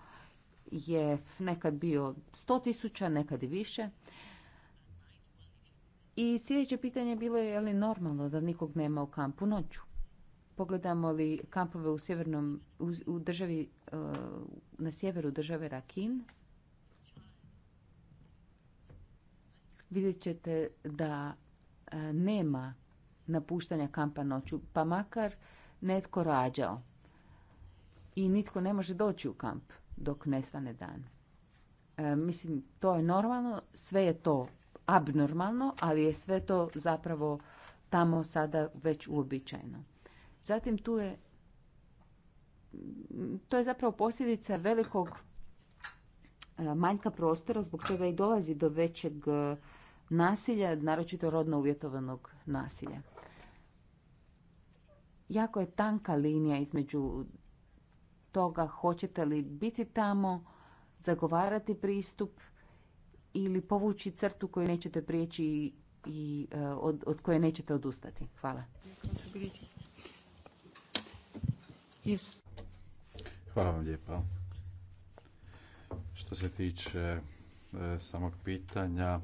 je nekad bio 100 tisuća, nekad i više. I sljedeće pitanje bilo je li normalno da nikog nema u kampu noću. Pogledamo li kampove u, sjevernom, u, u državi, e, na sjeveru države Rakin, vidjet ćete da e, nema napuštanja kampa noću, pa makar netko rađao i nitko ne može doći u kamp dok ne svane dan. E, mislim, to je normalno, sve je to abnormalno, ali je sve to zapravo tamo sada već uobičajeno. Zatim tu je, to je zapravo posljedica velikog e, manjka prostora zbog čega i dolazi do većeg e, nasilja, naročito rodno uvjetovanog nasilja. Jako je tanka linija između toga hoćete li biti tamo, zagovarati pristup ili povući crtu koju nećete prijeći i e, od, od koje nećete odustati. Hvala. Hvala vam lijepa. Što se tiče e, samog pitanja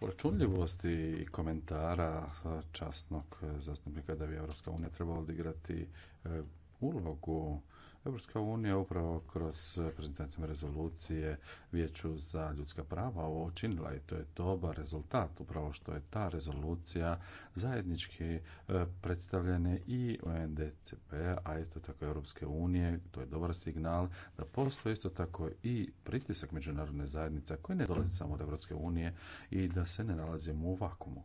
računljivosti i komentara e, časnog zastupnika da bi Evropska unija trebala odigrati ulogu Europska unija upravo kroz prezentaciju rezolucije Vijeću za ljudska prava ovo učinila i to je dobar rezultat upravo što je ta rezolucija zajednički e, predstavljene i UNDCP, a isto tako Europske unije. To je dobar signal da postoji isto tako i pritisak međunarodne zajednice koji ne dolazi samo od Europske unije i da se ne nalazimo u vakumu.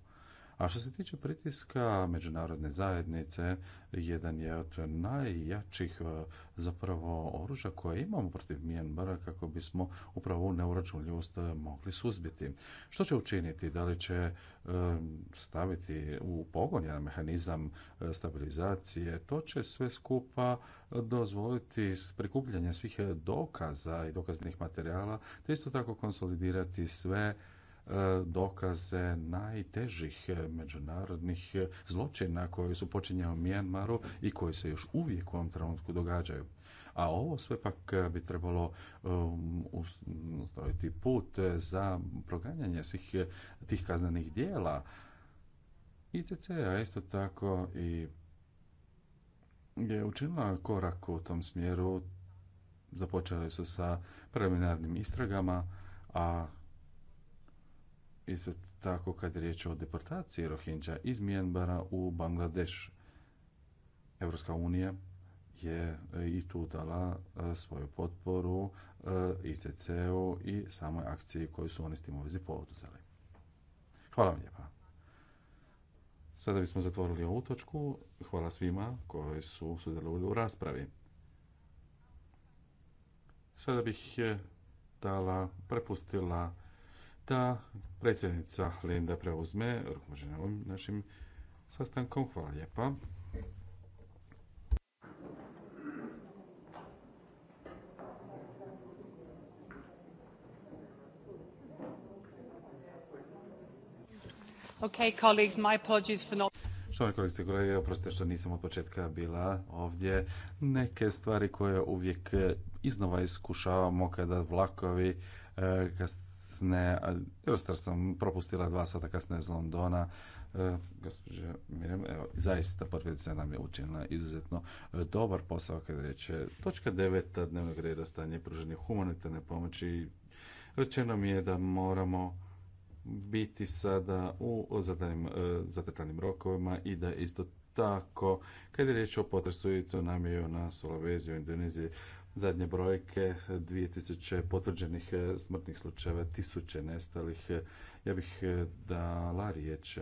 A što se tiče pritiska međunarodne zajednice, jedan je od najjačih e, zapravo oružja koje imamo protiv Mijen-Bara kako bismo upravo ovu neuračunljivost e, mogli suzbiti. Što će učiniti? Da li će e, staviti u pogon jedan mehanizam stabilizacije? To će sve skupa dozvoliti prikupljanje svih dokaza i dokaznih materijala, te isto tako konsolidirati sve E, dokaze najtežih međunarodnih zločina koji su počinjeni u Mijanmaru i koji se još uvijek u ovom trenutku događaju. A ovo sve pak bi trebalo um, ustrojiti put za proganjanje svih tih kaznenih dijela ICC, a isto tako i je učinila korak u tom smjeru. Započeli su sa preliminarnim istragama, a isto tako kad je riječ o deportaciji Rohinđa iz Mijenbara u Bangladeš. Evropska unija je e, i tu dala e, svoju potporu ICC-u e, i samoj akciji koju su oni s tim u vezi poduzeli. Hvala vam lijepa. Sada bismo zatvorili ovu točku. Hvala svima koji su sudjelovali u raspravi. Sada bih dala, prepustila da predsjednica Linda preuzme rukovođenje ovim našim sastankom. Hvala lijepa. Okay, colleagues, my apologies for not... kolegice i kolege, oprostite što nisam od početka bila ovdje. Neke stvari koje uvijek iznova iskušavamo kada vlakovi, eh, kasne, Eurostar sam propustila dva sata kasne iz Londona, Gospodin e, gospođa evo, zaista potpredsjednica nam je učinila izuzetno e, dobar posao kad reče točka deveta dnevnog reda stanje pruženje humanitarne pomoći. Rečeno mi je da moramo biti sada u zadanim, e, rokovima i da isto tako, kad je riječ o potresu i tsunamiju na Sulaveziju u Indoneziji, zadnje brojke 2000 potvrđenih e, smrtnih slučajeva, tisuće nestalih. E, ja bih e, dala riječ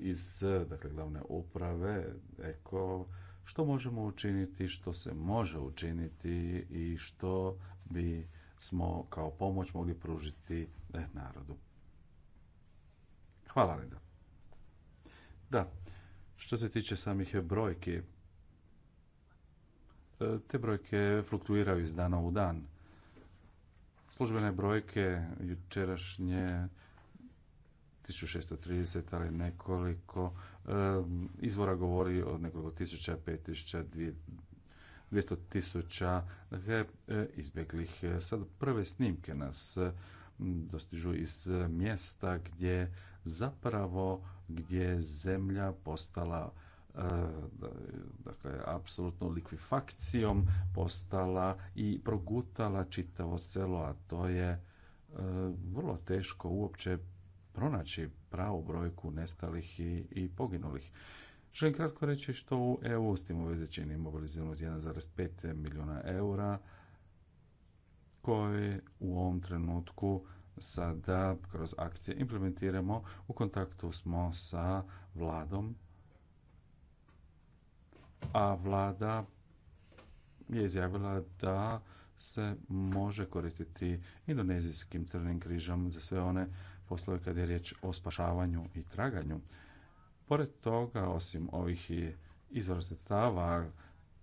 iz dakle, glavne uprave Eko što možemo učiniti, što se može učiniti i što bi smo kao pomoć mogli pružiti narodu. Hvala vam Da, što se tiče samih brojki, E, te brojke fluktuiraju iz dana u dan. Službene brojke jučerašnje 1630, ali nekoliko e, izvora govori o nekoliko tisuća, tisuća 200 tisuća dakle, e, izbjeglih. Sad prve snimke nas dostižu iz mjesta gdje zapravo gdje je zemlja postala E, dakle, apsolutno likvifakcijom postala i progutala čitavo selo, a to je e, vrlo teško uopće pronaći pravu brojku nestalih i, poginulih. Želim kratko reći što u EU s tim u vezi čini 1,5 milijuna eura koje u ovom trenutku sada kroz akcije implementiramo. U kontaktu smo sa vladom a vlada je izjavila da se može koristiti indonezijskim crvenim križom za sve one poslove kada je riječ o spašavanju i traganju. Pored toga, osim ovih izvora sredstava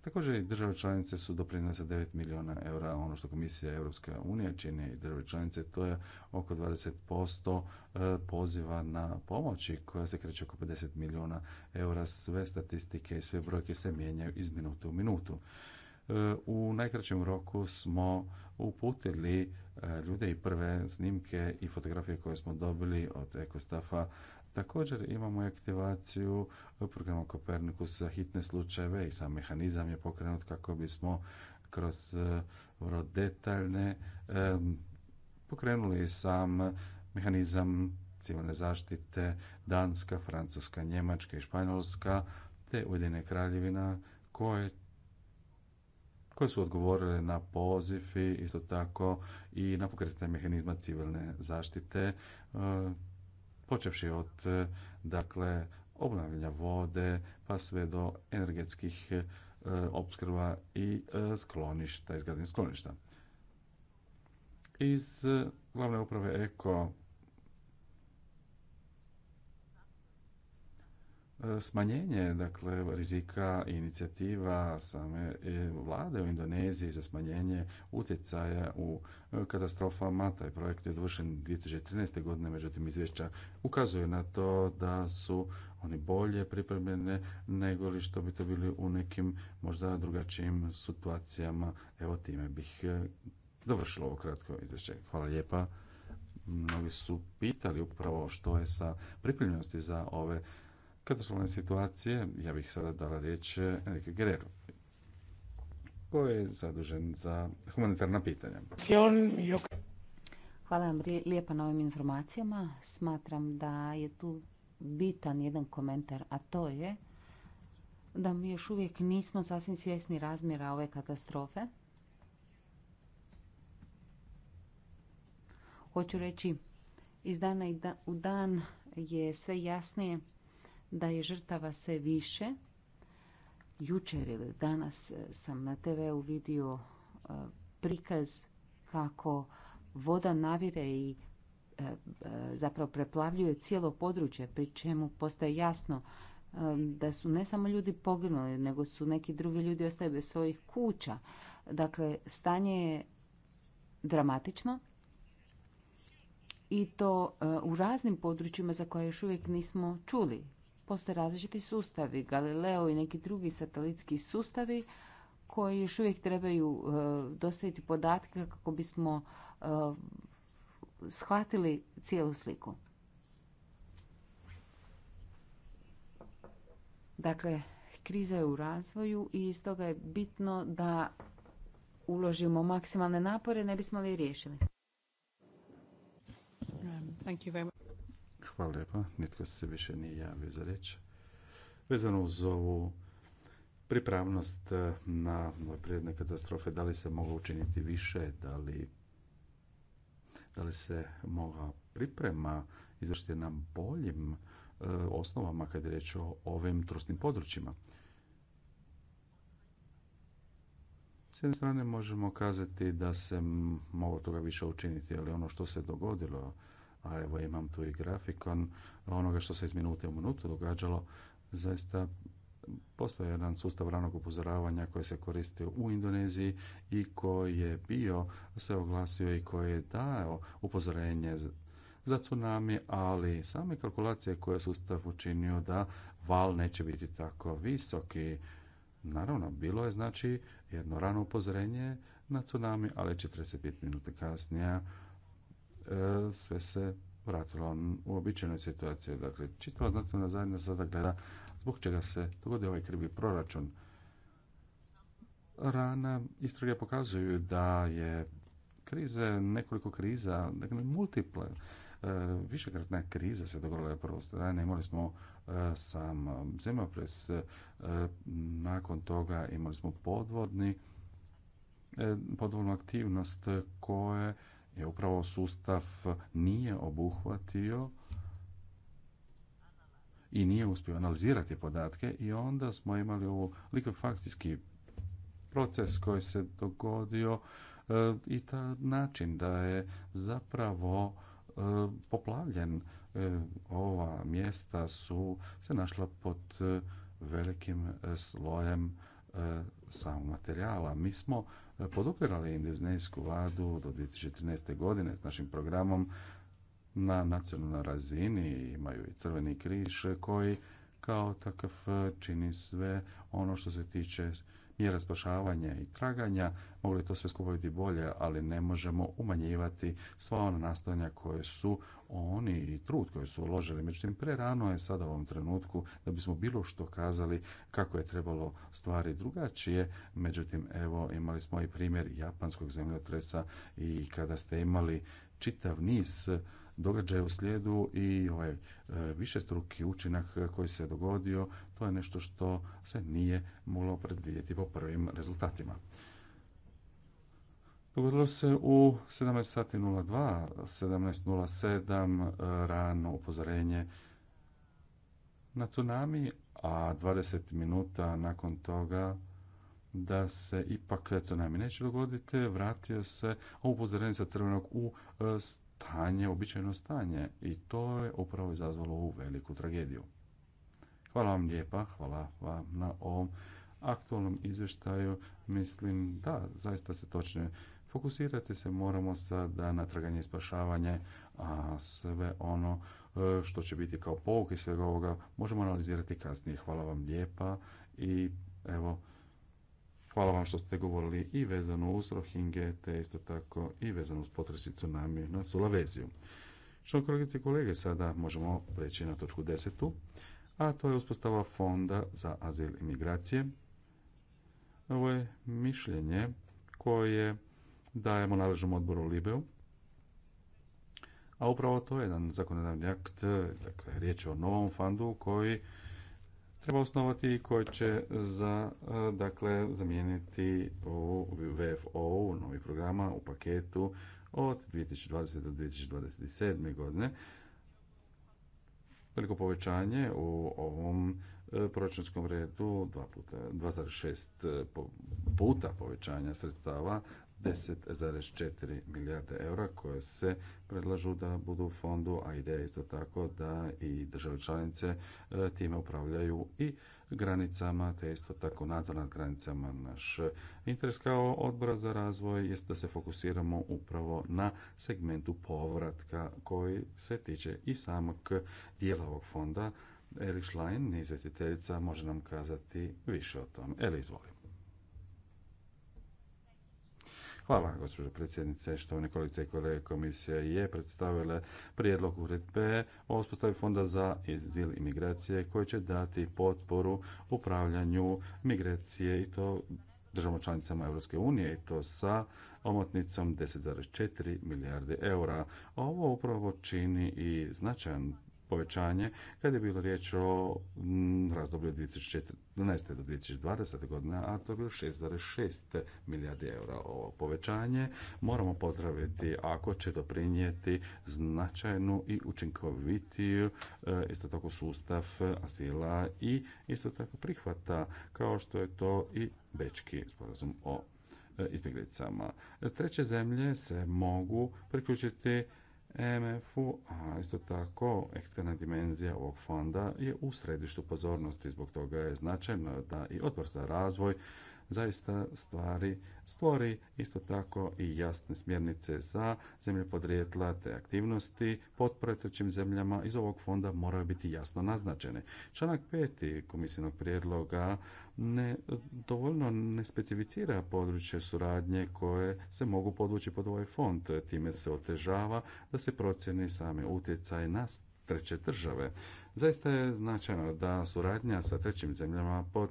Također i države članice su sa 9 milijuna eura, ono što komisija Europske unije čini i države članice, to je oko 20% e, poziva na pomoći koja se kreće oko 50 milijuna eura. Sve statistike i sve brojke se mijenjaju iz minutu u minutu. E, u najkraćem roku smo uputili e, ljude i prve snimke i fotografije koje smo dobili od Ekostafa Također imamo i aktivaciju programa Kopernikus za hitne slučajeve i sam mehanizam je pokrenut kako bismo kroz e, vrlo detaljne e, pokrenuli sam mehanizam civilne zaštite Danska, Francuska, Njemačka i Španjolska te Ujedine kraljevina koje koje su odgovorile na poziv i isto tako i na pokretanje mehanizma civilne zaštite e, počevši od e, dakle obnavljanja vode pa sve do energetskih e, opskrba i e, skloništa, izgradnje skloništa. Iz glavne uprave Eko smanjenje dakle, rizika i inicijativa same e, vlade u Indoneziji za smanjenje utjecaja u e, katastrofama. Taj projekt je dovršen 2013. godine, međutim izvješća ukazuje na to da su oni bolje pripremljene nego li što bi to bili u nekim možda drugačijim situacijama. Evo time bih e, dovršilo ovo kratko izvješće. Hvala lijepa. Mnogi su pitali upravo što je sa pripremljenosti za ove Katastrofne situacije, ja bih sada dala riječ e, Enrique Guerrero koji je zadužen za humanitarna pitanja. Hvala vam lijepa na ovim informacijama. Smatram da je tu bitan jedan komentar, a to je da mi još uvijek nismo sasvim svjesni razmjera ove katastrofe. Hoću reći, iz dana u dan je sve jasnije da je žrtava sve više. Jučer ili danas e, sam na TV-u vidio e, prikaz kako voda navire i e, zapravo preplavljuje cijelo područje, pri čemu postaje jasno da su ne samo ljudi poginuli, nego su neki drugi ljudi ostali bez svojih kuća. Dakle, stanje je dramatično i to u raznim područjima za koje još uvijek nismo čuli Postoje različiti sustavi, Galileo i neki drugi satelitski sustavi koji još uvijek trebaju e, dostaviti podatke kako bismo e, shvatili cijelu sliku. Dakle, kriza je u razvoju i toga je bitno da uložimo maksimalne napore, ne bismo li riješili. Um, Hvala lijepa. Nitko se više nije javio za riječ. Vezano uz ovu pripravnost eh, na prirodne katastrofe, da li se moglo učiniti više, da li, da li se mogla priprema izvršiti na boljim eh, osnovama kad je riječ o ovim trusnim područjima. S jedne strane možemo kazati da se moglo toga više učiniti, ali ono što se dogodilo a evo imam tu i grafikon onoga što se iz minute u minutu događalo, zaista postoje jedan sustav ranog upozoravanja koji se koristio u Indoneziji i koji je bio, se oglasio i koji je dao upozorenje za tsunami, ali same kalkulacije koje je sustav učinio da val neće biti tako visoki. Naravno, bilo je znači jedno rano upozorenje na tsunami, ali 45 minuta kasnije E, sve se vratilo u običajnoj situaciji. Dakle, čitava znacena zajednica sada gleda zbog čega se dogodio ovaj krivi proračun. Rana istrage pokazuju da je krize, nekoliko kriza, dakle multiple, e, višekratna kriza se dogodila je prvo strane. Imali smo e, sam zemljopres, nakon toga imali smo podvodni, podvodnu aktivnost koje je upravo sustav nije obuhvatio i nije uspio analizirati podatke i onda smo imali ovo likofakcijski proces koji se dogodio e, i ta način da je zapravo e, poplavljen e, ova mjesta su se našla pod velikim slojem E, samog materijala. Mi smo e, podupirali indonezijsku vladu do 2013. godine s našim programom na nacionalnoj razini. Imaju i Crveni križ koji kao takav e, čini sve ono što se tiče mjera spašavanja i traganja, mogli to sve skupiti bolje, ali ne možemo umanjivati sva ona nastojanja koje su oni i trud koji su uložili. Međutim, prerano je sada u ovom trenutku da bismo bilo što kazali kako je trebalo stvari drugačije. Međutim, evo, imali smo i primjer japanskog zemljotresa i kada ste imali čitav niz događaj u slijedu i ovaj e, višestruki učinak koji se dogodio, to je nešto što se nije moglo predvidjeti po prvim rezultatima. Dogodilo se u 17.02, 17.07 e, rano upozorenje na tsunami, a 20 minuta nakon toga da se ipak tsunami neće dogoditi, vratio se upozorenje sa crvenog u e, stanje, običajno stanje i to je upravo izazvalo ovu veliku tragediju. Hvala vam lijepa, hvala vam na ovom aktualnom izvještaju. Mislim da, zaista se točno fokusirati se moramo sada na traganje i spašavanje, a sve ono e, što će biti kao pouk i svega ovoga možemo analizirati kasnije. Hvala vam lijepa i evo Hvala vam što ste govorili i vezano uz Rohinge, te isto tako i vezano uz potresi tsunami na Sulaveziju. Što kolegice i kolege, sada možemo preći na točku desetu, A to je uspostava Fonda za azil i migracije. Ovo je mišljenje koje dajemo nadležnom odboru Libeu. A upravo to je jedan zakonodavni akt, dakle, riječ je o novom fondu koji treba osnovati i koji će za, e, dakle, zamijeniti u VFO, u novi programa u paketu od 2020. do 2027. godine. Veliko povećanje u ovom e, proračunskom redu 2,6 e, puta povećanja sredstava 10,4 milijarde eura koje se predlažu da budu u fondu, a ideja je isto tako da i države članice e, time upravljaju i granicama, te isto tako nadzor nad granicama. Naš interes kao odbora za razvoj jest da se fokusiramo upravo na segmentu povratka koji se tiče i samog dijela ovog fonda. Eli Schlein, izvjestiteljica, može nam kazati više o tome. Eli, izvoli. Hvala, gospođo predsjednice, što kolegice i kolege komisija je predstavila prijedlog uredbe o uspostavi fonda za izil migracije koji će dati potporu upravljanju migracije i to državom članicama Europske unije i to sa omotnicom 10,4 milijarde eura. Ovo upravo čini i značajan povećanje kad je bilo riječ o razdoblju 2014. do 2020. godine, a to je bilo 6,6 milijardi eura ovo povećanje. Moramo pozdraviti ako će doprinijeti značajnu i učinkovitiju e, isto tako sustav asila i isto tako prihvata kao što je to i Bečki sporazum o e, izbjeglicama. Treće zemlje se mogu priključiti MFU, a isto tako eksterna dimenzija ovog fonda je u središtu pozornosti. Zbog toga je značajno da i odbor za razvoj zaista stvari stvori isto tako i jasne smjernice za zemlje podrijetla te aktivnosti potpore trećim zemljama iz ovog fonda moraju biti jasno naznačene. Članak 5. komisijnog prijedloga ne dovoljno ne specificira područje suradnje koje se mogu podvući pod ovaj fond. Time se otežava da se procjeni sami utjecaj na treće države. Zaista je značajno da suradnja sa trećim zemljama pod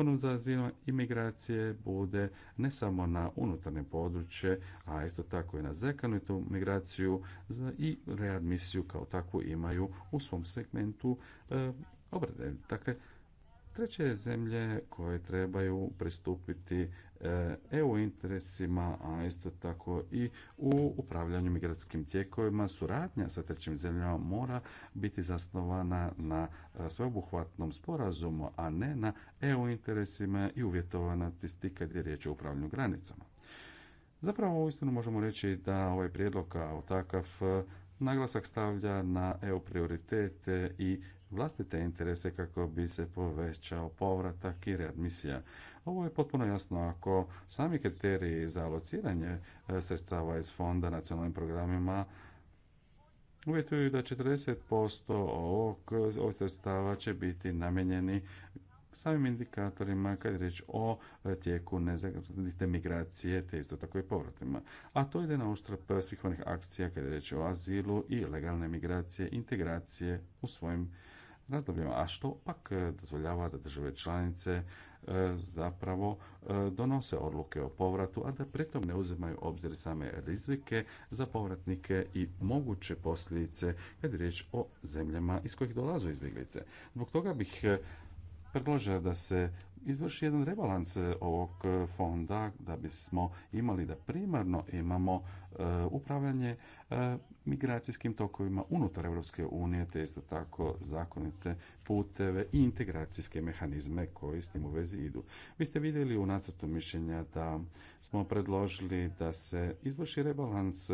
onom zazivom imigracije bude ne samo na unutarnje područje, a isto tako i na zakonitu migraciju i readmisiju kao takvu imaju u svom segmentu e, obrade. Dakle, treće zemlje koje trebaju pristupiti e, EU interesima, a isto tako i u upravljanju migracijskim tijekovima suradnja sa trećim zemljama mora biti zasnovana na e, sveobuhvatnom sporazumu, a ne na EU interesima i uvjetovana tistika kad je riječ o upravljanju granicama. Zapravo uistinu možemo reći da ovaj prijedlog kao takav e, naglasak stavlja na EU prioritete i vlastite interese kako bi se povećao povratak i readmisija. Ovo je potpuno jasno ako sami kriteriji za alociranje e, sredstava iz fonda nacionalnim programima uvjetuju da 40% ovog, ovog sredstava će biti namijenjeni samim indikatorima kad je riječ o e, tijeku nezakonite migracije te isto tako i povratima. A to ide na uštrb svih onih akcija kad je riječ o azilu i legalne migracije, integracije u svojim razdobljima, a što pak e, dozvoljava da države članice e, zapravo e, donose odluke o povratu, a da pritom ne uzimaju obzir same rizike za povratnike i moguće posljedice kad je riječ o zemljama iz kojih dolazu izbjeglice. Zbog toga bih predložio da se izvrši jedan rebalans e, ovog e, fonda da bismo imali da primarno imamo e, upravljanje migracijskim tokovima unutar Europske unije te isto tako zakonite puteve i integracijske mehanizme koji s tim u vezi idu. Vi ste vidjeli u nacrtu mišljenja da smo predložili da se izvrši rebalans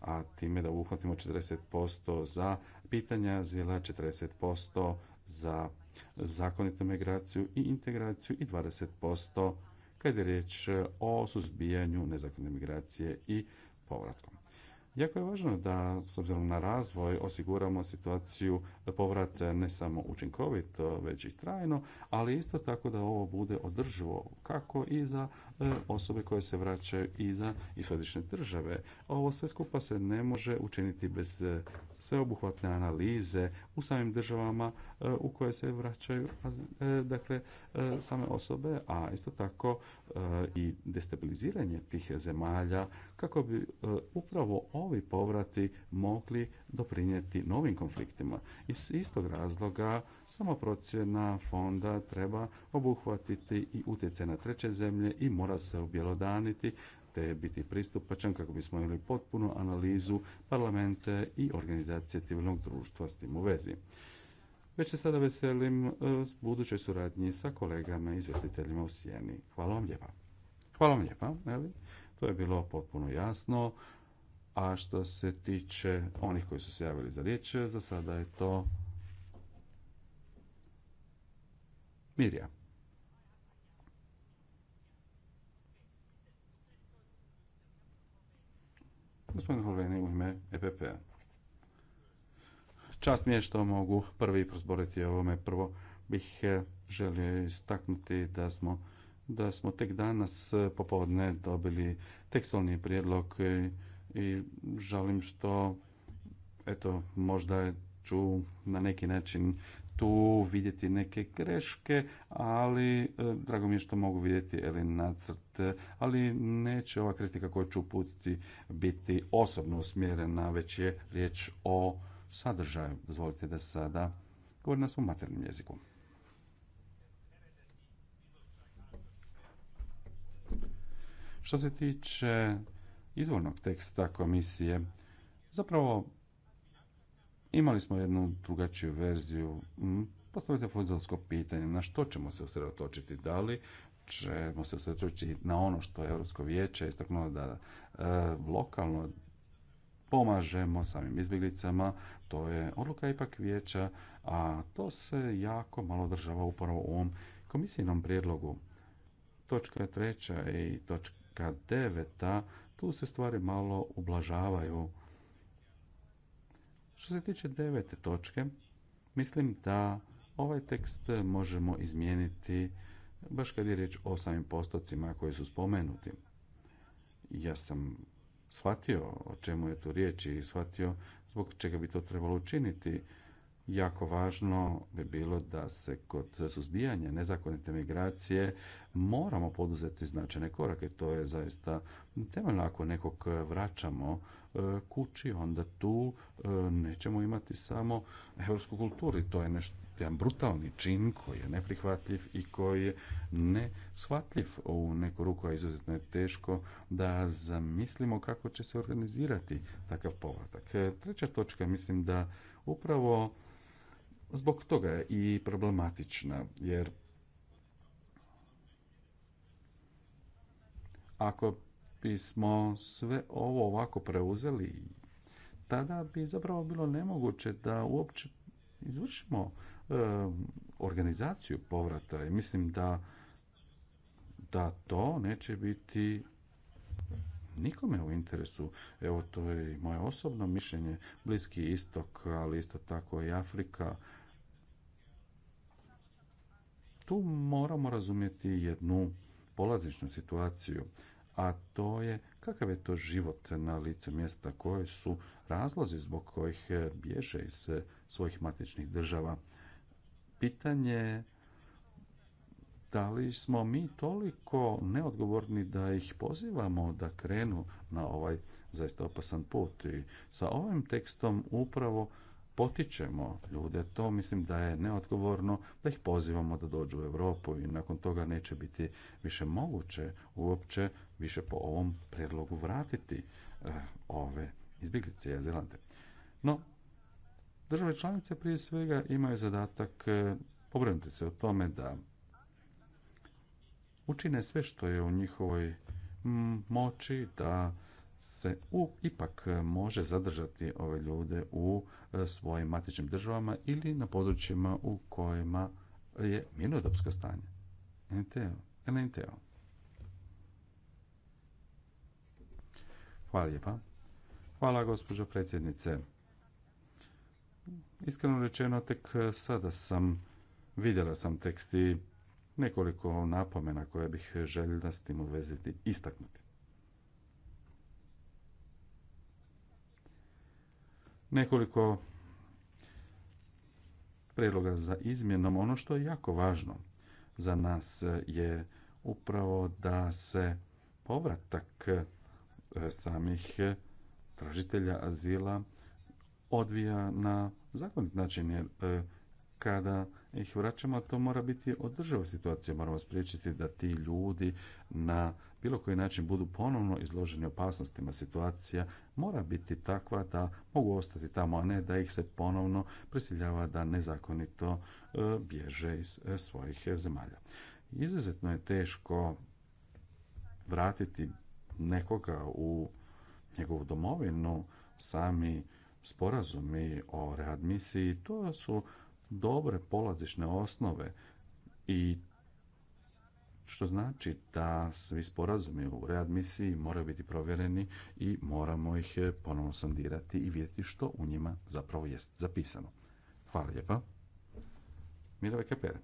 a time da uhvatimo 40% za pitanja azila, 40% za zakonitu migraciju i integraciju i 20% kad je riječ o suzbijanju nezakonite migracije i povratkom. Jako je važno da, s obzirom na razvoj, osiguramo situaciju povrat ne samo učinkovito, već i trajno, ali isto tako da ovo bude održivo kako i za E, osobe koje se vraćaju iza i središnje države. Ovo sve skupa se ne može učiniti bez e, sveobuhvatne analize u samim državama e, u koje se vraćaju dakle, same osobe, a isto tako i destabiliziranje tih zemalja kako bi upravo ovi povrati mogli doprinijeti novim konfliktima. Iz istog razloga sama procjena fonda treba obuhvatiti i utjecaj na treće zemlje i mora se objelodaniti te biti pristupačan kako bismo imali potpunu analizu parlamente i organizacije civilnog društva s tim u vezi. Već se sada veselim e, s budućoj suradnji sa kolegama i u Sijeni. Hvala vam lijepa. Hvala vam lijepa, To je bilo potpuno jasno. A što se tiče onih koji su se javili za riječ, za sada je to Mirja. Gospodin Holveni u ime EPP-a. Čast mi je što mogu prvi prozboriti ovome. Prvo bih e, želio istaknuti da smo, da smo tek danas e, popodne dobili tekstualni prijedlog e, i žalim što eto možda ću na neki način tu vidjeti neke greške, ali e, drago mi je što mogu vidjeti ili nacrt, ali neće ova kritika koju ću uputiti biti osobno usmjerena, već je riječ o sadržaju. Dozvolite da sada govorim na svom maternim jeziku. Što se tiče izvornog teksta komisije, zapravo Imali smo jednu drugačiju verziju. Mm, postavite filozofsko pitanje na što ćemo se usredotočiti. Da li ćemo se usredotočiti na ono što je Europsko vijeće istaknulo da e, lokalno pomažemo samim izbjeglicama, to je odluka ipak vijeća, a to se jako malo država upravo u ovom komisijnom prijedlogu. Točka treća i točka deveta, tu se stvari malo ublažavaju što se tiče devete točke, mislim da ovaj tekst možemo izmijeniti baš kad je riječ o samim postocima koji su spomenuti. Ja sam shvatio o čemu je tu riječ i shvatio zbog čega bi to trebalo učiniti jako važno bi bilo da se kod suzbijanja nezakonite migracije moramo poduzeti značajne korake. To je zaista temeljno ako nekog vraćamo e, kući, onda tu e, nećemo imati samo europsku kulturu i to je nešto jedan brutalni čin koji je neprihvatljiv i koji je neshvatljiv u neku ruku, a izuzetno je teško da zamislimo kako će se organizirati takav povratak. E, treća točka, mislim da upravo zbog toga je i problematična, jer ako bismo sve ovo ovako preuzeli, tada bi zapravo bilo nemoguće da uopće izvršimo organizaciju povrata i mislim da da to neće biti nikome u interesu. Evo, to je moje osobno mišljenje. Bliski istok, ali isto tako i Afrika, tu moramo razumjeti jednu polazičnu situaciju, a to je kakav je to život na licu mjesta, koji su razlozi zbog kojih bježe iz svojih matičnih država. Pitanje da li smo mi toliko neodgovorni da ih pozivamo da krenu na ovaj zaista opasan put. I sa ovim tekstom upravo potičemo ljude, to mislim da je neodgovorno, da ih pozivamo da dođu u Europu i nakon toga neće biti više moguće uopće više po ovom predlogu vratiti eh, ove izbjeglice i No, države članice prije svega imaju zadatak eh, pobrinuti se o tome da učine sve što je u njihovoj mm, moći da se u, ipak e, može zadržati ove ljude u e, svojim matičnim državama ili na područjima u kojima je mirnodopsko stanje. NNTO. Hvala lijepa. Hvala gospođo predsjednice. Iskreno rečeno, tek e, sada sam, vidjela sam tekst i nekoliko napomena koje bih željela s tim uveziti istaknuti. nekoliko predloga za izmjenom. Ono što je jako važno za nas je upravo da se povratak e, samih tražitelja azila odvija na zakonit način, jer e, kada ih vraćamo, to mora biti održava situacija. Moramo spriječiti da ti ljudi na bilo koji način budu ponovno izloženi opasnostima situacija mora biti takva da mogu ostati tamo, a ne da ih se ponovno prisiljava da nezakonito e, bježe iz e, svojih e, zemalja. Izuzetno je teško vratiti nekoga u njegovu domovinu, sami sporazumi o readmisiji, to su dobre polazišne osnove i što znači da svi sporazumi u readmisiji moraju biti provjereni i moramo ih eh, ponovno sondirati i vidjeti što u njima zapravo jest zapisano. Hvala lijepa. Mirove Kepere.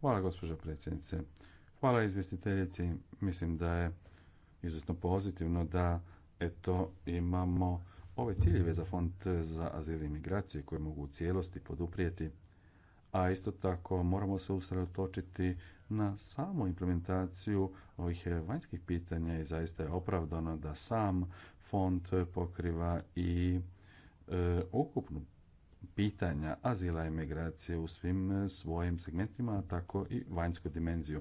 Hvala gospođo predsjednice. Hvala izvjestiteljici. Mislim da je izuzetno pozitivno da eto imamo ove ciljeve za fond za azil i migracije koje mogu u cijelosti poduprijeti a isto tako moramo se usredotočiti na samu implementaciju ovih vanjskih pitanja i zaista je opravdano da sam fond pokriva i e, ukupno pitanja azila i migracije u svim e, svojim segmentima, tako i vanjsku dimenziju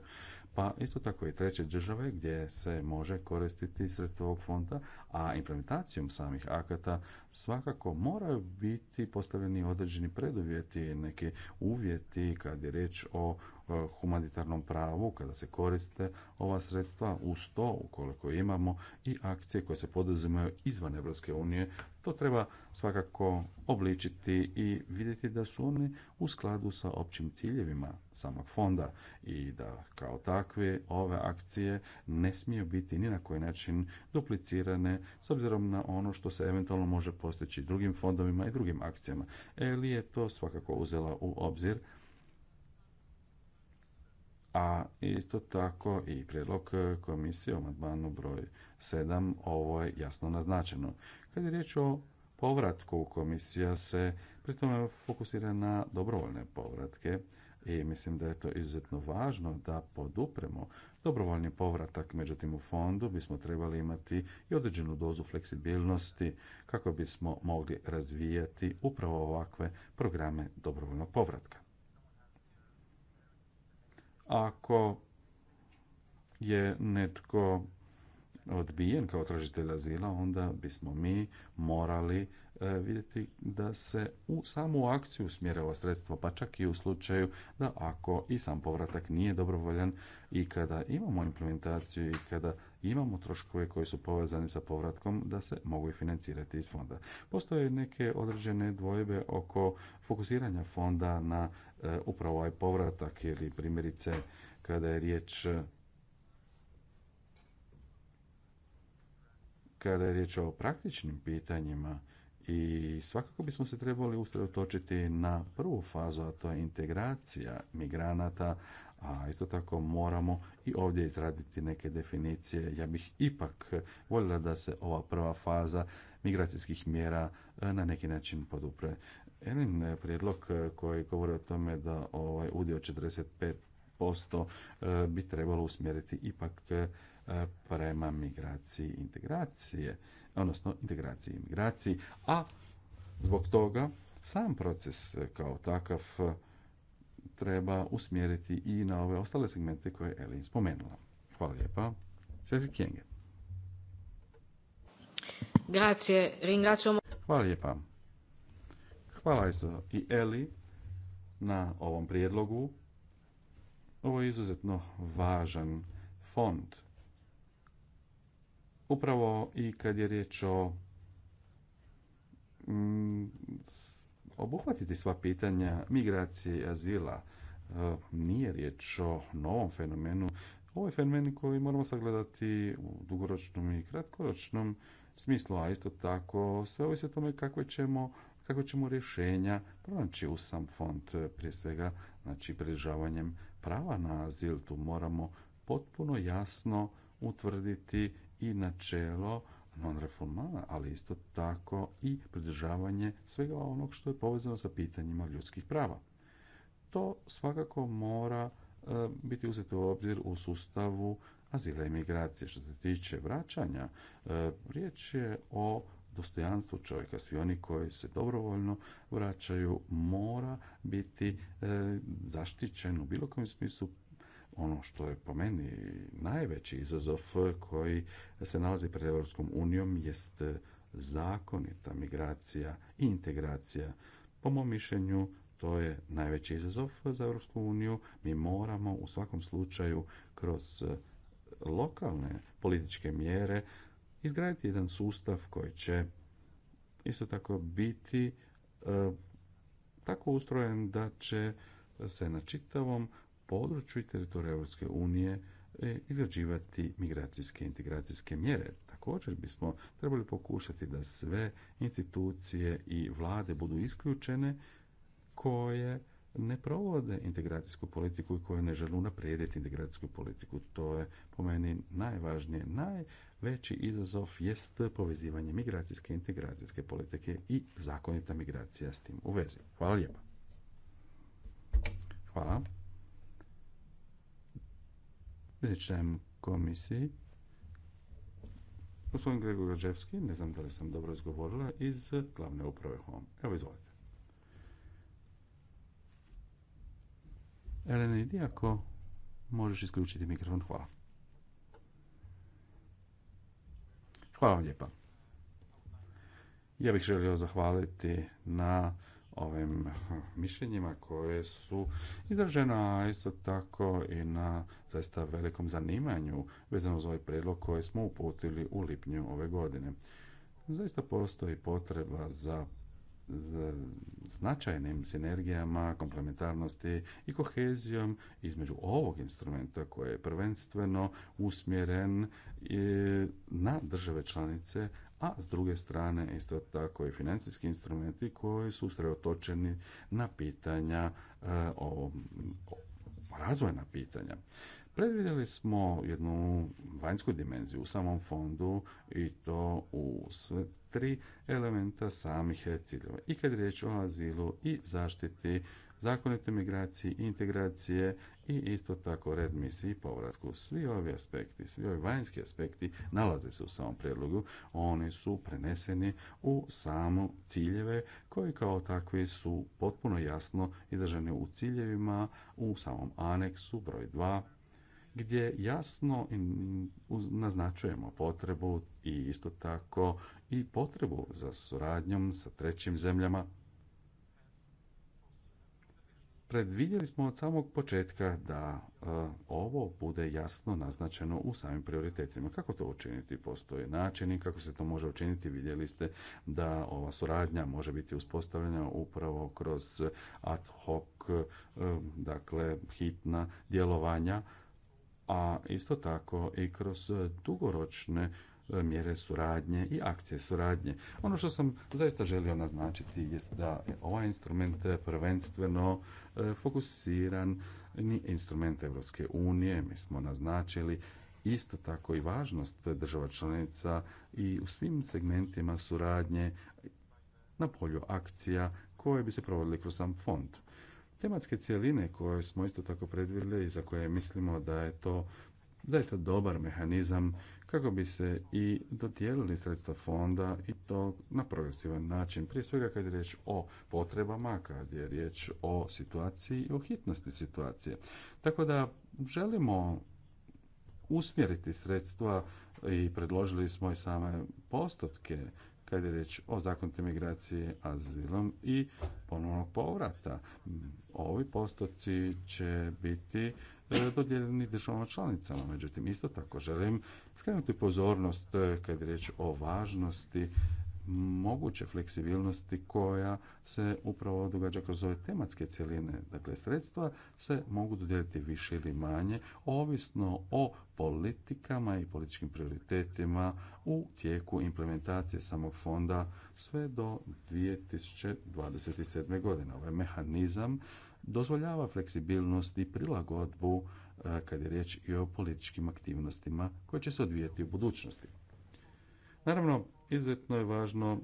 pa isto tako i treće države gdje se može koristiti sredstvo ovog fonda, a implementacijom samih akata svakako moraju biti postavljeni određeni preduvjeti, neki uvjeti kad je riječ o e, humanitarnom pravu kada se koriste ova sredstva uz to ukoliko imamo i akcije koje se poduzimaju izvan Evropske unije to treba svakako obličiti i vidjeti da su oni u skladu sa općim ciljevima samog fonda i da kao tako takve ove akcije ne smiju biti ni na koji način duplicirane s obzirom na ono što se eventualno može postići drugim fondovima i drugim akcijama. Eli je to svakako uzela u obzir a isto tako i prijedlog komisije o amandmanu broj 7, ovo je jasno naznačeno. Kad je riječ o povratku, komisija se pri tome fokusira na dobrovoljne povratke, i mislim da je to izuzetno važno da podupremo dobrovoljni povratak, međutim u fondu bismo trebali imati i određenu dozu fleksibilnosti kako bismo mogli razvijati upravo ovakve programe dobrovoljnog povratka. Ako je netko odbijen kao tražitelj azila, onda bismo mi morali e, vidjeti da se u samu akciju smjere ova sredstva, pa čak i u slučaju da ako i sam povratak nije dobrovoljan i kada imamo implementaciju i kada imamo troškove koji su povezani sa povratkom da se mogu i financirati iz fonda. Postoje neke određene dvojbe oko fokusiranja fonda na e, upravo ovaj povratak ili primjerice kada je riječ kada je riječ o praktičnim pitanjima i svakako bismo se trebali usredotočiti na prvu fazu, a to je integracija migranata, a isto tako moramo i ovdje izraditi neke definicije. Ja bih ipak voljela da se ova prva faza migracijskih mjera e, na neki način podupre. Elin e, prijedlog e, koji govori o tome da ovaj udio 45% bi trebalo usmjeriti ipak E, prema migraciji integracije, odnosno integraciji i migraciji, a zbog toga sam proces kao takav treba usmjeriti i na ove ostale segmente koje je Elin spomenula. Hvala lijepa. Kjenge. Grazie, Hvala lijepa. Hvala isto i Eli na ovom prijedlogu. Ovo je izuzetno važan fond upravo i kad je riječ o mm, obuhvatiti sva pitanja migracije i azila, e, nije riječ o novom fenomenu. Ovo je fenomen koji moramo sagledati u dugoročnom i kratkoročnom smislu, a isto tako sve ovisi o tome kako ćemo kako ćemo rješenja pronaći u sam fond, e, prije svega znači pridržavanjem prava na azil. Tu moramo potpuno jasno utvrditi i načelo non ali isto tako i pridržavanje svega onog što je povezano sa pitanjima ljudskih prava. To svakako mora e, biti uzeto u obzir u sustavu azila i migracije. Što se tiče vraćanja, e, riječ je o dostojanstvu čovjeka. Svi oni koji se dobrovoljno vraćaju mora biti e, zaštićen u bilo kojem smislu ono što je po meni najveći izazov koji se nalazi pred Europskom unijom jest zakonita migracija i integracija. Po mom mišljenju, to je najveći izazov za Europsku uniju. Mi moramo u svakom slučaju kroz e, lokalne političke mjere izgraditi jedan sustav koji će isto tako biti e, tako ustrojen da će se na čitavom području i teritoriju Europske unije e, izgrađivati migracijske integracijske mjere. Također bismo trebali pokušati da sve institucije i vlade budu isključene koje ne provode integracijsku politiku i koje ne žele unaprijediti integracijsku politiku. To je po meni najvažnije, najveći izazov jest povezivanje migracijske i integracijske politike i zakonita migracija s tim u vezi. Hvala lijepa. Hvala komisiji. Gospodin Gregor Gađevski, ne znam da li sam dobro izgovorila, iz glavne uprave HOM. Evo, izvolite. Elena, idi ako možeš isključiti mikrofon. Hvala. Hvala vam lijepa. Ja bih želio zahvaliti na ovim hm, mišljenjima koje su izražena isto tako i na zaista velikom zanimanju vezano uz ovaj prijedlog koji smo uputili u lipnju ove godine. Zaista postoji potreba za značajnim sinergijama, komplementarnosti i kohezijom između ovog instrumenta koji je prvenstveno usmjeren na države članice, a s druge strane isto tako i financijski instrumenti koji su usredotočeni na pitanja e, o, o razvojna pitanja. Predvidjeli smo jednu vanjsku dimenziju u samom fondu i to u sve tri elementa samih ciljeva. I kad je riječ o azilu i zaštiti, zakonite migracije i integracije i isto tako redmisiji i povratku. Svi ovi aspekti, svi ovi vanjski aspekti nalaze se u samom prijedlogu. Oni su preneseni u samo ciljeve koji kao takvi su potpuno jasno izraženi u ciljevima u samom aneksu broj 2 gdje jasno naznačujemo potrebu i isto tako i potrebu za suradnjom sa trećim zemljama Vidjeli smo od samog početka da e, ovo bude jasno naznačeno u samim prioritetima. Kako to učiniti? Postoje načini kako se to može učiniti. Vidjeli ste da ova suradnja može biti uspostavljena upravo kroz ad hoc, e, dakle hitna djelovanja, a isto tako i kroz dugoročne E, mjere suradnje i akcije suradnje. Ono što sam zaista želio naznačiti jest da ovaj instrument prvenstveno e, fokusiran ni instrument Europske unije. Mi smo naznačili isto tako i važnost država članica i u svim segmentima suradnje na polju akcija koje bi se provodili kroz sam fond. Tematske cijeline koje smo isto tako predvidjeli i za koje mislimo da je to zaista dobar mehanizam kako bi se i dodijelili sredstva fonda i to na progresivan način. Prije svega kad je riječ o potrebama, kad je riječ o situaciji i o hitnosti situacije. Tako da želimo usmjeriti sredstva i predložili smo i same postotke kad je riječ o zakonite migracije, azilom i ponovnog povrata. Ovi postoci će biti E, dodijeljeni državama članicama. Međutim, isto tako želim skrenuti pozornost e, kad je riječ o važnosti moguće fleksibilnosti koja se upravo događa kroz ove tematske cjeline. Dakle, sredstva se mogu dodijeliti više ili manje, ovisno o politikama i političkim prioritetima u tijeku implementacije samog fonda sve do 2027. godine. Ovaj mehanizam dozvoljava fleksibilnost i prilagodbu e, kad je riječ i o političkim aktivnostima koje će se odvijati u budućnosti. Naravno, izuzetno je važno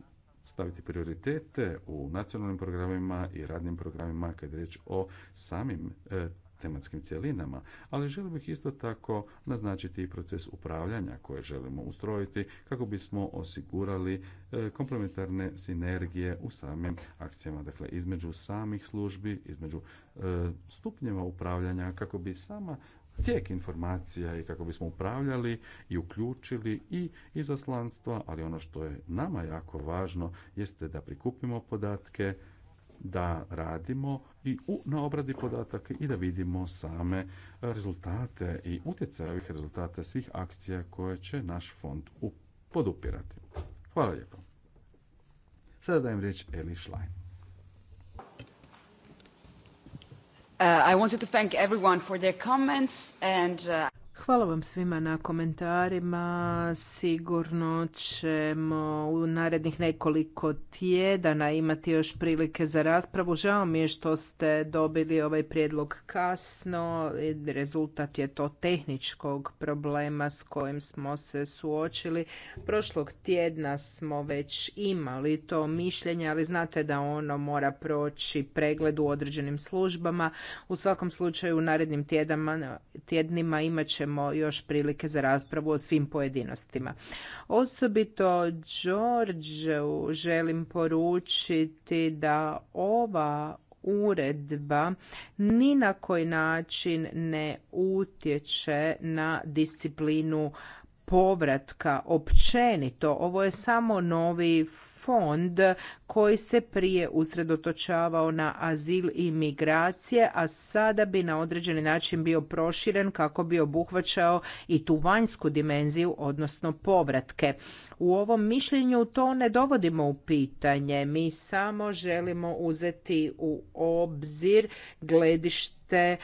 staviti prioritete u nacionalnim programima i radnim programima kad je riječ o samim e, tematskim cjelinama, ali želio bih isto tako naznačiti i proces upravljanja koje želimo ustrojiti kako bismo osigurali e, komplementarne sinergije u samim akcijama, dakle između samih službi, između e, stupnjeva upravljanja kako bi sama tijek informacija i kako bismo upravljali i uključili i izaslanstva, ali ono što je nama jako važno jeste da prikupimo podatke, da radimo i u, na obradi podataka i da vidimo same rezultate i utjecaj ovih rezultata svih akcija koje će naš fond podupirati. Hvala lijepo. Sada dajem riječ Eli Schlein. Uh, I wanted to thank everyone for their comments and uh, Hvala vam svima na komentarima. Sigurno ćemo u narednih nekoliko tjedana imati još prilike za raspravu. Žao mi je što ste dobili ovaj prijedlog kasno. Rezultat je to tehničkog problema s kojim smo se suočili. Prošlog tjedna smo već imali to mišljenje, ali znate da ono mora proći pregled u određenim službama. U svakom slučaju u narednim tjednima imat ćemo ćemo još prilike za raspravu o svim pojedinostima. Osobito Đorđeu želim poručiti da ova uredba ni na koji način ne utječe na disciplinu povratka općenito. Ovo je samo novi fond koji se prije usredotočavao na azil i migracije, a sada bi na određeni način bio proširen kako bi obuhvaćao i tu vanjsku dimenziju, odnosno povratke. U ovom mišljenju to ne dovodimo u pitanje. Mi samo želimo uzeti u obzir gledište E,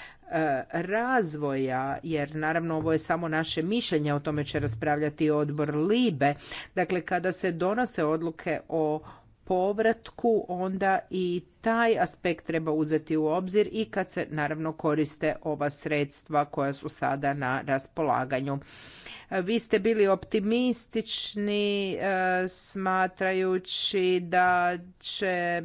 razvoja, jer naravno ovo je samo naše mišljenje, o tome će raspravljati odbor LIBE. Dakle, kada se donose odluke o povratku, onda i taj aspekt treba uzeti u obzir i kad se naravno koriste ova sredstva koja su sada na raspolaganju. Vi ste bili optimistični e, smatrajući da će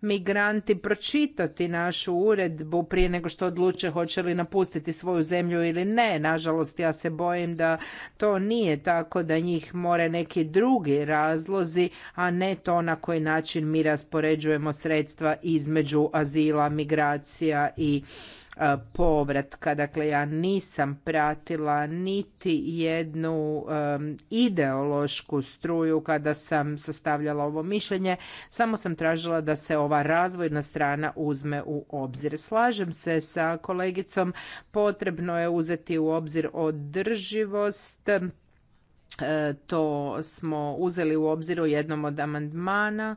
migranti pročitati našu uredbu prije nego što odluče hoće li napustiti svoju zemlju ili ne. Nažalost, ja se bojim da to nije tako, da njih more neki drugi razlozi, a ne to na koji način mi raspoređujemo sredstva između azila, migracija i e, povratka. Dakle, ja nisam pratila niti jednu e, ideološku struju kada sam sastavljala ovo mišljenje. Samo sam tražila da se ova razvojna strana uzme u obzir. Slažem se sa kolegicom, potrebno je uzeti u obzir održivost e, to smo uzeli u obzir u jednom od amandmana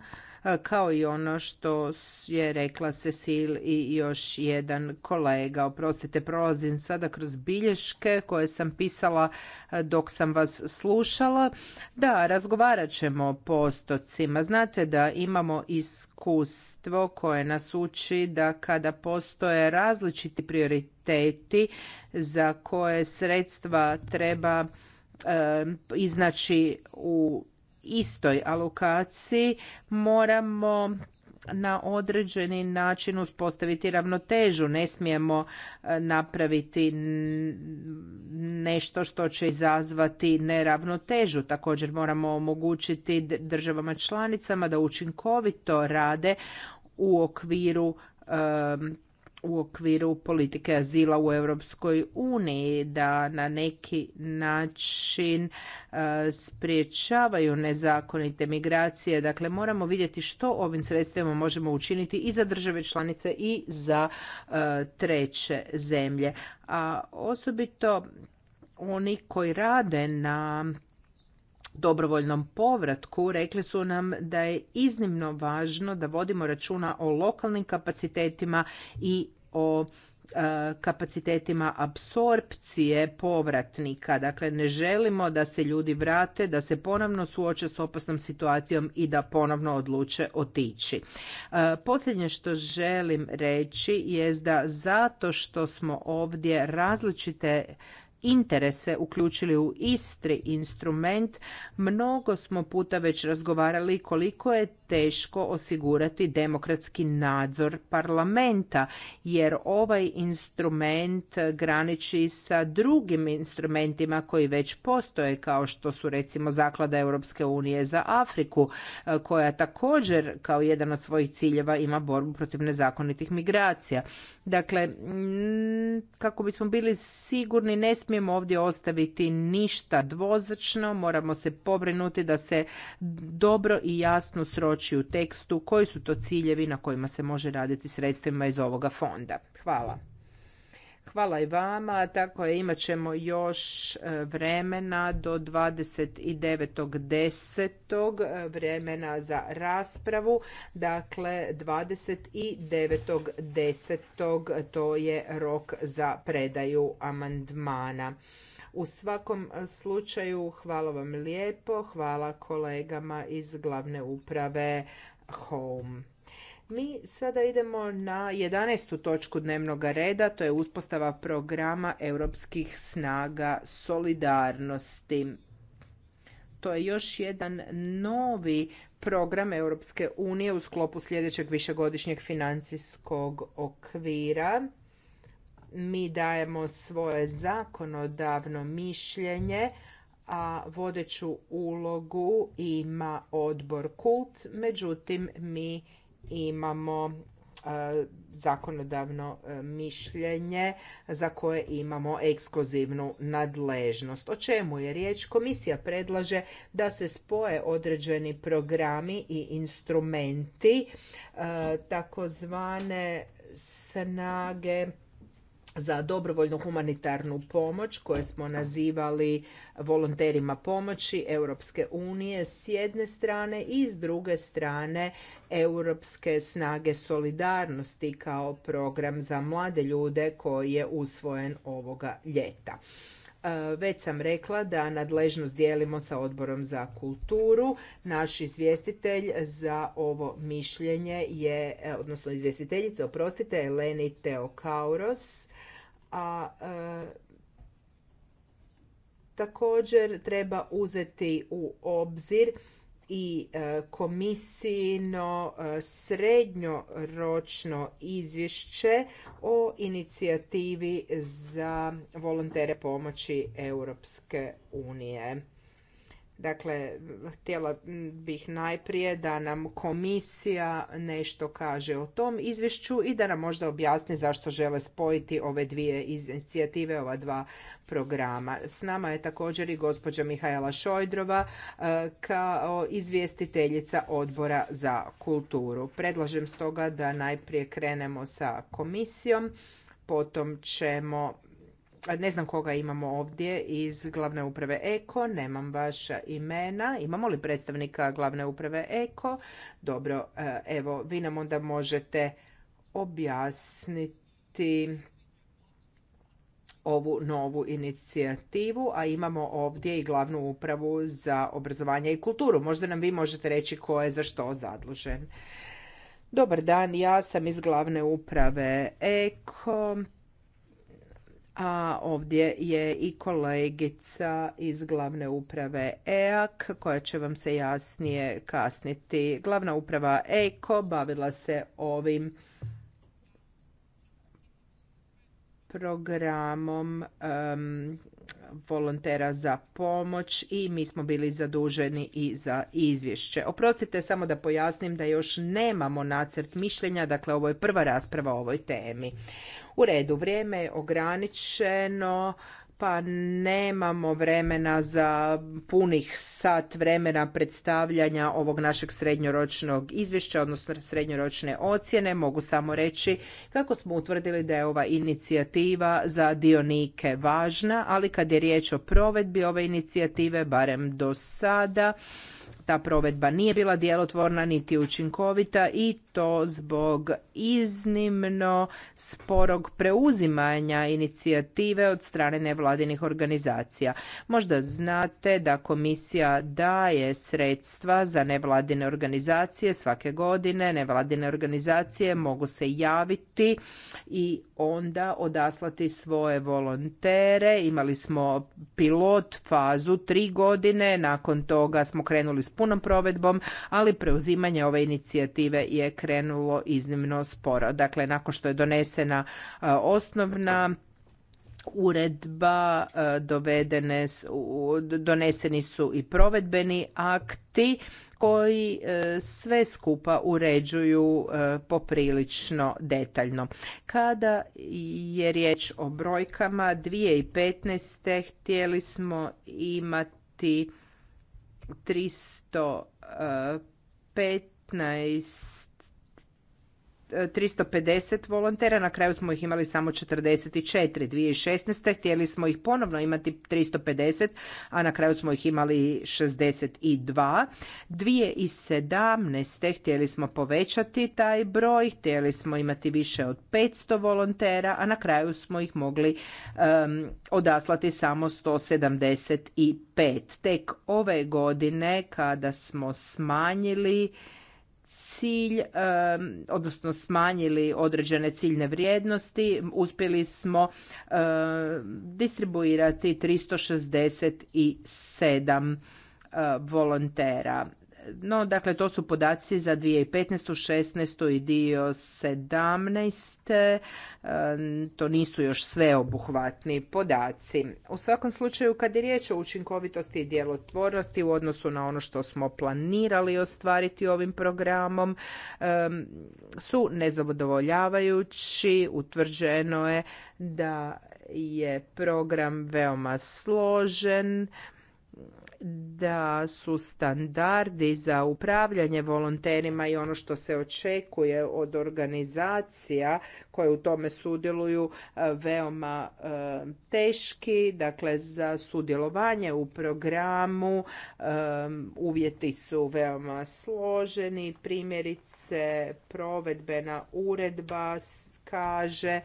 kao i ono što je rekla Cecil i još jedan kolega. Oprostite, prolazim sada kroz bilješke koje sam pisala dok sam vas slušala. Da, razgovarat ćemo o postocima. Znate da imamo iskustvo koje nas uči da kada postoje različiti prioriteti za koje sredstva treba iznaći u istoj alokaciji moramo na određeni način uspostaviti ravnotežu. Ne smijemo e, napraviti nešto što će izazvati neravnotežu. Također moramo omogućiti državama članicama da učinkovito rade u okviru e, u okviru politike azila u Europskoj uniji da na neki način e, spriječavaju nezakonite migracije. Dakle, moramo vidjeti što ovim sredstvima možemo učiniti i za države članice i za e, treće zemlje. A osobito oni koji rade na dobrovoljnom povratku rekli su nam da je iznimno važno da vodimo računa o lokalnim kapacitetima i o e, kapacitetima apsorpcije povratnika. Dakle, ne želimo da se ljudi vrate, da se ponovno suoče s opasnom situacijom i da ponovno odluče otići. E, posljednje što želim reći je da zato što smo ovdje različite interese uključili u Istri instrument. Mnogo smo puta već razgovarali koliko je teško osigurati demokratski nadzor parlamenta jer ovaj instrument graniči sa drugim instrumentima koji već postoje kao što su recimo zaklada Europske unije za Afriku e, koja također kao jedan od svojih ciljeva ima borbu protiv nezakonitih migracija. Dakle kako bismo bili sigurni ne smijemo ovdje ostaviti ništa dvozačno, moramo se pobrinuti da se dobro i jasno sroči u tekstu koji su to ciljevi na kojima se može raditi sredstvima iz ovoga fonda. Hvala. Hvala i vama. Tako je, imat ćemo još e, vremena do 29.10. E, vremena za raspravu. Dakle, 29.10. to je rok za predaju amandmana. U svakom slučaju hvala vam lijepo, hvala kolegama iz glavne uprave Home. Mi sada idemo na 11. točku dnevnog reda, to je uspostava programa europskih snaga solidarnosti. To je još jedan novi program Europske unije u sklopu sljedećeg višegodišnjeg financijskog okvira mi dajemo svoje zakonodavno mišljenje, a vodeću ulogu ima odbor kult, međutim mi imamo e, zakonodavno e, mišljenje za koje imamo ekskluzivnu nadležnost. O čemu je riječ? Komisija predlaže da se spoje određeni programi i instrumenti e, takozvane snage za dobrovoljnu humanitarnu pomoć koje smo nazivali volonterima pomoći Europske unije s jedne strane i s druge strane Europske snage solidarnosti kao program za mlade ljude koji je usvojen ovoga ljeta. E, već sam rekla da nadležnost dijelimo sa odborom za kulturu. Naš izvjestitelj za ovo mišljenje je, e, odnosno izvjestiteljica, oprostite, Eleni Teokauros a e, također treba uzeti u obzir i e, komisijino e, srednjoročno izvješće o inicijativi za volontere pomoći Europske unije. Dakle, htjela bih najprije da nam komisija nešto kaže o tom izvješću i da nam možda objasni zašto žele spojiti ove dvije inicijative, ova dva programa. S nama je također i gospođa Mihajla Šojdrova e, kao izvjestiteljica odbora za kulturu. Predlažem stoga da najprije krenemo sa komisijom, potom ćemo ne znam koga imamo ovdje iz glavne uprave Eko, nemam vaša imena. Imamo li predstavnika glavne uprave Eko? Dobro, e, evo, vi nam onda možete objasniti ovu novu inicijativu, a imamo ovdje i glavnu upravu za obrazovanje i kulturu. Možda nam vi možete reći ko je za što zadlužen. Dobar dan, ja sam iz glavne uprave EKO a ovdje je i kolegica iz glavne uprave EAK koja će vam se jasnije kasniti. Glavna uprava EKO bavila se ovim programom volontera za pomoć i mi smo bili zaduženi i za izvješće. Oprostite samo da pojasnim da još nemamo nacrt mišljenja, dakle ovo je prva rasprava o ovoj temi. U redu, vrijeme je ograničeno, pa nemamo vremena za punih sat vremena predstavljanja ovog našeg srednjoročnog izvješća, odnosno srednjoročne ocjene. Mogu samo reći kako smo utvrdili da je ova inicijativa za dionike važna, ali kad je riječ o provedbi ove inicijative, barem do sada, ta provedba nije bila djelotvorna niti učinkovita i to zbog iznimno sporog preuzimanja inicijative od strane nevladinih organizacija. Možda znate da komisija daje sredstva za nevladine organizacije svake godine. Nevladine organizacije mogu se javiti i onda odaslati svoje volontere. Imali smo pilot fazu tri godine, nakon toga smo krenuli s punom provedbom, ali preuzimanje ove inicijative je krenulo iznimno sporo. Dakle, nakon što je donesena osnovna uredba, doneseni su i provedbeni akti koji e, sve skupa uređuju e, poprilično detaljno. Kada je riječ o brojkama, 2015. htjeli smo imati 315 350 volontera, na kraju smo ih imali samo 44. 2016. htjeli smo ih ponovno imati 350, a na kraju smo ih imali 62. 2017. htjeli smo povećati taj broj, htjeli smo imati više od 500 volontera, a na kraju smo ih mogli odaslati samo 175. Tek ove godine kada smo smanjili cilj, odnosno smanjili određene ciljne vrijednosti, uspjeli smo distribuirati 367 volontera. No, dakle, to su podaci za 2015. 16. i dio 17. To nisu još sveobuhvatni podaci. U svakom slučaju, kad je riječ o učinkovitosti i djelotvornosti u odnosu na ono što smo planirali ostvariti ovim programom, su nezadovoljavajući. Utvrđeno je da je program veoma složen, da su standardi za upravljanje volonterima i ono što se očekuje od organizacija koje u tome sudjeluju e, veoma e, teški. Dakle, za sudjelovanje u programu e, uvjeti su veoma složeni. Primjerice, provedbena uredba kaže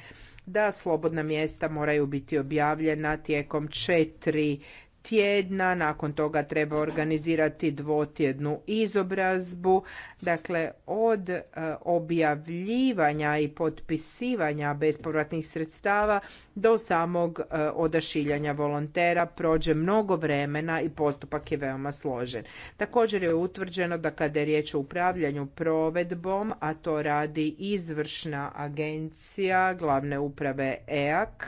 da slobodna mjesta moraju biti objavljena tijekom četiri tjedna, nakon toga treba organizirati dvotjednu izobrazbu. Dakle, od e, objavljivanja i potpisivanja bespovratnih sredstava do samog e, odašiljanja volontera prođe mnogo vremena i postupak je veoma složen. Također je utvrđeno da kada je riječ o upravljanju provedbom, a to radi izvršna agencija glavne uprave EAK,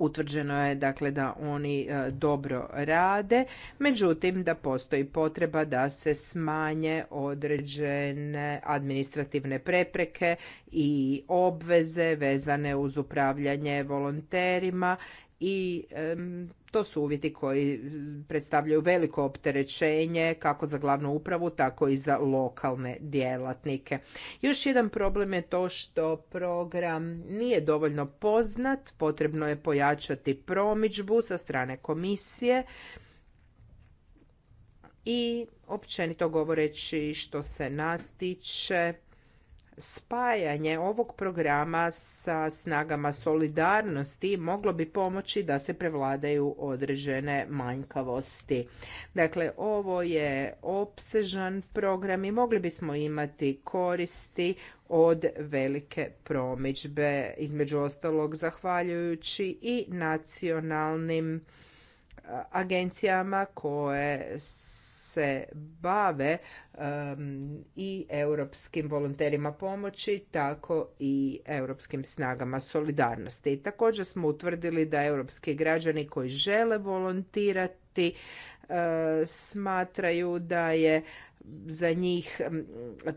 utvrđeno je dakle da oni e, dobro rade, međutim da postoji potreba da se smanje određene administrativne prepreke i obveze vezane uz upravljanje volonterima i to su uvjeti koji predstavljaju veliko opterećenje kako za glavnu upravu, tako i za lokalne djelatnike. Još jedan problem je to što program nije dovoljno poznat, potrebno je pojačati promičbu sa strane komisije i općenito govoreći što se nas tiče, spajanje ovog programa sa snagama solidarnosti moglo bi pomoći da se prevladaju određene manjkavosti. Dakle, ovo je opsežan program i mogli bismo imati koristi od velike promidžbe, između ostalog zahvaljujući i nacionalnim agencijama koje se bave i europskim volonterima pomoći, tako i europskim snagama solidarnosti. također smo utvrdili da europski građani koji žele volontirati smatraju da je za njih mm,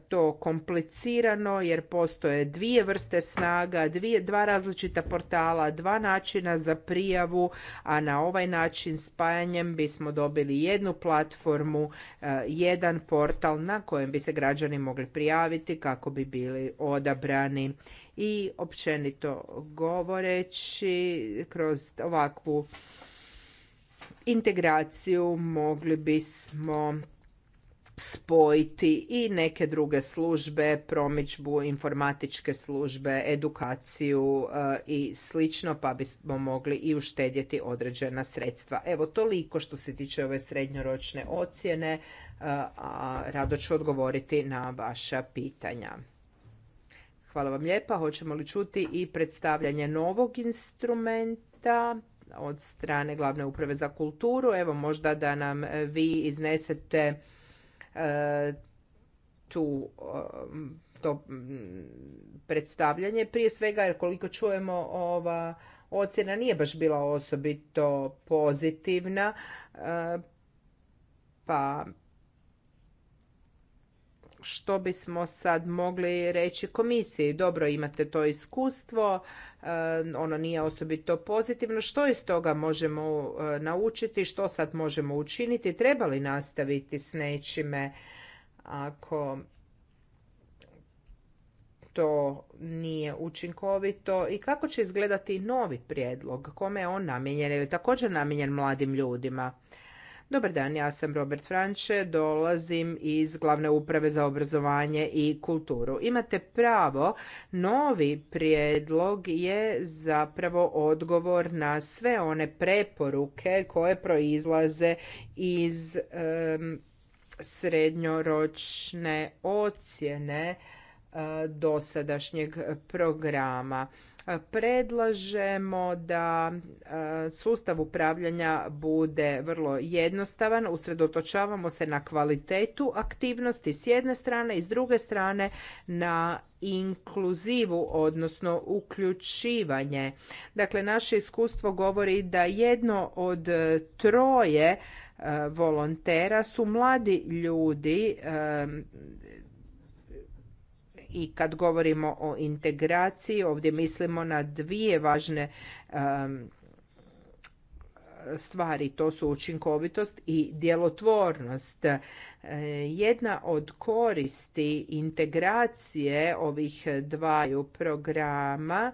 to komplicirano jer postoje dvije vrste snaga, dvije, dva različita portala, dva načina za prijavu, a na ovaj način spajanjem bismo dobili jednu platformu, e, jedan portal na kojem bi se građani mogli prijaviti kako bi bili odabrani i općenito govoreći kroz ovakvu integraciju mogli bismo spojiti i neke druge službe, promičbu, informatičke službe, edukaciju e, i slično, pa bismo mogli i uštedjeti određena sredstva. Evo, toliko što se tiče ove srednjoročne ocjene, e, a rado ću odgovoriti na vaša pitanja. Hvala vam lijepa. Hoćemo li čuti i predstavljanje novog instrumenta? od strane glavne uprave za kulturu. Evo možda da nam vi iznesete tu um, to mm, predstavljanje. Prije svega, jer koliko čujemo, ova ocjena nije baš bila osobito pozitivna, uh, pa što bismo sad mogli reći komisiji. Dobro, imate to iskustvo, e, ono nije osobito pozitivno. Što iz toga možemo e, naučiti, što sad možemo učiniti, treba li nastaviti s nečime ako to nije učinkovito i kako će izgledati novi prijedlog, kome je on namijenjen ili također namijenjen mladim ljudima. Dobar dan, ja sam Robert Franče, dolazim iz Glavne uprave za obrazovanje i kulturu. Imate pravo, novi prijedlog je zapravo odgovor na sve one preporuke koje proizlaze iz srednjoročne ocjene eh, dosadašnjeg programa E, predlažemo da e, sustav upravljanja bude vrlo jednostavan, usredotočavamo se na kvalitetu aktivnosti s jedne strane i s druge strane na inkluzivu, odnosno uključivanje. Dakle, naše iskustvo govori da jedno od troje e, volontera su mladi ljudi i kad govorimo o integraciji ovdje mislimo na dvije važne stvari, to su učinkovitost i djelotvornost. E, jedna od koristi integracije ovih dvaju programa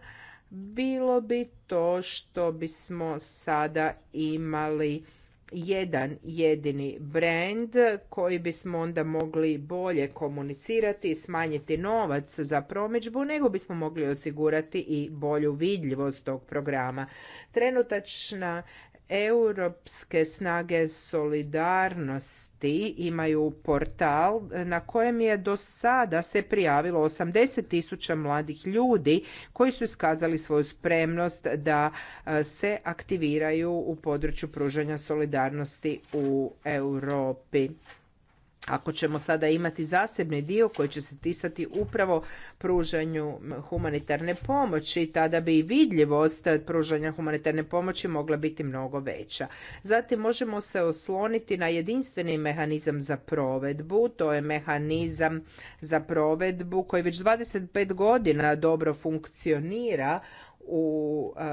bilo bi to što bismo sada imali jedan jedini brand koji bismo onda mogli bolje komunicirati i smanjiti novac za promidžbu nego bismo mogli osigurati i bolju vidljivost tog programa. Trenutačna Europske snage solidarnosti imaju portal na kojem je do sada se prijavilo 80 tisuća mladih ljudi koji su iskazali svoju spremnost da e, se aktiviraju u području pružanja solidarnosti u Europi. Ako ćemo sada imati zasebni dio koji će se tisati upravo pružanju humanitarne pomoći, tada bi i vidljivost pružanja humanitarne pomoći mogla biti mnogo veća. Zatim možemo se osloniti na jedinstveni mehanizam za provedbu, to je mehanizam za provedbu koji već 25 godina dobro funkcionira, u e,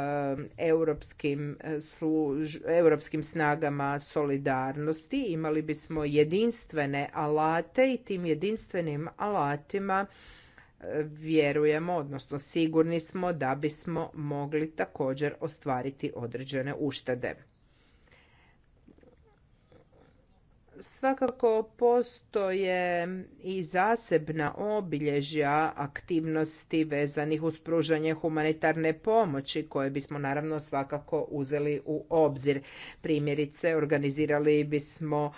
europskim, e, služ, europskim snagama solidarnosti. Imali bismo jedinstvene alate i tim jedinstvenim alatima e, vjerujemo, odnosno sigurni smo da bismo mogli također ostvariti određene uštede. Svakako postoje i zasebna obilježja aktivnosti vezanih uz pružanje humanitarne pomoći koje bismo naravno svakako uzeli u obzir. Primjerice organizirali bismo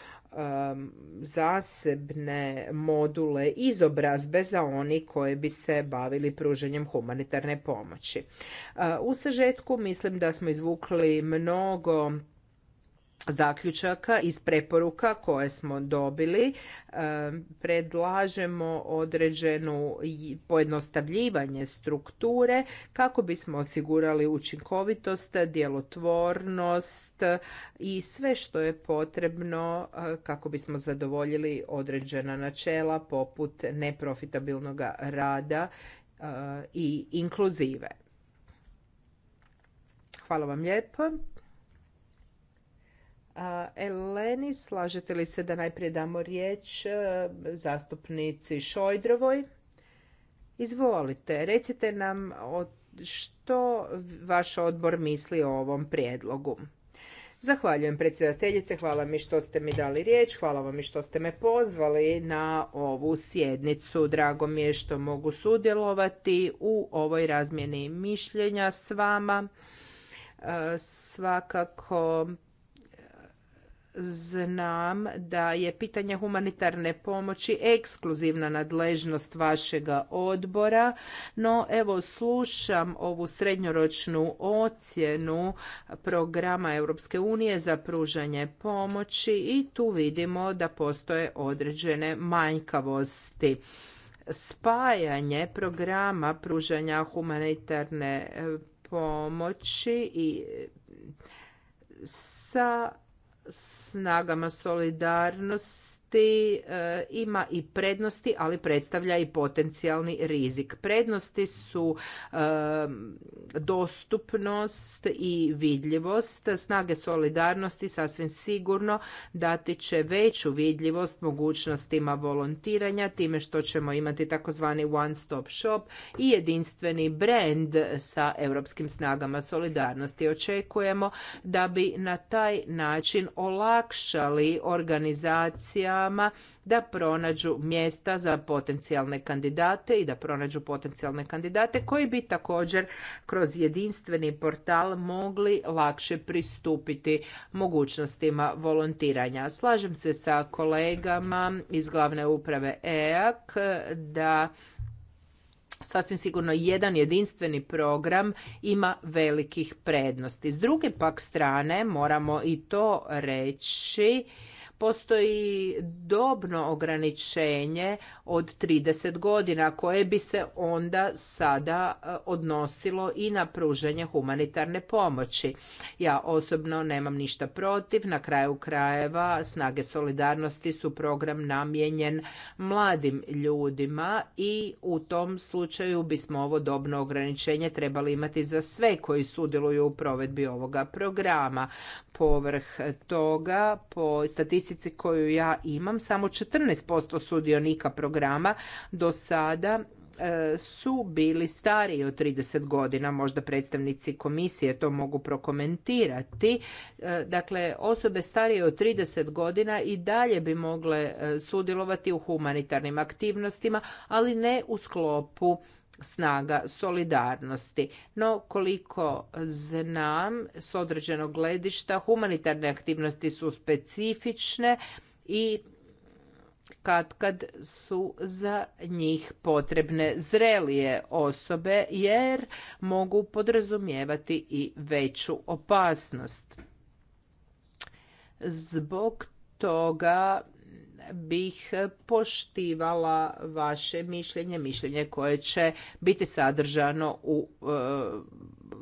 zasebne module izobrazbe za oni koji bi se bavili pružanjem humanitarne pomoći. U sažetku mislim da smo izvukli mnogo zaključaka iz preporuka koje smo dobili e, predlažemo određenu pojednostavljivanje strukture kako bismo osigurali učinkovitost, djelotvornost i sve što je potrebno e, kako bismo zadovoljili određena načela poput neprofitabilnog rada e, i inkluzive. Hvala vam lijepo. Eleni, slažete li se da najprije damo riječ e, zastupnici Šojdrovoj? Izvolite, recite nam što vaš odbor misli o ovom prijedlogu. Zahvaljujem predsjedateljice, hvala mi što ste mi dali riječ, hvala vam i što ste me pozvali na ovu sjednicu. Drago mi je što mogu sudjelovati u ovoj razmjeni mišljenja s vama. E, svakako znam da je pitanje humanitarne pomoći ekskluzivna nadležnost vašega odbora, no evo slušam ovu srednjoročnu ocjenu programa Europske unije za pružanje pomoći i tu vidimo da postoje određene manjkavosti spajanje programa pružanja humanitarne eh, pomoći i sa snagama solidarnosti E, ima i prednosti, ali predstavlja i potencijalni rizik. Prednosti su e, dostupnost i vidljivost. Snage solidarnosti sasvim sigurno dati će veću vidljivost mogućnostima volontiranja time što ćemo imati takozvani one stop shop i jedinstveni brand sa europskim snagama solidarnosti. Očekujemo da bi na taj način olakšali organizacija da pronađu mjesta za potencijalne kandidate i da pronađu potencijalne kandidate koji bi također kroz jedinstveni portal mogli lakše pristupiti mogućnostima volontiranja. Slažem se sa kolegama iz glavne uprave EAK da sasvim sigurno jedan jedinstveni program ima velikih prednosti. S druge pak strane moramo i to reći postoji dobno ograničenje od 30 godina koje bi se onda sada e, odnosilo i na pruženje humanitarne pomoći. Ja osobno nemam ništa protiv, na kraju krajeva snage solidarnosti su program namijenjen mladim ljudima i u tom slučaju bismo ovo dobno ograničenje trebali imati za sve koji sudjeluju u provedbi ovoga programa. Povrh toga, po statistici statistici koju ja imam, samo 14% sudionika programa do sada e, su bili stariji od 30 godina, možda predstavnici komisije to mogu prokomentirati. E, dakle, osobe starije od 30 godina i dalje bi mogle e, sudjelovati u humanitarnim aktivnostima, ali ne u sklopu snaga solidarnosti. No, koliko znam, s određenog gledišta humanitarne aktivnosti su specifične i kad kad su za njih potrebne zrelije osobe jer mogu podrazumijevati i veću opasnost. Zbog toga bih poštivala vaše mišljenje, mišljenje koje će biti sadržano u e,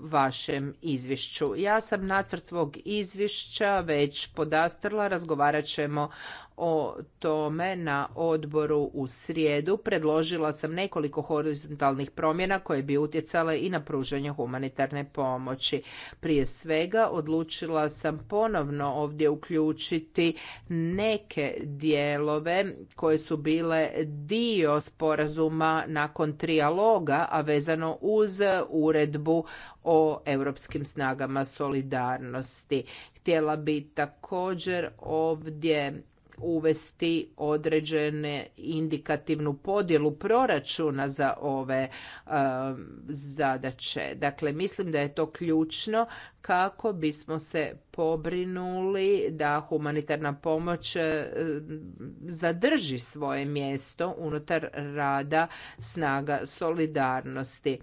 vašem izvješću. Ja sam nacrt svog izvješća već podastrla, razgovarat ćemo o tome na odboru u srijedu predložila sam nekoliko horizontalnih promjena koje bi utjecale i na pružanje humanitarne pomoći. Prije svega odlučila sam ponovno ovdje uključiti neke dijelove koje su bile dio sporazuma nakon trijaloga, a vezano uz uredbu o europskim snagama solidarnosti. Htjela bi također ovdje uvesti određene indikativnu podjelu proračuna za ove um, zadaće. Dakle, mislim da je to ključno kako bismo se pobrinuli da humanitarna pomoć e, zadrži svoje mjesto unutar rada snaga solidarnosti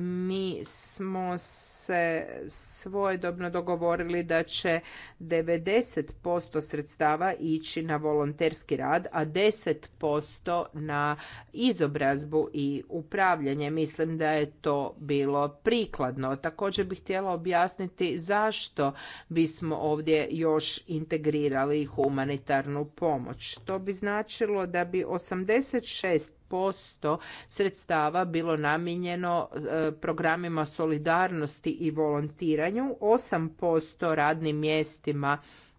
mi smo se svojedobno dogovorili da će 90% sredstava ići na volonterski rad, a 10% na izobrazbu i upravljanje. Mislim da je to bilo prikladno. Također bih htjela objasniti zašto bismo ovdje još integrirali humanitarnu pomoć. To bi značilo da bi 86 posto sredstava bilo namijenjeno e, programima solidarnosti i volontiranju, 8% radnim mjestima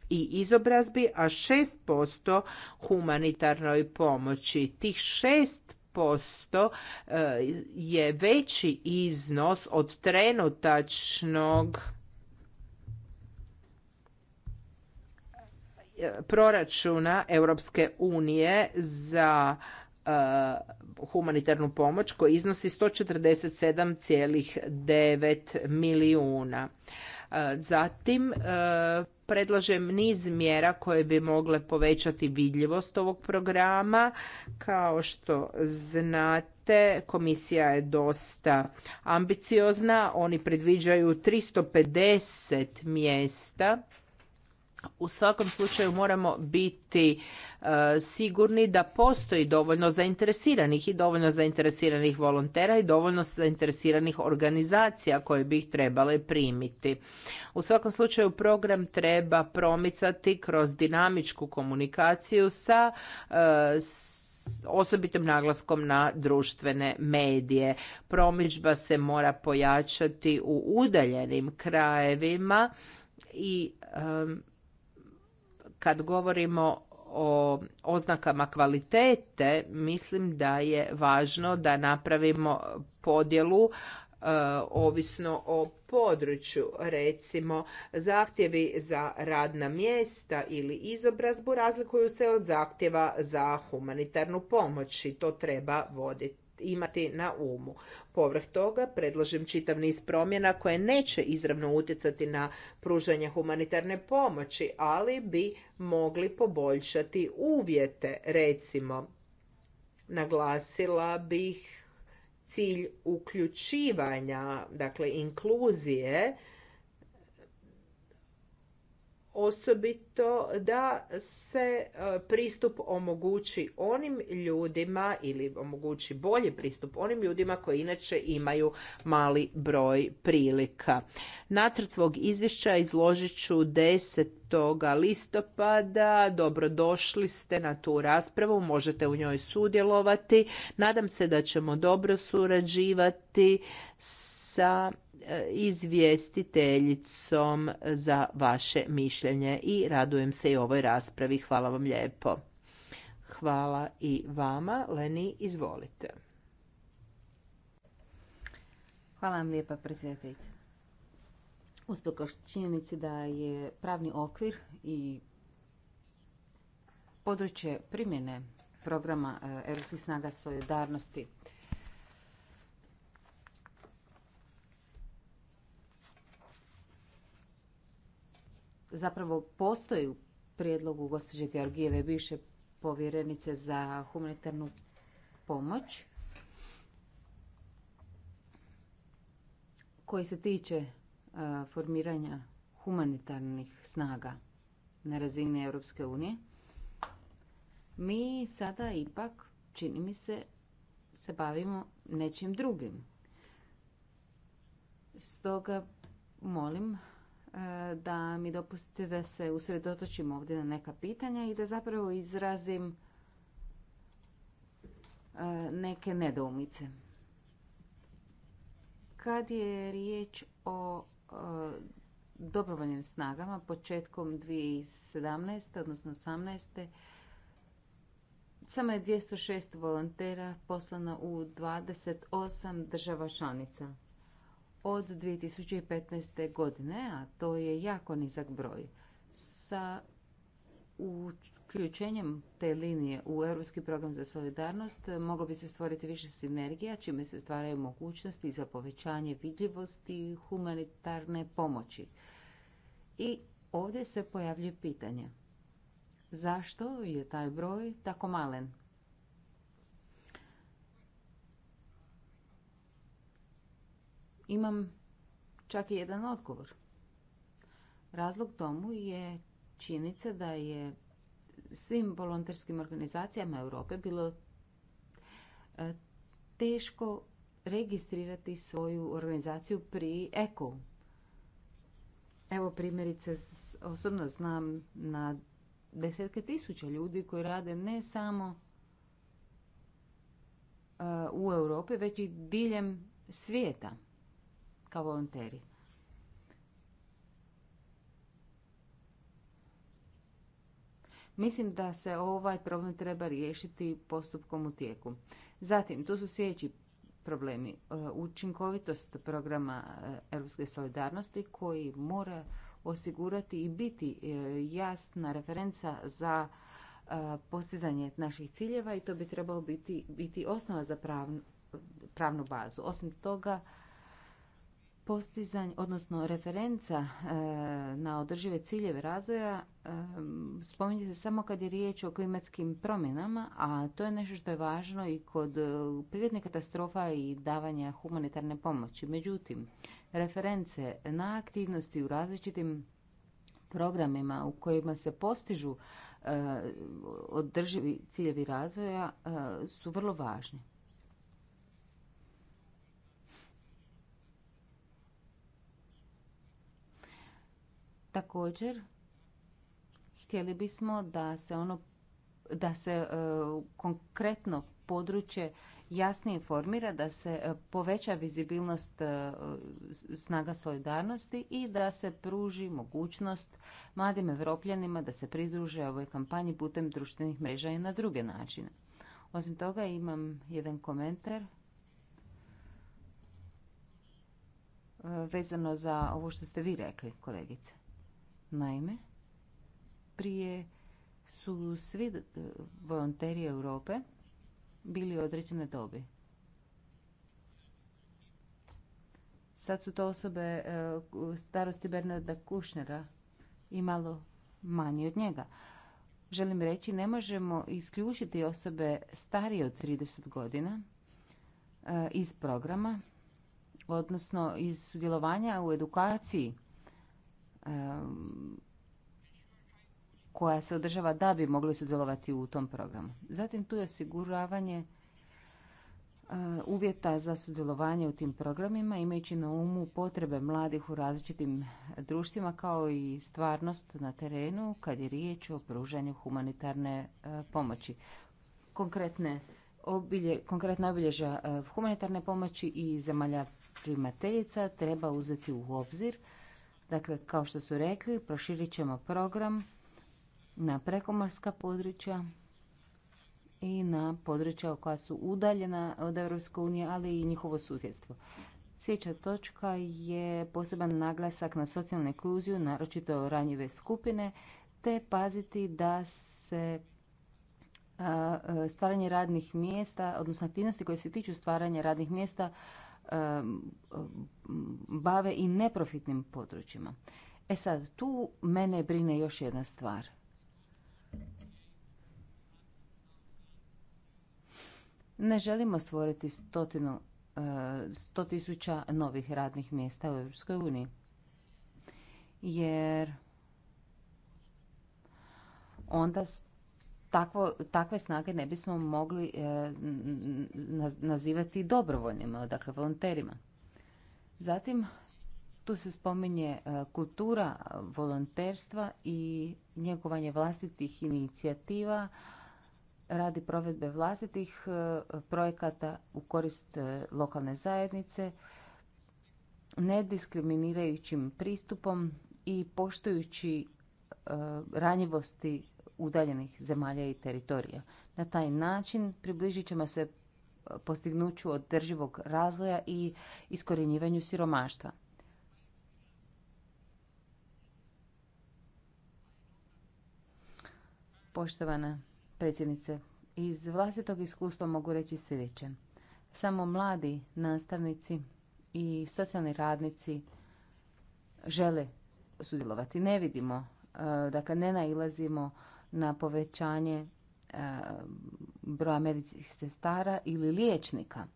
i izobrazbi, a 6% humanitarnoj pomoći. Tih 6% e, je veći iznos od trenutačnog e, proračuna Europske unije za Eh, humanitarnu pomoć koja iznosi 147,9 milijuna. Eh, zatim eh, predlažem niz mjera koje bi mogle povećati vidljivost ovog programa. Kao što znate, komisija je dosta ambiciozna. Oni predviđaju 350 mjesta u svakom slučaju moramo biti e, sigurni da postoji dovoljno zainteresiranih i dovoljno zainteresiranih volontera i dovoljno zainteresiranih organizacija koje bi ih trebale primiti. U svakom slučaju program treba promicati kroz dinamičku komunikaciju sa e, osobitim naglaskom na društvene medije. Promidžba se mora pojačati u udaljenim krajevima i kad govorimo o oznakama kvalitete, mislim da je važno da napravimo podjelu e, ovisno o području, recimo zahtjevi za radna mjesta ili izobrazbu razlikuju se od zahtjeva za humanitarnu pomoć i to treba voditi imati na umu. Povrh toga predlažem čitav niz promjena koje neće izravno utjecati na pružanje humanitarne pomoći, ali bi mogli poboljšati uvjete. Recimo, naglasila bih cilj uključivanja, dakle inkluzije, osobito da se e, pristup omogući onim ljudima ili omogući bolji pristup onim ljudima koji inače imaju mali broj prilika. Nacrt svog izvješća izložit ću 10. listopada. Dobrodošli ste na tu raspravu, možete u njoj sudjelovati. Nadam se da ćemo dobro surađivati sa E, izvjestiteljicom za vaše mišljenje i radujem se i ovoj raspravi. Hvala vam lijepo. Hvala i vama. Leni, izvolite. Hvala vam lijepa, predsjedateljice. Usprkos činjenici da je pravni okvir i područje primjene programa e, Europskih snaga solidarnosti zapravo postoji u prijedlogu gospođe Georgijeve bivše povjerenice za humanitarnu pomoć koji se tiče e, formiranja humanitarnih snaga na razini Europske unije. Mi sada ipak, čini mi se, se bavimo nečim drugim. Stoga molim E, da mi dopustite da se usredotočim ovdje na neka pitanja i da zapravo izrazim e, neke nedoumice. Kad je riječ o e, dobrovoljnim snagama početkom 2017. odnosno 18. Samo je 206 volontera poslano u 28 država članica od 2015. godine, a to je jako nizak broj. Sa uključenjem te linije u Europski program za solidarnost moglo bi se stvoriti više sinergija, čime se stvaraju mogućnosti za povećanje vidljivosti humanitarne pomoći. I ovdje se pojavljuje pitanje. Zašto je taj broj tako malen? Imam čak i jedan odgovor. Razlog tomu je činjenica da je svim volonterskim organizacijama Europe bilo e, teško registrirati svoju organizaciju pri ECO. Evo primjerice, osobno znam na desetke tisuća ljudi koji rade ne samo e, u Europi, već i diljem svijeta kao volonteri. Mislim da se ovaj problem treba riješiti postupkom u tijeku. Zatim, tu su sljedeći problemi. E, učinkovitost programa e, Europske solidarnosti koji mora osigurati i biti e, jasna referenca za postizanje naših ciljeva i to bi trebalo biti, osnova za pravnu bazu. Osim toga, postizanje, odnosno referenca e, na održive ciljeve razvoja e, spominje se samo kad je riječ o klimatskim promjenama, a to je nešto što je važno i kod e, prirodnih katastrofa i davanja humanitarne pomoći. Međutim, reference na aktivnosti u različitim programima u kojima se postižu održivi ciljevi razvoja su vrlo važni. Također, htjeli bismo da se ono da se e, konkretno područje jasnije informira, da se e, poveća vizibilnost e, snaga solidarnosti i da se pruži mogućnost mladim evropljanima da se pridruže ovoj kampanji putem društvenih mreža i na druge načine. Osim toga imam jedan komentar vezano za ovo što ste vi rekli, kolegice. Naime, prije su svi e, volonteri Europe bili određene dobi. Sad su to osobe e, starosti Bernarda Kušnera i malo manje od njega. Želim reći, ne možemo isključiti osobe starije od 30 godina e, iz programa, odnosno iz sudjelovanja u edukaciji koja se održava da bi mogli sudjelovati u tom programu. Zatim tu je osiguravanje e, uvjeta za sudjelovanje u tim programima imajući na umu potrebe mladih u različitim društvima kao i stvarnost na terenu kad je riječ o pružanju humanitarne e, pomoći. Konkretne obilje, konkretna obilježa e, humanitarne pomoći i zemalja primateljica treba uzeti u obzir Dakle, kao što su rekli, proširit ćemo program na prekomorska područja i na područja koja su udaljena od EU, ali i njihovo susjedstvo. Sljedeća točka je poseban naglasak na socijalnu ekluziju, naročito ranjive skupine, te paziti da se stvaranje radnih mjesta, odnosno aktivnosti koje se tiču stvaranja radnih mjesta, bave i neprofitnim područjima. E sad, tu mene brine još jedna stvar. Ne želimo stvoriti stotinu, e, sto tisuća novih radnih mjesta u Europskoj uniji. Jer onda takvo, takve snage ne bismo mogli e, nazivati dobrovoljnima, dakle volonterima. Zatim, tu se spominje e, kultura volonterstva i njegovanje vlastitih inicijativa radi provedbe vlastitih e, projekata u korist lokalne zajednice, nediskriminirajućim pristupom i poštujući ranjivosti udaljenih zemalja i teritorija. Na taj način približit ćemo se postignuću održivog razvoja i iskorjenjivanju siromaštva. Poštovana predsjednice, iz vlastitog iskustva mogu reći sljedeće. Samo mladi nastavnici i socijalni radnici žele sudjelovati. Ne vidimo, e, dakle ne nailazimo na povećanje e, broja medicinskih sestara ili liječnika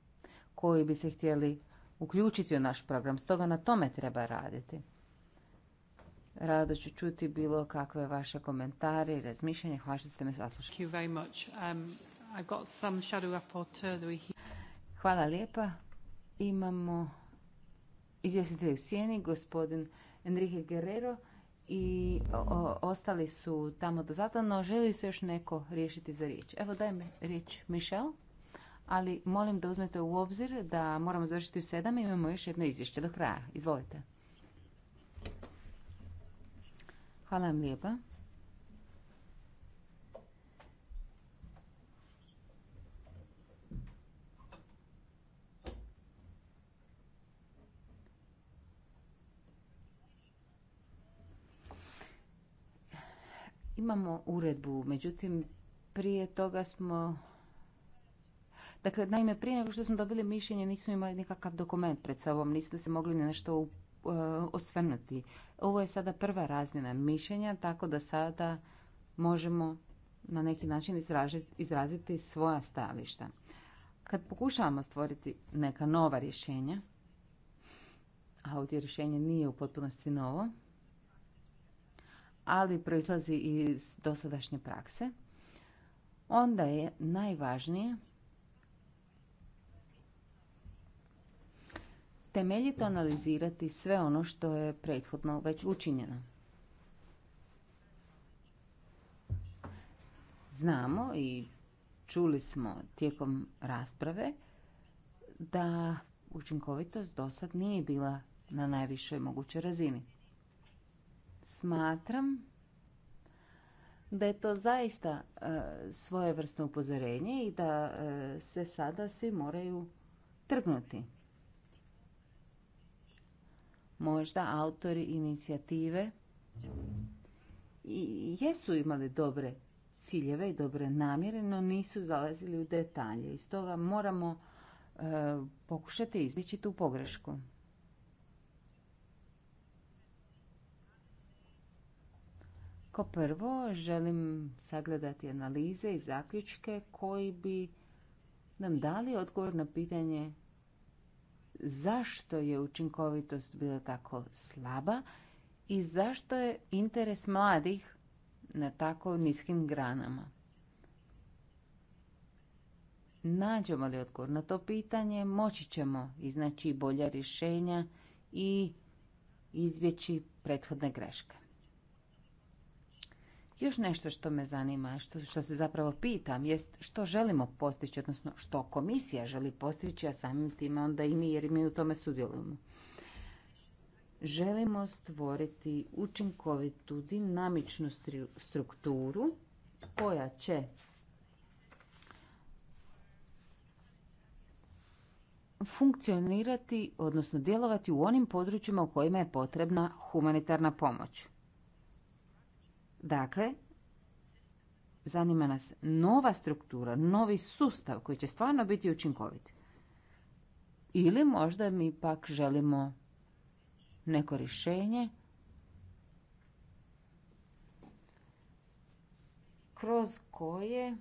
koji bi se htjeli uključiti u naš program. Stoga na tome treba raditi. Rado ću čuti bilo kakve vaše komentare i razmišljanje. Hvala što ste me saslušali. Um, Hvala lijepa. Imamo izvjestitelj u sjeni, gospodin Enrique Guerrero i ostali su tamo do zata, no želi se još neko riješiti za riječ. Evo dajem riječ Michel, ali molim da uzmete u obzir da moramo završiti u sedam i imamo još jedno izvješće do kraja. Izvolite. Hvala vam lijepa. Imamo uredbu, međutim prije toga smo Dakle, naime, prije nego što smo dobili mišljenje nismo imali nikakav dokument pred sobom, nismo se mogli na nešto e, osvrnuti. Ovo je sada prva razmjena mišljenja, tako da sada možemo na neki način izraziti svoja stajališta. Kad pokušavamo stvoriti neka nova rješenja, a ovdje rješenje nije u potpunosti novo, ali proizlazi iz dosadašnje prakse, onda je najvažnije temeljito analizirati sve ono što je prethodno već učinjeno. Znamo i čuli smo tijekom rasprave da učinkovitost dosad nije bila na najvišoj mogućoj razini. Smatram da je to zaista e, svojevrsno upozorenje i da e, se sada svi moraju trgnuti. Možda autori inicijative i jesu imali dobre ciljeve i dobre namjere, no nisu zalazili u detalje. I stoga moramo e, pokušati izbjeći tu pogrešku. Ko prvo želim sagledati analize i zaključke koji bi nam dali odgovor na pitanje zašto je učinkovitost bila tako slaba i zašto je interes mladih na tako niskim granama. Nađemo li odgovor na to pitanje, moći ćemo iznaći bolja rješenja i izbjeći prethodne greške. Još nešto što me zanima, što, što se zapravo pitam, jest što želimo postići, odnosno što komisija želi postići, a samim time onda i mi, jer mi u tome sudjelujemo. Želimo stvoriti učinkovitu, dinamičnu strukturu koja će funkcionirati, odnosno djelovati u onim područjima u kojima je potrebna humanitarna pomoć. Dakle, zanima nas nova struktura, novi sustav koji će stvarno biti učinkovit. Ili možda mi pak želimo neko rješenje kroz koje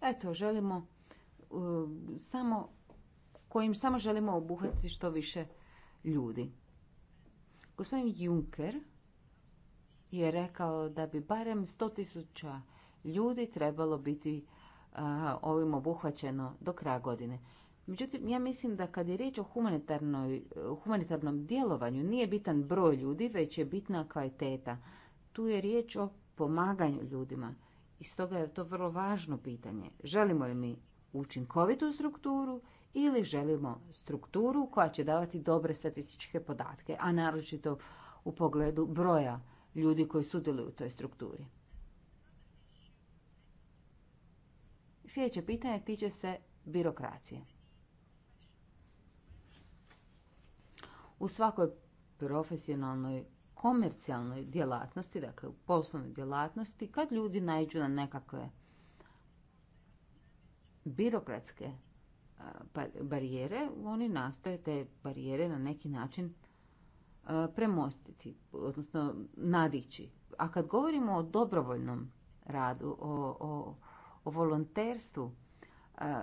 eto želimo e, samo kojim samo želimo obuhvatiti što više ljudi. Gospodin Juncker je rekao da bi barem 100.000 ljudi trebalo biti ovim obuhvaćeno do kraja godine. Međutim, ja mislim da kad je riječ o humanitarnom djelovanju, nije bitan broj ljudi, već je bitna kvaliteta. Tu je riječ o pomaganju ljudima. I stoga je to vrlo važno pitanje. Želimo li mi učinkovitu strukturu ili želimo strukturu koja će davati dobre statističke podatke, a naročito u pogledu broja ljudi koji sudjeluju u toj strukturi. Sljedeće pitanje tiče se birokracije. U svakoj profesionalnoj komercijalnoj djelatnosti, dakle u poslovnoj djelatnosti, kad ljudi naiđu na nekakve birokratske barijere, oni nastoje te barijere na neki način E, premostiti, odnosno nadići. A kad govorimo o dobrovoljnom radu, o, o, o volonterstvu, e,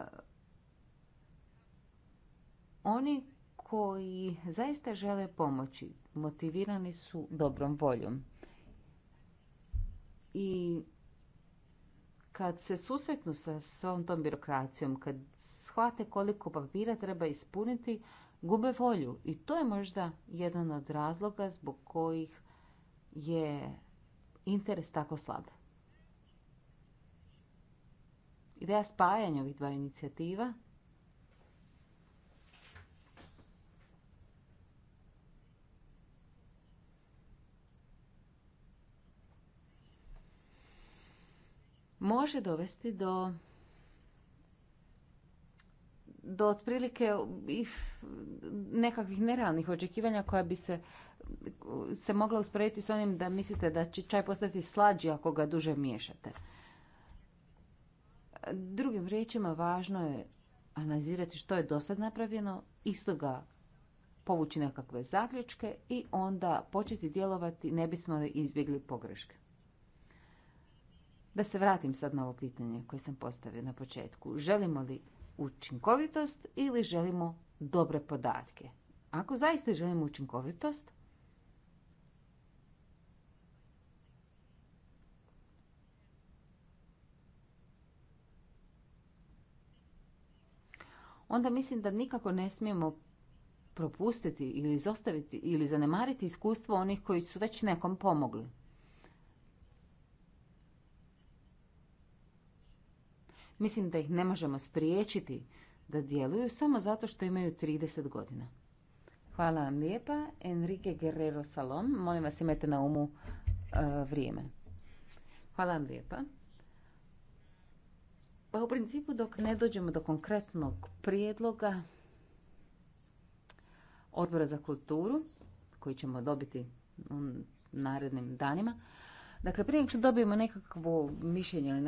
oni koji zaista žele pomoći, motivirani su dobrom voljom. I kad se susretnu sa svom tom birokracijom, kad shvate koliko papira treba ispuniti, gube volju i to je možda jedan od razloga zbog kojih je interes tako slab. Ideja spajanja ovih dva inicijativa može dovesti do do otprilike nekakvih nerealnih očekivanja koja bi se se mogla usporediti s onim da mislite da će čaj postati slađi ako ga duže miješate. Drugim riječima, važno je analizirati što je dosad napravljeno, isto ga povući nekakve zaključke i onda početi djelovati ne bismo li izbjegli pogreške. Da se vratim sad na ovo pitanje koje sam postavila na početku. Želimo li učinkovitost ili želimo dobre podatke. Ako zaista želimo učinkovitost, onda mislim da nikako ne smijemo propustiti ili izostaviti ili zanemariti iskustvo onih koji su već nekom pomogli. Mislim da ih ne možemo spriječiti da djeluju samo zato što imaju 30 godina. Hvala vam lijepa. Enrique Guerrero Salon. molim vas imajte na umu e, vrijeme. Hvala vam lijepa. Pa u principu dok ne dođemo do konkretnog prijedloga odbora za kulturu, koji ćemo dobiti u narednim danima, Dakle, prije što dobijemo nekakvo mišljenje ili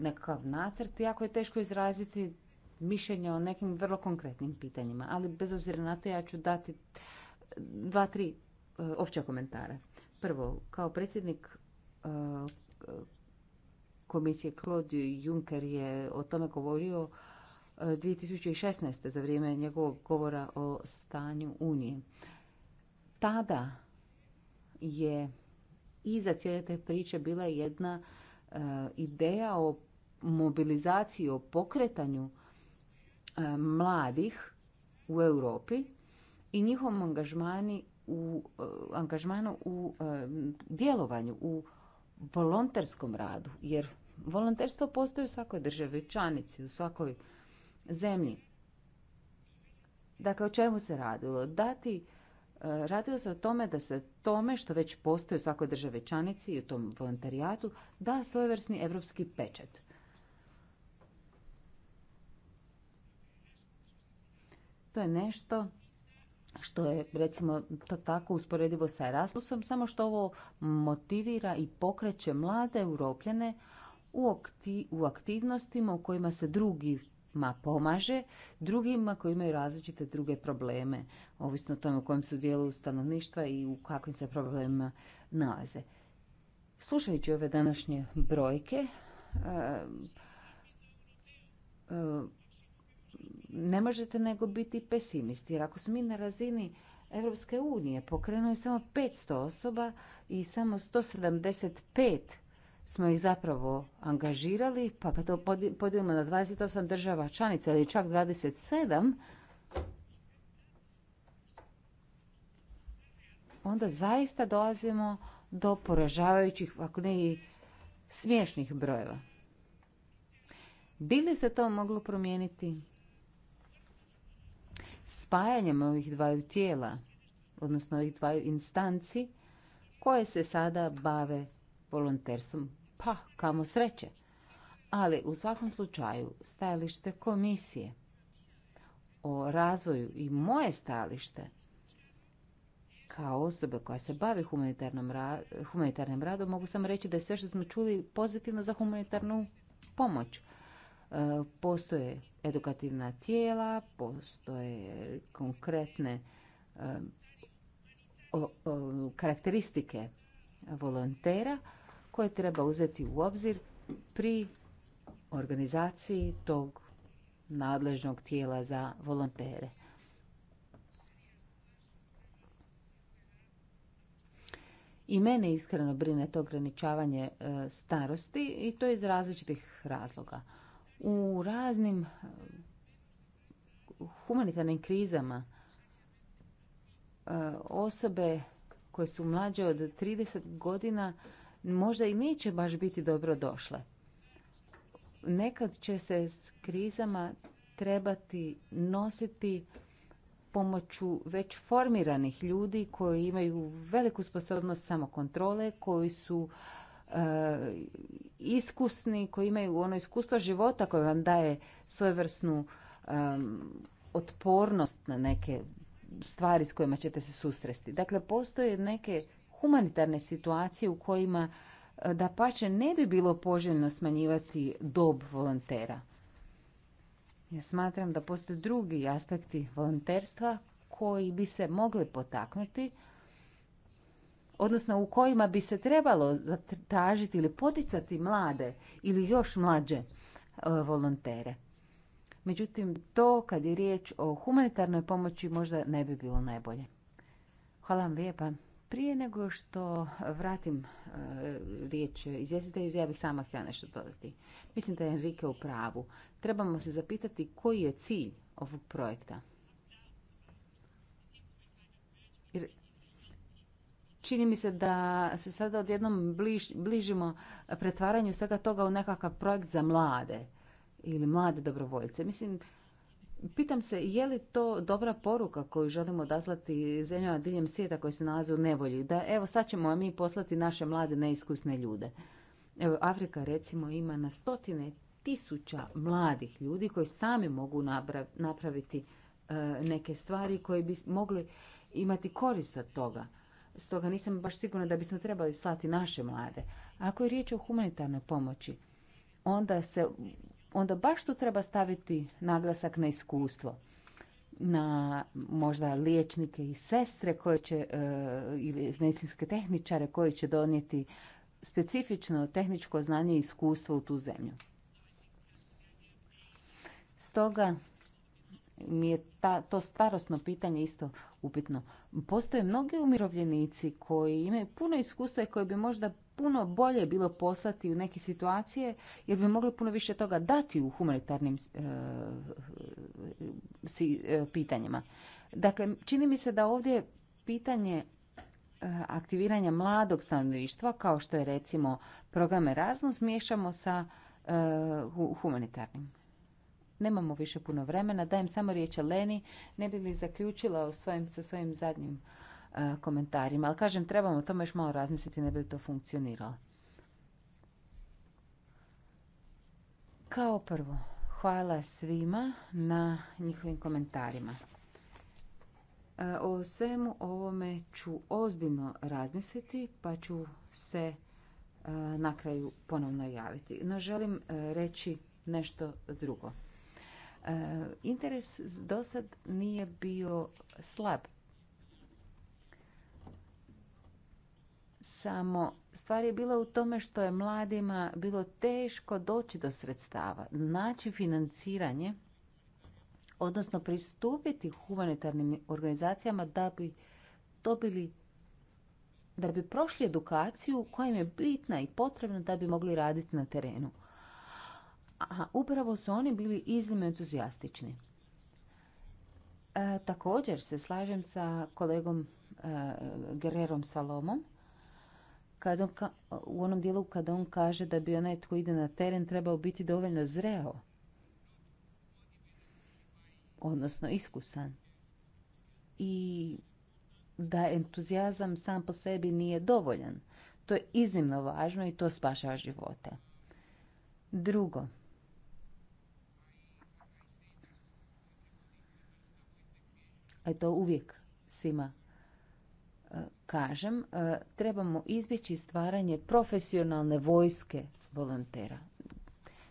nekakav nacrt, jako je teško izraziti mišljenje o nekim vrlo konkretnim pitanjima. Ali bez obzira na to ja ću dati dva, tri e, opća komentara. Prvo, kao predsjednik e, komisije Claude Juncker je o tome govorio 2016. E, za vrijeme njegovog govora o stanju Unije. Tada je iza cijele te priče bila je jedna e, ideja o mobilizaciji, o pokretanju e, mladih u Europi i njihovom angažmani u, e, angažmanu u djelovanju, u volonterskom radu. Jer volonterstvo postoji u svakoj državi, članici, u svakoj zemlji. Dakle, o čemu se radilo? Dati Radilo se o tome da se tome što već postoji u svakoj državi članici i u tom volontarijatu da svojevrsni evropski pečet. To je nešto što je recimo to tako usporedivo sa Erasmusom, samo što ovo motivira i pokreće mlade europljane u aktivnostima u kojima se drugi ma pomaže drugima koji imaju različite druge probleme, ovisno o tome u kojem su dijelu stanovništva i u kakvim se problemima nalaze. Slušajući ove današnje brojke, eh, eh, ne možete nego biti pesimisti, jer ako smo mi na razini Europske unije samo 500 osoba i samo 175 smo ih zapravo angažirali, pa kad to podijelimo na 28 država članica ili čak 27, onda zaista dolazimo do poražavajućih, ako ne i smiješnih brojeva. Bi li se to moglo promijeniti? Spajanjem ovih dvaju tijela, odnosno ovih dvaju instanci, koje se sada bave volonterstvom pa kamo sreće. Ali u svakom slučaju stajalište komisije o razvoju i moje stajalište kao osobe koja se bavi humanitarnim radom mogu samo reći da je sve što smo čuli pozitivno za humanitarnu pomoć. E, postoje edukativna tijela, postoje konkretne e, karakteristike volontera, koje treba uzeti u obzir pri organizaciji tog nadležnog tijela za volontere. I mene iskreno brine to ograničavanje e, starosti i to iz različitih razloga. U raznim e, humanitarnim krizama e, osobe koje su mlađe od 30 godina možda i neće baš biti dobro došla. Nekad će se s krizama trebati nositi pomoću već formiranih ljudi koji imaju veliku sposobnost samokontrole, koji su e, iskusni, koji imaju ono iskustvo života koje vam daje svojevrsnu e, otpornost na neke stvari s kojima ćete se susresti. Dakle, postoje neke humanitarne situacije u kojima e, da pače ne bi bilo poželjno smanjivati dob volontera. Ja smatram da postoje drugi aspekti volonterstva koji bi se mogli potaknuti, odnosno u kojima bi se trebalo zatražiti ili poticati mlade ili još mlađe e, volontere. Međutim, to kad je riječ o humanitarnoj pomoći možda ne bi bilo najbolje. Hvala vam lijepa. Prije nego što vratim e, riječ izvjestitelju, ja bih sama htjela nešto dodati. Mislim da je Enrique u pravu. Trebamo se zapitati koji je cilj ovog projekta. Jer čini mi se da se sada odjednom bližimo pretvaranju svega toga u nekakav projekt za mlade ili mlade dobrovoljce. Mislim, Pitam se je li to dobra poruka koju želimo odaslati zemljama diljem svijeta koji se nalaze u nevolji. Da evo sad ćemo mi poslati naše mlade neiskusne ljude. Evo Afrika recimo ima na stotine tisuća mladih ljudi koji sami mogu napraviti e, neke stvari koje bi mogli imati korist od toga. Stoga nisam baš sigurna da bismo trebali slati naše mlade. Ako je riječ o humanitarnoj pomoći, onda se onda baš tu treba staviti naglasak na iskustvo na možda liječnike i sestre koje će, e, ili medicinske tehničare koji će donijeti specifično tehničko znanje i iskustvo u tu zemlju. Stoga mi je ta, to starosno pitanje isto upitno. Postoje mnogi umirovljenici koji imaju puno iskustva i koji bi možda puno bolje bilo poslati u neke situacije jer bi mogli puno više toga dati u humanitarnim e, e, e, pitanjima. Dakle, čini mi se da ovdje pitanje aktiviranja mladog stanovništva, kao što je recimo program Erasmus, miješamo sa humanitarnim. Nemamo više puno vremena, dajem samo riječ Leni, ne bi li zaključila svojim, sa svojim zadnjim E, komentarima. Ali kažem, trebamo o tome još malo razmisliti ne bi to funkcioniralo. Kao prvo, hvala svima na njihovim komentarima. E, o svemu ovome ću ozbiljno razmisliti pa ću se e, na kraju ponovno javiti. No želim reći nešto drugo. Interes do sad nije bio slab samo stvar je bila u tome što je mladima bilo teško doći do sredstava, naći financiranje, odnosno pristupiti humanitarnim organizacijama da bi dobili da bi prošli edukaciju koja im je bitna i potrebna da bi mogli raditi na terenu. A upravo su oni bili iznimno entuzijastični. E, također se slažem sa kolegom e, Gererom Salomom kad u onom dijelu kada on kaže da bi onaj tko ide na teren trebao biti dovoljno zreo, odnosno iskusan. I da entuzijazam sam po sebi nije dovoljan. To je iznimno važno i to spašava živote. Drugo, a to uvijek svima E, kažem, e, trebamo izbjeći stvaranje profesionalne vojske volontera.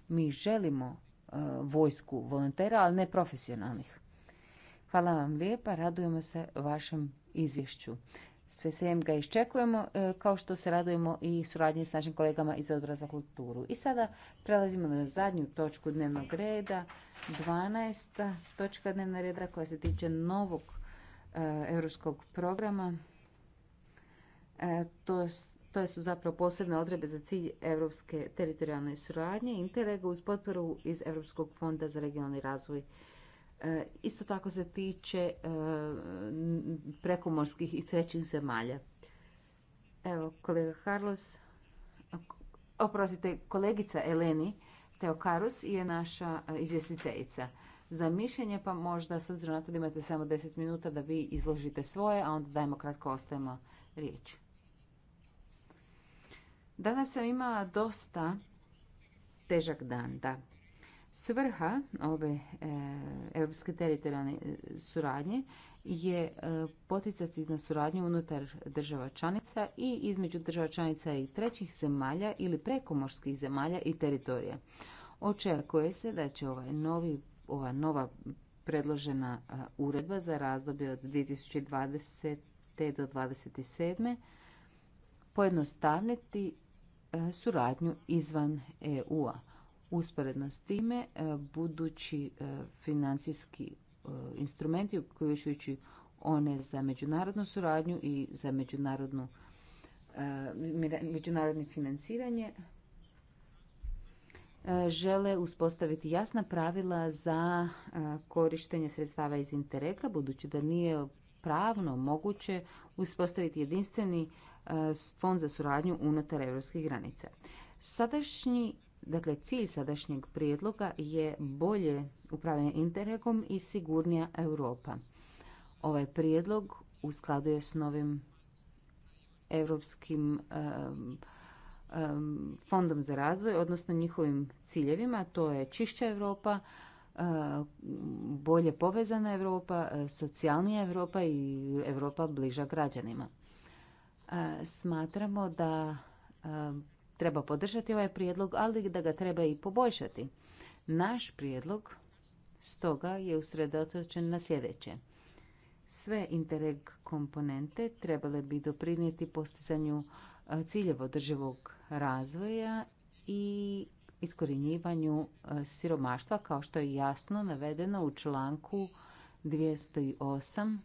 Mi želimo e, vojsku volontera, ali ne profesionalnih. Hvala vam lijepa, radujemo se vašem izvješću. S veseljem ga iščekujemo, kao što se radujemo i suradnji s našim kolegama iz Odbora za kulturu. I sada prelazimo na zadnju točku dnevnog reda, 12. točka dnevnog reda koja se tiče novog europskog programa E, to, to su zapravo posebne odrebe za cilj europske teritorijalne suradnje Interrega uz potporu iz Europskog fonda za regionalni razvoj. E, isto tako se tiče e, prekomorskih i trećih zemalja. Evo, kolega Carlos, oprostite, kolegica Eleni Teokarus je naša izvjestiteljica za mišljenje, pa možda s obzirom na to da imate samo 10 minuta da vi izložite svoje, a onda dajmo kratko ostajemo riječ. Danas sam imala dosta težak dan, da. Svrha ove europske teritorijalne suradnje je e, poticati na suradnju unutar država članica i između država članica i trećih zemalja ili prekomorskih zemalja i teritorija. Očekuje se da će ovaj novi, ova nova predložena e, uredba za razdoblje od 2020. do 2027. pojednostavniti E, suradnju izvan EU-a. Usporedno s time, e, budući e, financijski instrumenti, uključujući one za međunarodnu suradnju i za međunarodnu, međunarodno financiranje, žele uspostaviti jasna pravila za korištenje sredstava iz Intereka, budući da nije pravno moguće uspostaviti jedinstveni fond za suradnju unutar evropskih granica. Sadašnji Dakle, cilj sadašnjeg prijedloga je bolje upravljanje Interregom i sigurnija Europa. Ovaj prijedlog u skladu je s novim europskim fondom za razvoj, odnosno njihovim ciljevima, to je čišća Europa, e, bolje povezana Europa, e, socijalnija Europa i Europa bliža građanima. E, smatramo da e, treba podržati ovaj prijedlog, ali da ga treba i poboljšati. Naš prijedlog stoga je usredotočen na sljedeće. Sve Interreg komponente trebale bi doprinijeti postizanju e, ciljeva održivog razvoja i iskorjenjivanju siromaštva, kao što je jasno navedeno u članku 208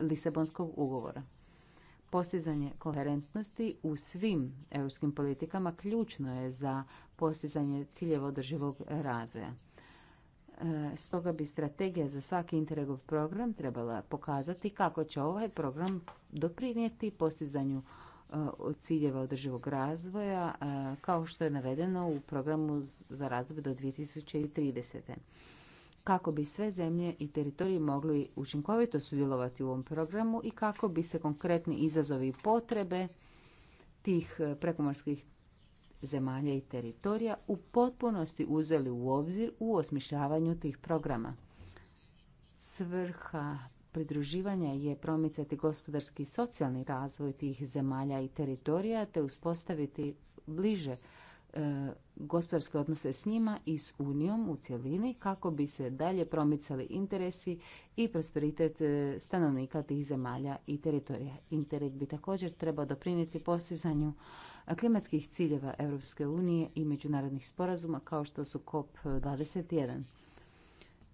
Lisabonskog ugovora. Postizanje koherentnosti u svim europskim politikama ključno je za postizanje ciljeva održivog razvoja. E, stoga bi strategija za svaki Interregov program trebala pokazati kako će ovaj program doprinijeti postizanju e, ciljeva održivog razvoja e, kao što je navedeno u programu za razvoj do 2030 kako bi sve zemlje i teritorije mogli učinkovito sudjelovati u ovom programu i kako bi se konkretni izazovi i potrebe tih e, prekomorskih zemalja i teritorija u potpunosti uzeli u obzir u osmišljavanju tih programa. Svrha pridruživanja je promicati gospodarski i socijalni razvoj tih zemalja i teritorija te uspostaviti bliže e, gospodarske odnose s njima i s Unijom u cjelini kako bi se dalje promicali interesi i prosperitet e, stanovnika tih zemalja i teritorija. Interreg bi također trebao doprinijeti postizanju e, klimatskih ciljeva Europske unije i međunarodnih sporazuma kao što su COP21.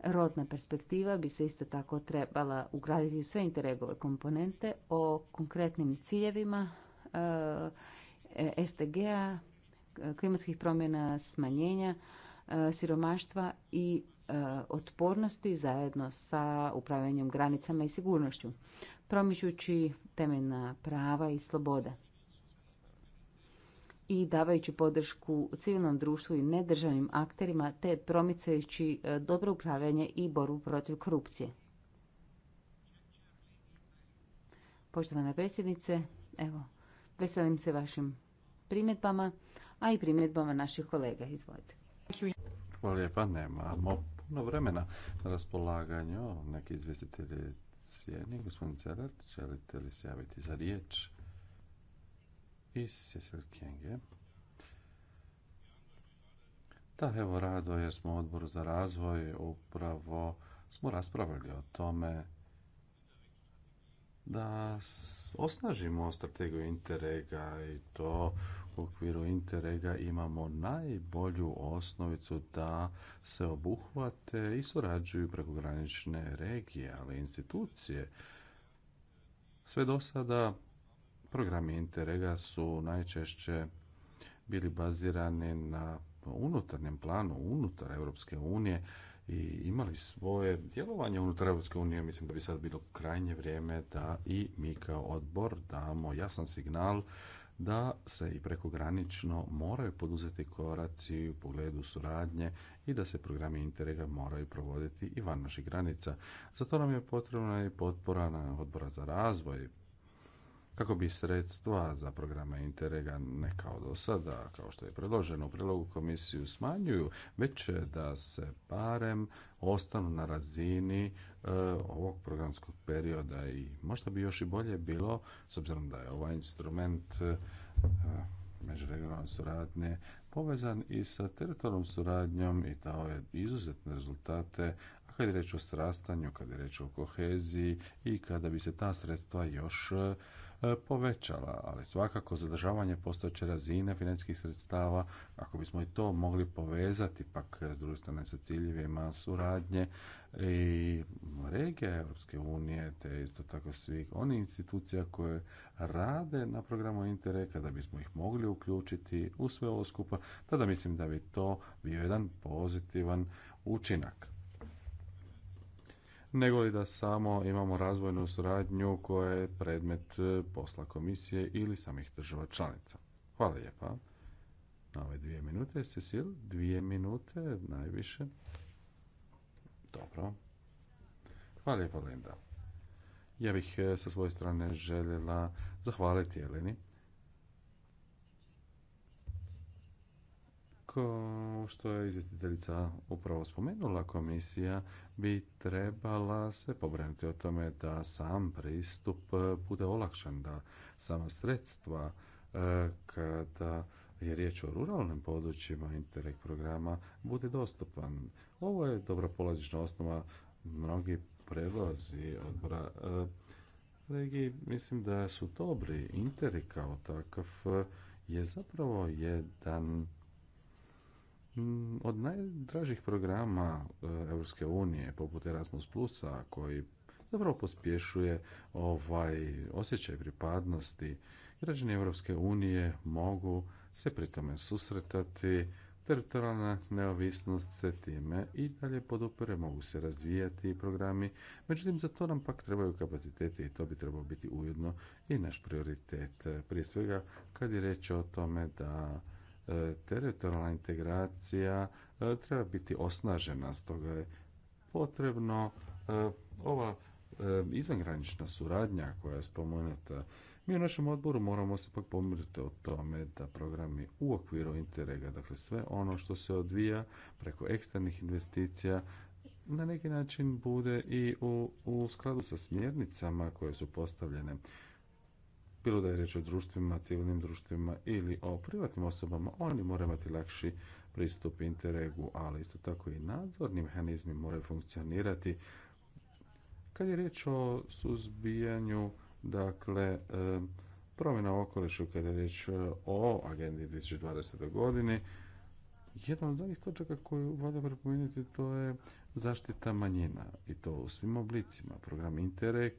Rodna perspektiva bi se isto tako trebala ugraditi u sve interregove komponente o konkretnim ciljevima e, STG-a, klimatskih promjena, smanjenja e, siromaštva i e, otpornosti zajedno sa upravljanjem granicama i sigurnošću, promičući temeljna prava i slobode i davajući podršku civilnom društvu i nedržavnim akterima te promicajući e, dobro upravljanje i borbu protiv korupcije. Poštovana predsjednice, evo, veselim se vašim primjedbama a i primjedbama naših kolega. Izvolite. Hvala lijepa, nemamo puno vremena na raspolaganju. Neki izvjestitelji cijeni. Gospodin Cerar, želite li se javiti za riječ? I Cecil Kenge. Da, evo rado, jer smo u odboru za razvoj upravo smo raspravili o tome da osnažimo strategiju interega i to u okviru Interrega imamo najbolju osnovicu da se obuhvate i surađuju prekogranične regije, ali institucije. Sve do sada programi Interrega su najčešće bili bazirani na unutarnjem planu unutar Europske unije i imali svoje djelovanje unutar Europske unije. Mislim da bi sad bilo krajnje vrijeme da i mi kao odbor damo jasan signal da se i prekogranično moraju poduzeti koraci u pogledu suradnje i da se programi interega moraju provoditi i van naših granica. Zato nam je potrebna i potpora na odbora za razvoj, kako bi sredstva za programe Interrega ne kao do sada, kao što je predloženo u prilogu komisiju, smanjuju, već da se barem ostanu na razini e, ovog programskog perioda i možda bi još i bolje bilo, s obzirom da je ovaj instrument e, međuregionalne suradnje povezan i sa teritorijalnom suradnjom i dao je izuzetne rezultate kad je reč o srastanju, kad je reč o koheziji i kada bi se ta sredstva još e, E, povećala, ali svakako zadržavanje postojeće razine financijskih sredstava, ako bismo i to mogli povezati pak e, s druge strane sa ciljevima suradnje i regije Europske unije, te isto tako svih oni institucija koje rade na programu Interreg, da bismo ih mogli uključiti u sve ovo skupa, tada mislim da bi to bio jedan pozitivan učinak nego li da samo imamo razvojnu suradnju koja je predmet e, posla komisije ili samih država članica. Hvala lijepa na ove dvije minute. Cecil, dvije minute najviše. Dobro. Hvala lijepa, Linda. Ja bih e, sa svoje strane željela zahvaliti Eleni što je izvjestiteljica upravo spomenula, komisija bi trebala se pobrinuti o tome da sam pristup bude olakšan, da sama sredstva e, kada je riječ o ruralnim područjima Interreg programa bude dostupan. Ovo je dobra polazična osnova mnogi predlozi odbora e, regiji. Mislim da su dobri. Interreg kao takav je zapravo jedan Mm, od najdražih programa Europske unije, poput Erasmus Plusa, koji zapravo pospješuje ovaj osjećaj pripadnosti, građani Europske unije mogu se pri tome susretati, teritorijalna neovisnost se time i dalje podupere, mogu se razvijati programi, međutim za to nam pak trebaju kapaciteti i to bi trebao biti ujedno i naš prioritet. Prije svega kad je reč o tome da teritorijalna integracija e, treba biti osnažena, stoga je potrebno e, ova e, izvangranična suradnja koja je spomenuta. Mi u našem odboru moramo se pak pomiriti o tome da programi u okviru Interrega, dakle sve ono što se odvija preko eksternih investicija, na neki način bude i u skladu sa smjernicama koje su postavljene bilo da je riječ o društvima, civilnim društvima ili o privatnim osobama, oni moraju imati lakši pristup interegu, ali isto tako i nadzorni mehanizmi moraju funkcionirati. Kad je riječ o suzbijanju, dakle, e, promjena okolišu, kada je riječ e, o agendi 2020. godini, jedna od zadnjih točaka koju valja prepomenuti to je zaštita manjina i to u svim oblicima. Program Interreg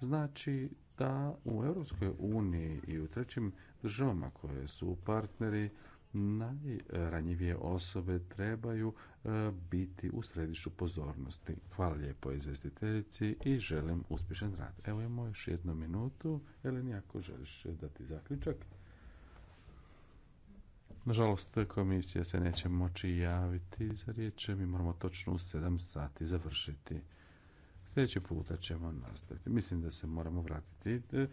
znači da u Europskoj uniji i u trećim državama koje su partneri najranjivije osobe trebaju e, biti u središtu pozornosti. Hvala lijepo izvjestiteljici i želim uspješan rad. Evo imamo još jednu minutu. Eleni, ako želiš dati zaključak. Nažalost, komisija se neće moći javiti za riječ. Mi moramo točno u 7 sati završiti. Sljedeći puta ćemo nastaviti. Mislim da se moramo vratiti. E,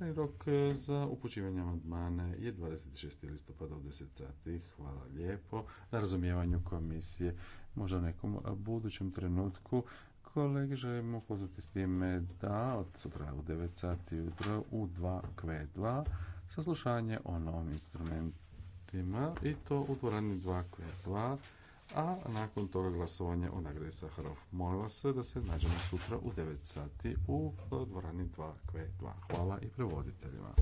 e, rok e, za upućivanje amandmane je 26. listopada u 10 sati. Hvala lijepo na razumijevanju komisije. Možda u nekom budućem trenutku kolege želimo pozvati s time da od sutra u 9 sati jutro u 2 Q2 saslušanje o novim instrumentima i to u dvorani 2 Q2 a nakon toga glasovanje o nagradi Saharov. Molim vas da se nađemo sutra u 9 sati u dvorani 2Q2. Hvala i prevoditeljima.